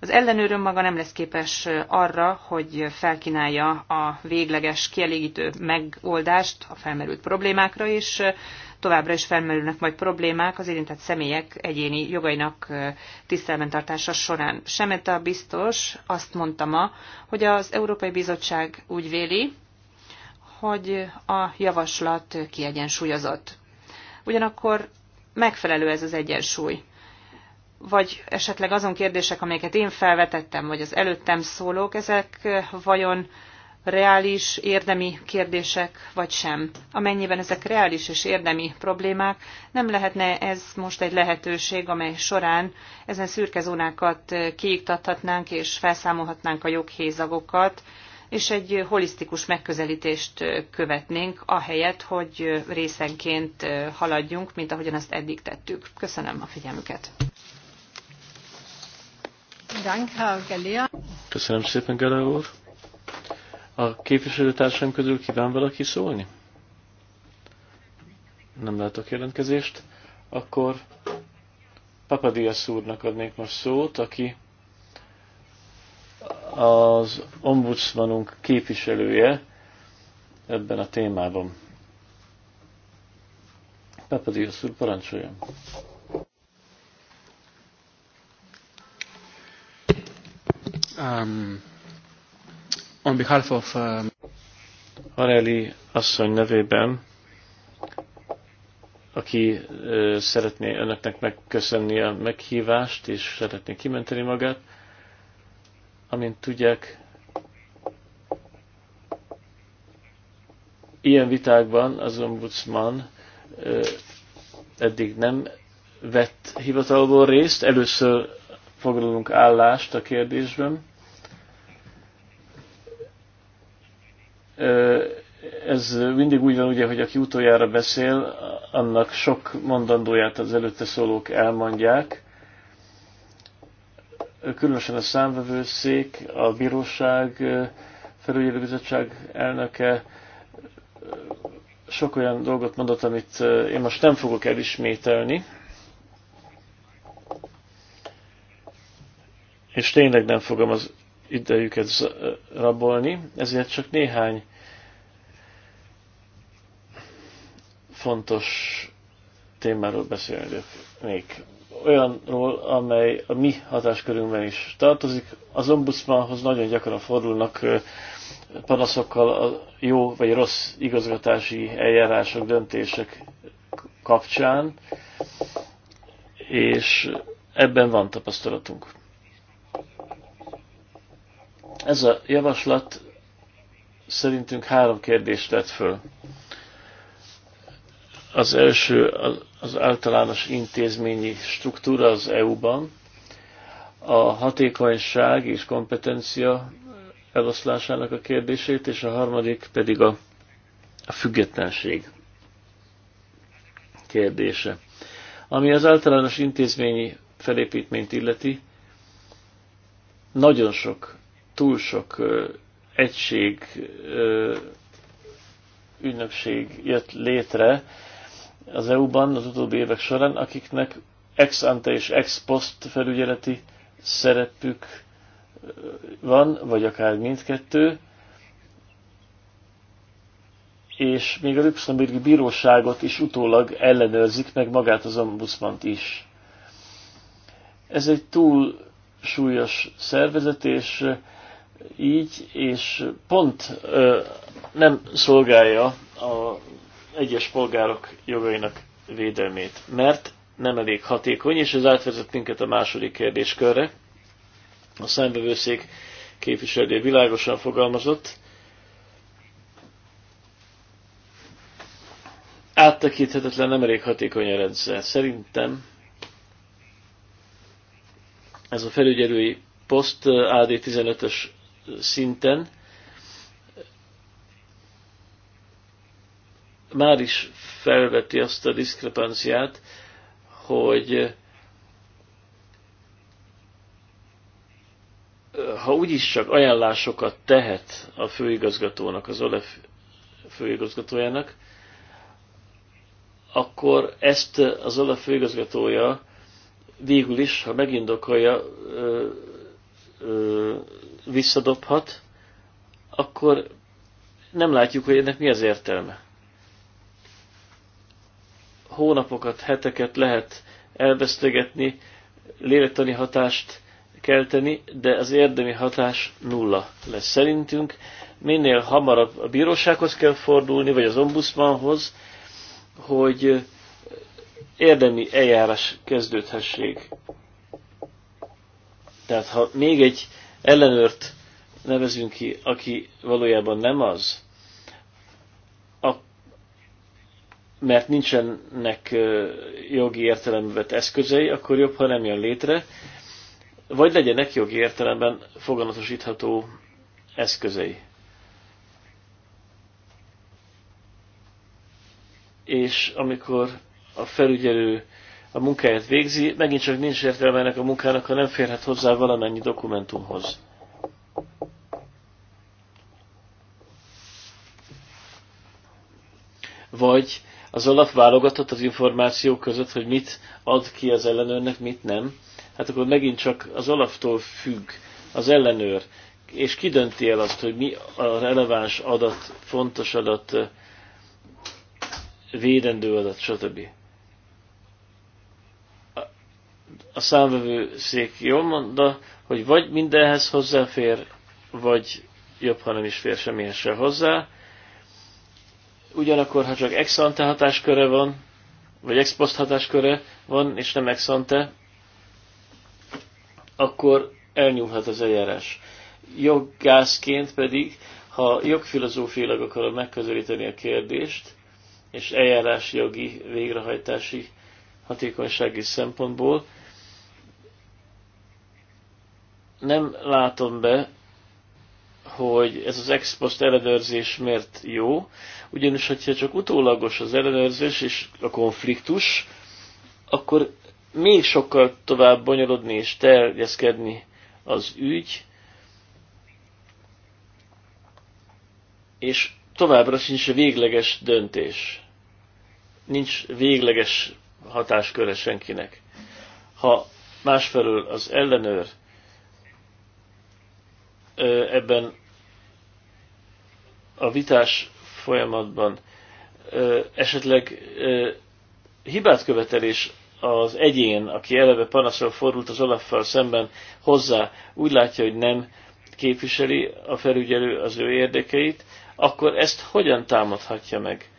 Az ellenőröm maga nem lesz képes arra, hogy felkínálja a végleges kielégítő megoldást a felmerült problémákra, és továbbra is felmerülnek majd problémák az érintett személyek egyéni jogainak tisztelben tartása során. a biztos azt mondta ma, hogy az Európai Bizottság úgy véli, hogy a javaslat kiegyensúlyozott. Ugyanakkor megfelelő ez az egyensúly. Vagy esetleg azon kérdések, amelyeket én felvetettem, vagy az előttem szólók, ezek vajon reális, érdemi kérdések, vagy sem. Amennyiben ezek reális és érdemi problémák, nem lehetne ez most egy lehetőség, amely során ezen szürke zónákat kiiktathatnánk és felszámolhatnánk a joghézagokat, és egy holisztikus megközelítést követnénk, ahelyett, hogy részenként haladjunk, mint ahogyan azt eddig tettük. Köszönöm a figyelmüket. Köszönöm szépen, Gala úr. A képviselőtársaim közül kíván valaki szólni? Nem látok jelentkezést. Akkor Papadias úrnak adnék most szót, aki az ombudsmanunk képviselője ebben a témában. Papadias úr, parancsoljon! Um, On behalf of... Uh... Hareli asszony nevében, aki uh, szeretné önöknek megköszönni a meghívást, és szeretné kimenteni magát, amint tudják, ilyen vitákban az ombudsman uh, eddig nem vett hivatalból részt. Először foglalunk állást a kérdésben, ez mindig úgy van ugye, hogy aki utoljára beszél, annak sok mondandóját az előtte szólók elmondják. Különösen a számvevőszék, a bíróság, felügyelőbizottság elnöke sok olyan dolgot mondott, amit én most nem fogok elismételni. És tényleg nem fogom az idejüket rabolni, ezért csak néhány fontos témáról beszélnék. Olyanról, amely a mi hatáskörünkben is tartozik. Az ombudsmanhoz nagyon gyakran fordulnak panaszokkal a jó vagy rossz igazgatási eljárások, döntések kapcsán, és ebben van tapasztalatunk. Ez a javaslat szerintünk három kérdést tett föl. Az első az általános intézményi struktúra az EU-ban, a hatékonyság és kompetencia eloszlásának a kérdését, és a harmadik pedig a, függetlenség kérdése. Ami az általános intézményi felépítményt illeti, nagyon sok túl sok egység, ünnepség jött létre az EU-ban az utóbbi évek során, akiknek ex ante és ex post felügyeleti szerepük van, vagy akár mindkettő, és még a Luxemburgi Bíróságot is utólag ellenőrzik, meg magát az ombudsmant is. Ez egy túl súlyos szervezet, és így, és pont ö, nem szolgálja a egyes polgárok jogainak védelmét, mert nem elég hatékony, és ez átvezet minket a második kérdéskörre. A szembevőszék képviselője világosan fogalmazott, áttekinthetetlen, nem elég hatékony a rendszer. Szerintem ez a felügyelői poszt AD15-ös szinten már is felveti azt a diszkrepanciát, hogy eh, ha úgyis csak ajánlásokat tehet a főigazgatónak, az OLEF főigazgatójának, akkor ezt az OLEF főigazgatója végül is, ha megindokolja, ö, eh, ö, eh, visszadobhat, akkor nem látjuk, hogy ennek mi az értelme. Hónapokat, heteket lehet elvesztegetni, lélektani hatást kelteni, de az érdemi hatás nulla lesz szerintünk. Minél hamarabb a bírósághoz kell fordulni, vagy az ombudsmanhoz, hogy érdemi eljárás kezdődhessék. Tehát ha még egy ellenőrt nevezünk ki, aki valójában nem az, a, mert nincsenek jogi értelemben eszközei, akkor jobb, ha nem jön létre, vagy legyenek jogi értelemben foganatosítható eszközei. És amikor a felügyelő a munkáját végzi, megint csak nincs értelme ennek a munkának, ha nem férhet hozzá valamennyi dokumentumhoz. Vagy az alap válogatott az információk között, hogy mit ad ki az ellenőrnek, mit nem. Hát akkor megint csak az alaptól függ az ellenőr, és kidönti el azt, hogy mi a releváns adat, fontos adat, védendő adat, stb a szék jól mondta, hogy vagy mindenhez hozzáfér, vagy jobb, ha nem is fér semmihez se hozzá. Ugyanakkor, ha csak ex ante hatásköre van, vagy ex post hatásköre van, és nem ex ante, akkor elnyúlhat az eljárás. Joggászként pedig, ha jogfilozófilag akarod megközelíteni a kérdést, és eljárás jogi, végrehajtási, hatékonysági szempontból, nem látom be, hogy ez az ex post ellenőrzés miért jó, ugyanis ha csak utólagos az ellenőrzés és a konfliktus, akkor még sokkal tovább bonyolodni és terjeszkedni az ügy, és továbbra sincs végleges döntés. Nincs végleges hatásköre senkinek. Ha másfelől az ellenőr ebben a vitás folyamatban esetleg hibát követelés az egyén, aki eleve panaszra fordult az Olaffal szemben hozzá, úgy látja, hogy nem képviseli a felügyelő az ő érdekeit, akkor ezt hogyan támadhatja meg?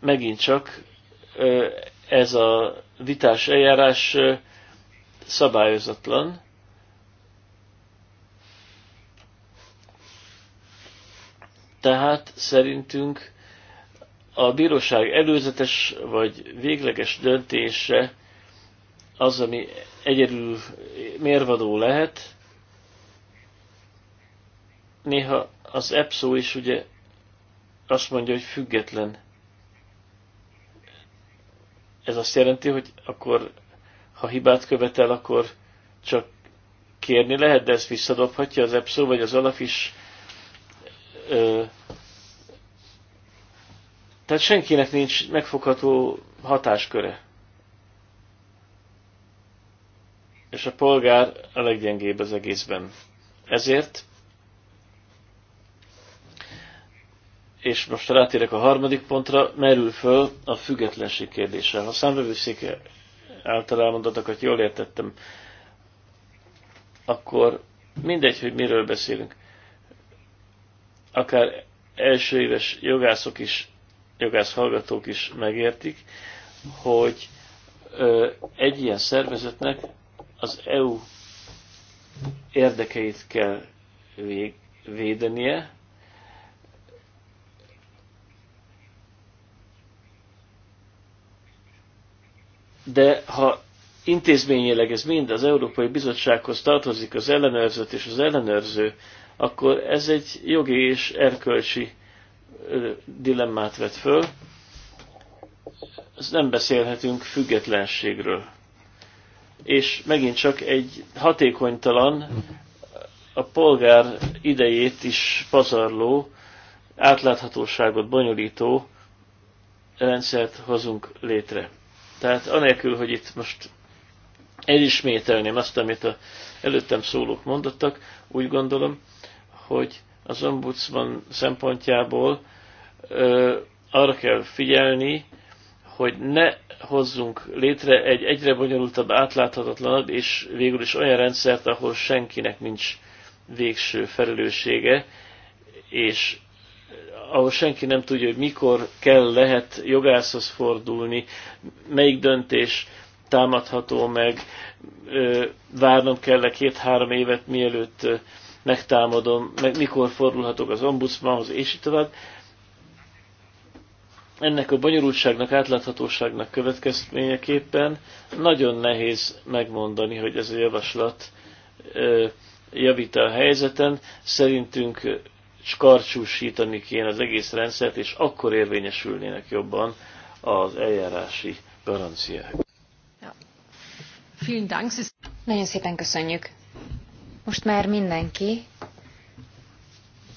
Megint csak ez a vitás eljárás szabályozatlan, Tehát szerintünk a bíróság előzetes vagy végleges döntése az, ami egyedül mérvadó lehet. Néha az EPSO is ugye azt mondja, hogy független. Ez azt jelenti, hogy akkor, ha hibát követel, akkor csak kérni lehet, de ezt visszadobhatja az EPSO, vagy az alap is tehát senkinek nincs megfogható hatásköre. És a polgár a leggyengébb az egészben. Ezért, és most rátérek a harmadik pontra, merül föl a függetlenség kérdése. Ha számbevőszék által elmondatokat jól értettem, akkor mindegy, hogy miről beszélünk akár első éves jogászok is, jogász hallgatók is megértik, hogy egy ilyen szervezetnek az EU érdekeit kell védenie, de ha intézményileg ez mind az Európai Bizottsághoz tartozik, az ellenőrzött és az ellenőrző akkor ez egy jogi és erkölcsi dilemmát vet föl. Ezt nem beszélhetünk függetlenségről. És megint csak egy hatékonytalan, a polgár idejét is pazarló, átláthatóságot bonyolító rendszert hozunk létre. Tehát anélkül, hogy itt most elismételném azt, amit a előttem szólók mondottak. Úgy gondolom, hogy az ombudsman szempontjából ö, arra kell figyelni, hogy ne hozzunk létre egy egyre bonyolultabb, átláthatatlanabb és végül is olyan rendszert, ahol senkinek nincs végső felelőssége, és ahol senki nem tudja, hogy mikor kell, lehet jogászhoz fordulni, melyik döntés támadható meg, várnom kell -e két-három évet, mielőtt megtámadom, meg mikor fordulhatok az ombudsmanhoz, és így tovább. Ennek a bonyolultságnak, átláthatóságnak következményeképpen nagyon nehéz megmondani, hogy ez a javaslat javít a helyzeten. Szerintünk skarcsúsítani kéne az egész rendszert, és akkor érvényesülnének jobban az eljárási garanciák. Nagyon szépen köszönjük. Most már mindenki,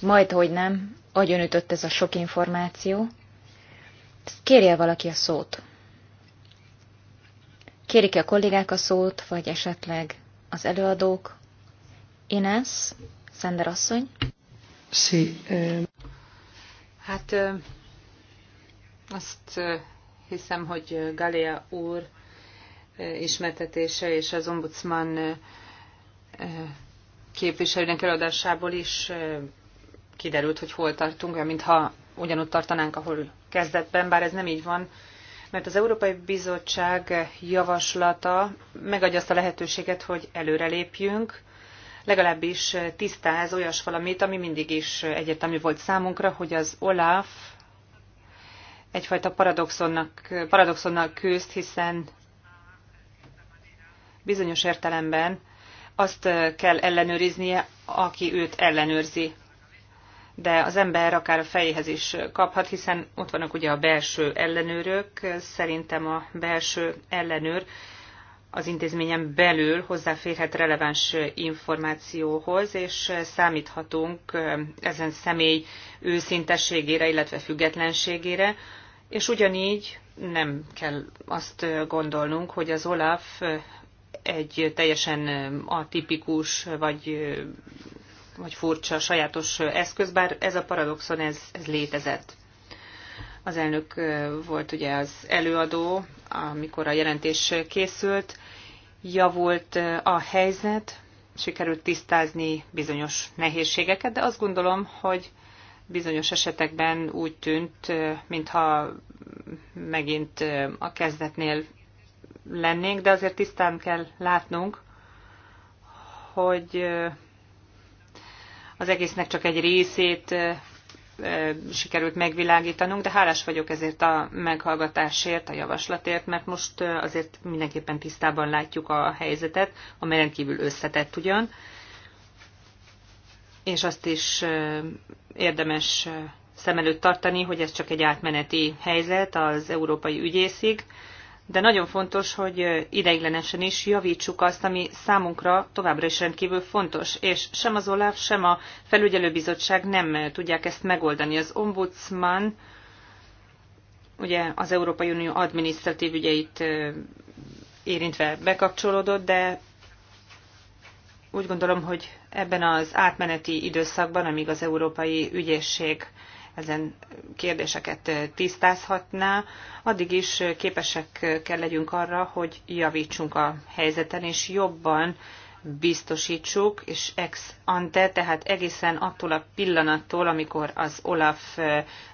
majd hogy nem, agyonütött ez a sok információ. Kérje valaki a szót. Kérik -e a kollégák a szót, vagy esetleg az előadók? Ines, Szender asszony. Sí, um. Hát azt hiszem, hogy Galéa úr ismertetése és az ombudsman képviselőnek eladásából is kiderült, hogy hol tartunk, olyan mintha ugyanott tartanánk, ahol kezdetben, bár ez nem így van, mert az Európai Bizottság javaslata megadja azt a lehetőséget, hogy előrelépjünk, legalábbis tisztáz olyas valamit, ami mindig is egyértelmű volt számunkra, hogy az OLAF egyfajta paradoxonnak, paradoxonnak küzd, hiszen bizonyos értelemben azt kell ellenőriznie, aki őt ellenőrzi. De az ember akár a fejéhez is kaphat, hiszen ott vannak ugye a belső ellenőrök. Szerintem a belső ellenőr az intézményen belül hozzáférhet releváns információhoz, és számíthatunk ezen személy őszintességére, illetve függetlenségére, és ugyanígy nem kell azt gondolnunk, hogy az Olaf egy teljesen atipikus vagy, vagy furcsa, sajátos eszköz, bár ez a paradoxon, ez, ez létezett. Az elnök volt ugye az előadó, amikor a jelentés készült, javult a helyzet, sikerült tisztázni bizonyos nehézségeket, de azt gondolom, hogy bizonyos esetekben úgy tűnt, mintha megint a kezdetnél lennénk, de azért tisztán kell látnunk, hogy az egésznek csak egy részét sikerült megvilágítanunk, de hálás vagyok ezért a meghallgatásért, a javaslatért, mert most azért mindenképpen tisztában látjuk a helyzetet, amely rendkívül összetett ugyan, és azt is érdemes szem előtt tartani, hogy ez csak egy átmeneti helyzet az európai ügyészig, de nagyon fontos, hogy ideiglenesen is javítsuk azt, ami számunkra továbbra is rendkívül fontos, és sem az OLAF, sem a felügyelőbizottság nem tudják ezt megoldani. Az ombudsman ugye az Európai Unió adminisztratív ügyeit érintve bekapcsolódott, de úgy gondolom, hogy ebben az átmeneti időszakban, amíg az Európai Ügyészség ezen kérdéseket eh, tisztázhatná, addig is eh, képesek eh, kell legyünk arra, hogy javítsunk a helyzeten, és jobban biztosítsuk, és ex ante, tehát egészen attól a pillanattól, amikor az Olaf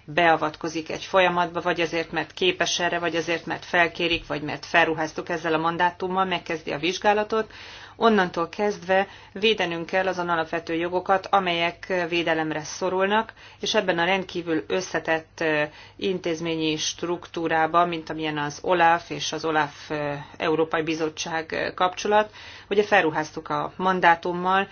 beavatkozik egy folyamatba, vagy azért, mert képes erre, vagy azért, mert felkérik, vagy mert felruháztuk ezzel a mandátummal, megkezdi a vizsgálatot, onnantól kezdve védenünk kell azon alapvető jogokat, amelyek védelemre szorulnak, és ebben a rendkívül összetett intézményi struktúrában, mint amilyen az OLAF és az OLAF Európai Bizottság kapcsolat, ugye felruháztuk a mandátummal,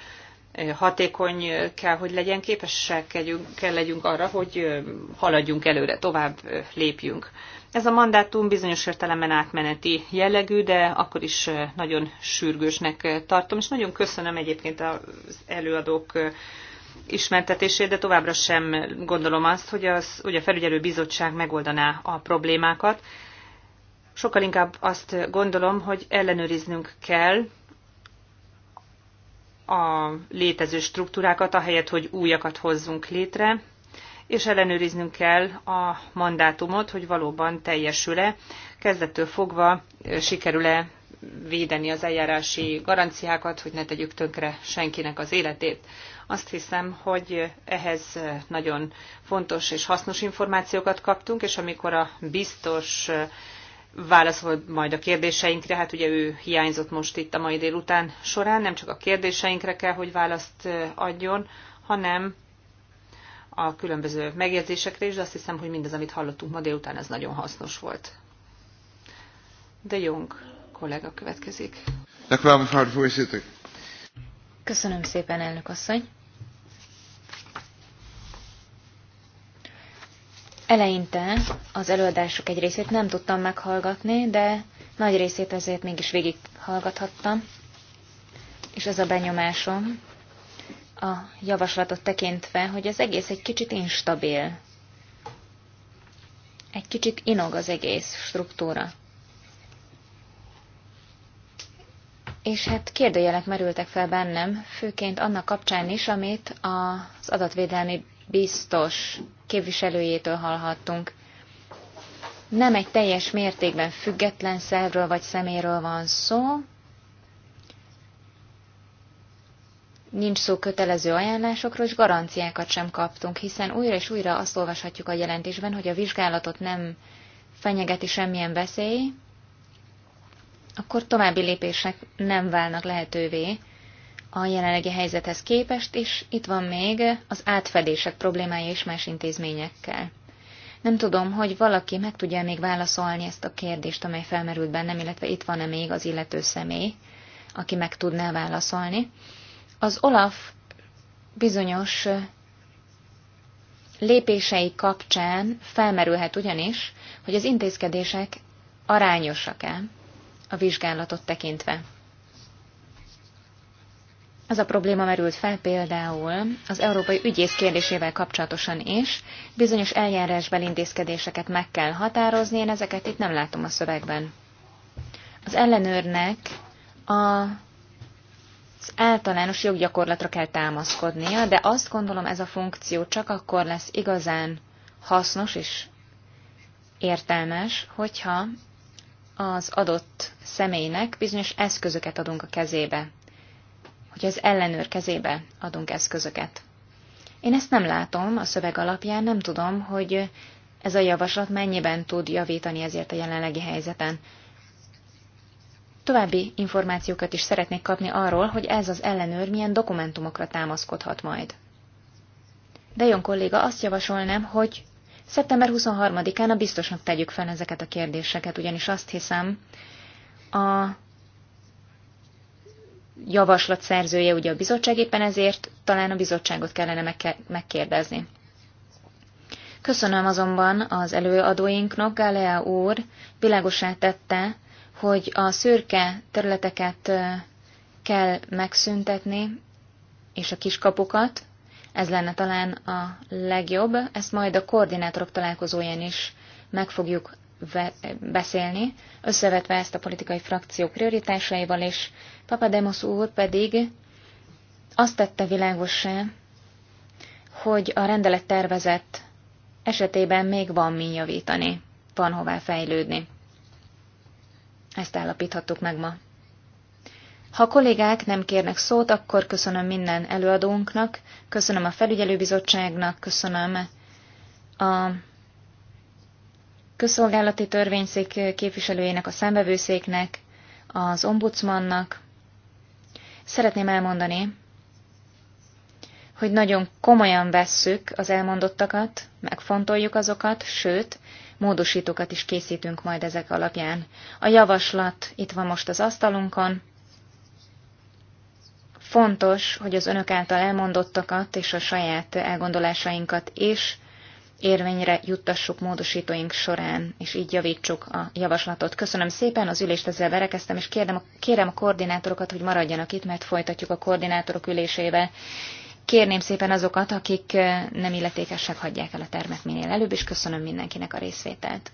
hatékony kell, hogy legyen, képesek kell legyünk arra, hogy haladjunk előre, tovább lépjünk. Ez a mandátum bizonyos értelemben átmeneti jellegű, de akkor is nagyon sürgősnek tartom, és nagyon köszönöm egyébként az előadók ismertetését, de továbbra sem gondolom azt, hogy, az, hogy a felügyelő bizottság megoldaná a problémákat. Sokkal inkább azt gondolom, hogy ellenőriznünk kell a létező struktúrákat, ahelyett, hogy újakat hozzunk létre, és ellenőriznünk kell a mandátumot, hogy valóban teljesül-e, kezdettől fogva sikerül-e védeni az eljárási garanciákat, hogy ne tegyük tönkre senkinek az életét. Azt hiszem, hogy ehhez nagyon fontos és hasznos információkat kaptunk, és amikor a biztos válaszol majd a kérdéseinkre, hát ugye ő hiányzott most itt a mai délután során, nem csak a kérdéseinkre kell, hogy választ adjon, hanem a különböző megjegyzésekre is, de azt hiszem, hogy mindez, amit hallottunk ma délután, ez nagyon hasznos volt. De Jung kollega következik. Köszönöm szépen, elnök asszony. Eleinte az előadások egy részét nem tudtam meghallgatni, de nagy részét ezért mégis végighallgathattam. És ez a benyomásom, a javaslatot tekintve, hogy az egész egy kicsit instabil. Egy kicsit inog az egész struktúra. És hát kérdőjelek merültek fel bennem, főként annak kapcsán is, amit az adatvédelmi biztos képviselőjétől hallhattunk. Nem egy teljes mértékben független szervről vagy szeméről van szó, Nincs szó kötelező ajánlásokról, és garanciákat sem kaptunk, hiszen újra és újra azt olvashatjuk a jelentésben, hogy a vizsgálatot nem fenyegeti semmilyen veszély, akkor további lépések nem válnak lehetővé a jelenlegi helyzethez képest, és itt van még az átfedések problémája is más intézményekkel. Nem tudom, hogy valaki meg tudja még válaszolni ezt a kérdést, amely felmerült bennem, illetve itt van-e még az illető személy, aki meg tudná válaszolni. Az Olaf bizonyos lépései kapcsán felmerülhet ugyanis, hogy az intézkedések arányosak-e a vizsgálatot tekintve. Ez a probléma merült fel például az európai ügyész kérdésével kapcsolatosan is. Bizonyos eljárásbeli intézkedéseket meg kell határozni, én ezeket itt nem látom a szövegben. Az ellenőrnek a általános joggyakorlatra kell támaszkodnia, de azt gondolom ez a funkció csak akkor lesz igazán hasznos és értelmes, hogyha az adott személynek bizonyos eszközöket adunk a kezébe, hogy az ellenőr kezébe adunk eszközöket. Én ezt nem látom a szöveg alapján, nem tudom, hogy ez a javaslat mennyiben tud javítani ezért a jelenlegi helyzeten. További információkat is szeretnék kapni arról, hogy ez az ellenőr milyen dokumentumokra támaszkodhat majd. De jön kolléga azt javasolnám, hogy szeptember 23-án a biztosnak tegyük fel ezeket a kérdéseket, ugyanis azt hiszem, a javaslat szerzője ugye a bizottság, éppen ezért talán a bizottságot kellene megkérdezni. Köszönöm azonban az előadóinknak, Galea úr világosá tette, hogy a szürke területeket kell megszüntetni, és a kiskapukat, ez lenne talán a legjobb, ezt majd a koordinátorok találkozóján is meg fogjuk beszélni, összevetve ezt a politikai frakció prioritásaival, és Papademos úr pedig azt tette világosá, hogy a rendelet tervezett esetében még van mi javítani, van hová fejlődni. Ezt állapíthattuk meg ma. Ha a kollégák nem kérnek szót, akkor köszönöm minden előadónknak, köszönöm a felügyelőbizottságnak, köszönöm a közszolgálati törvényszék képviselőjének, a szembevőszéknek, az ombudsmannak. Szeretném elmondani, hogy nagyon komolyan vesszük az elmondottakat, megfontoljuk azokat, sőt, módosítókat is készítünk majd ezek alapján. A javaslat itt van most az asztalunkon. Fontos, hogy az önök által elmondottakat és a saját elgondolásainkat is érvényre juttassuk módosítóink során, és így javítsuk a javaslatot. Köszönöm szépen, az ülést ezzel verekeztem, és kérem, kérem a koordinátorokat, hogy maradjanak itt, mert folytatjuk a koordinátorok ülésével. Kérném szépen azokat, akik eh, nem illetékesek, hagyják el a termet minél előbb, és köszönöm mindenkinek a részvételt.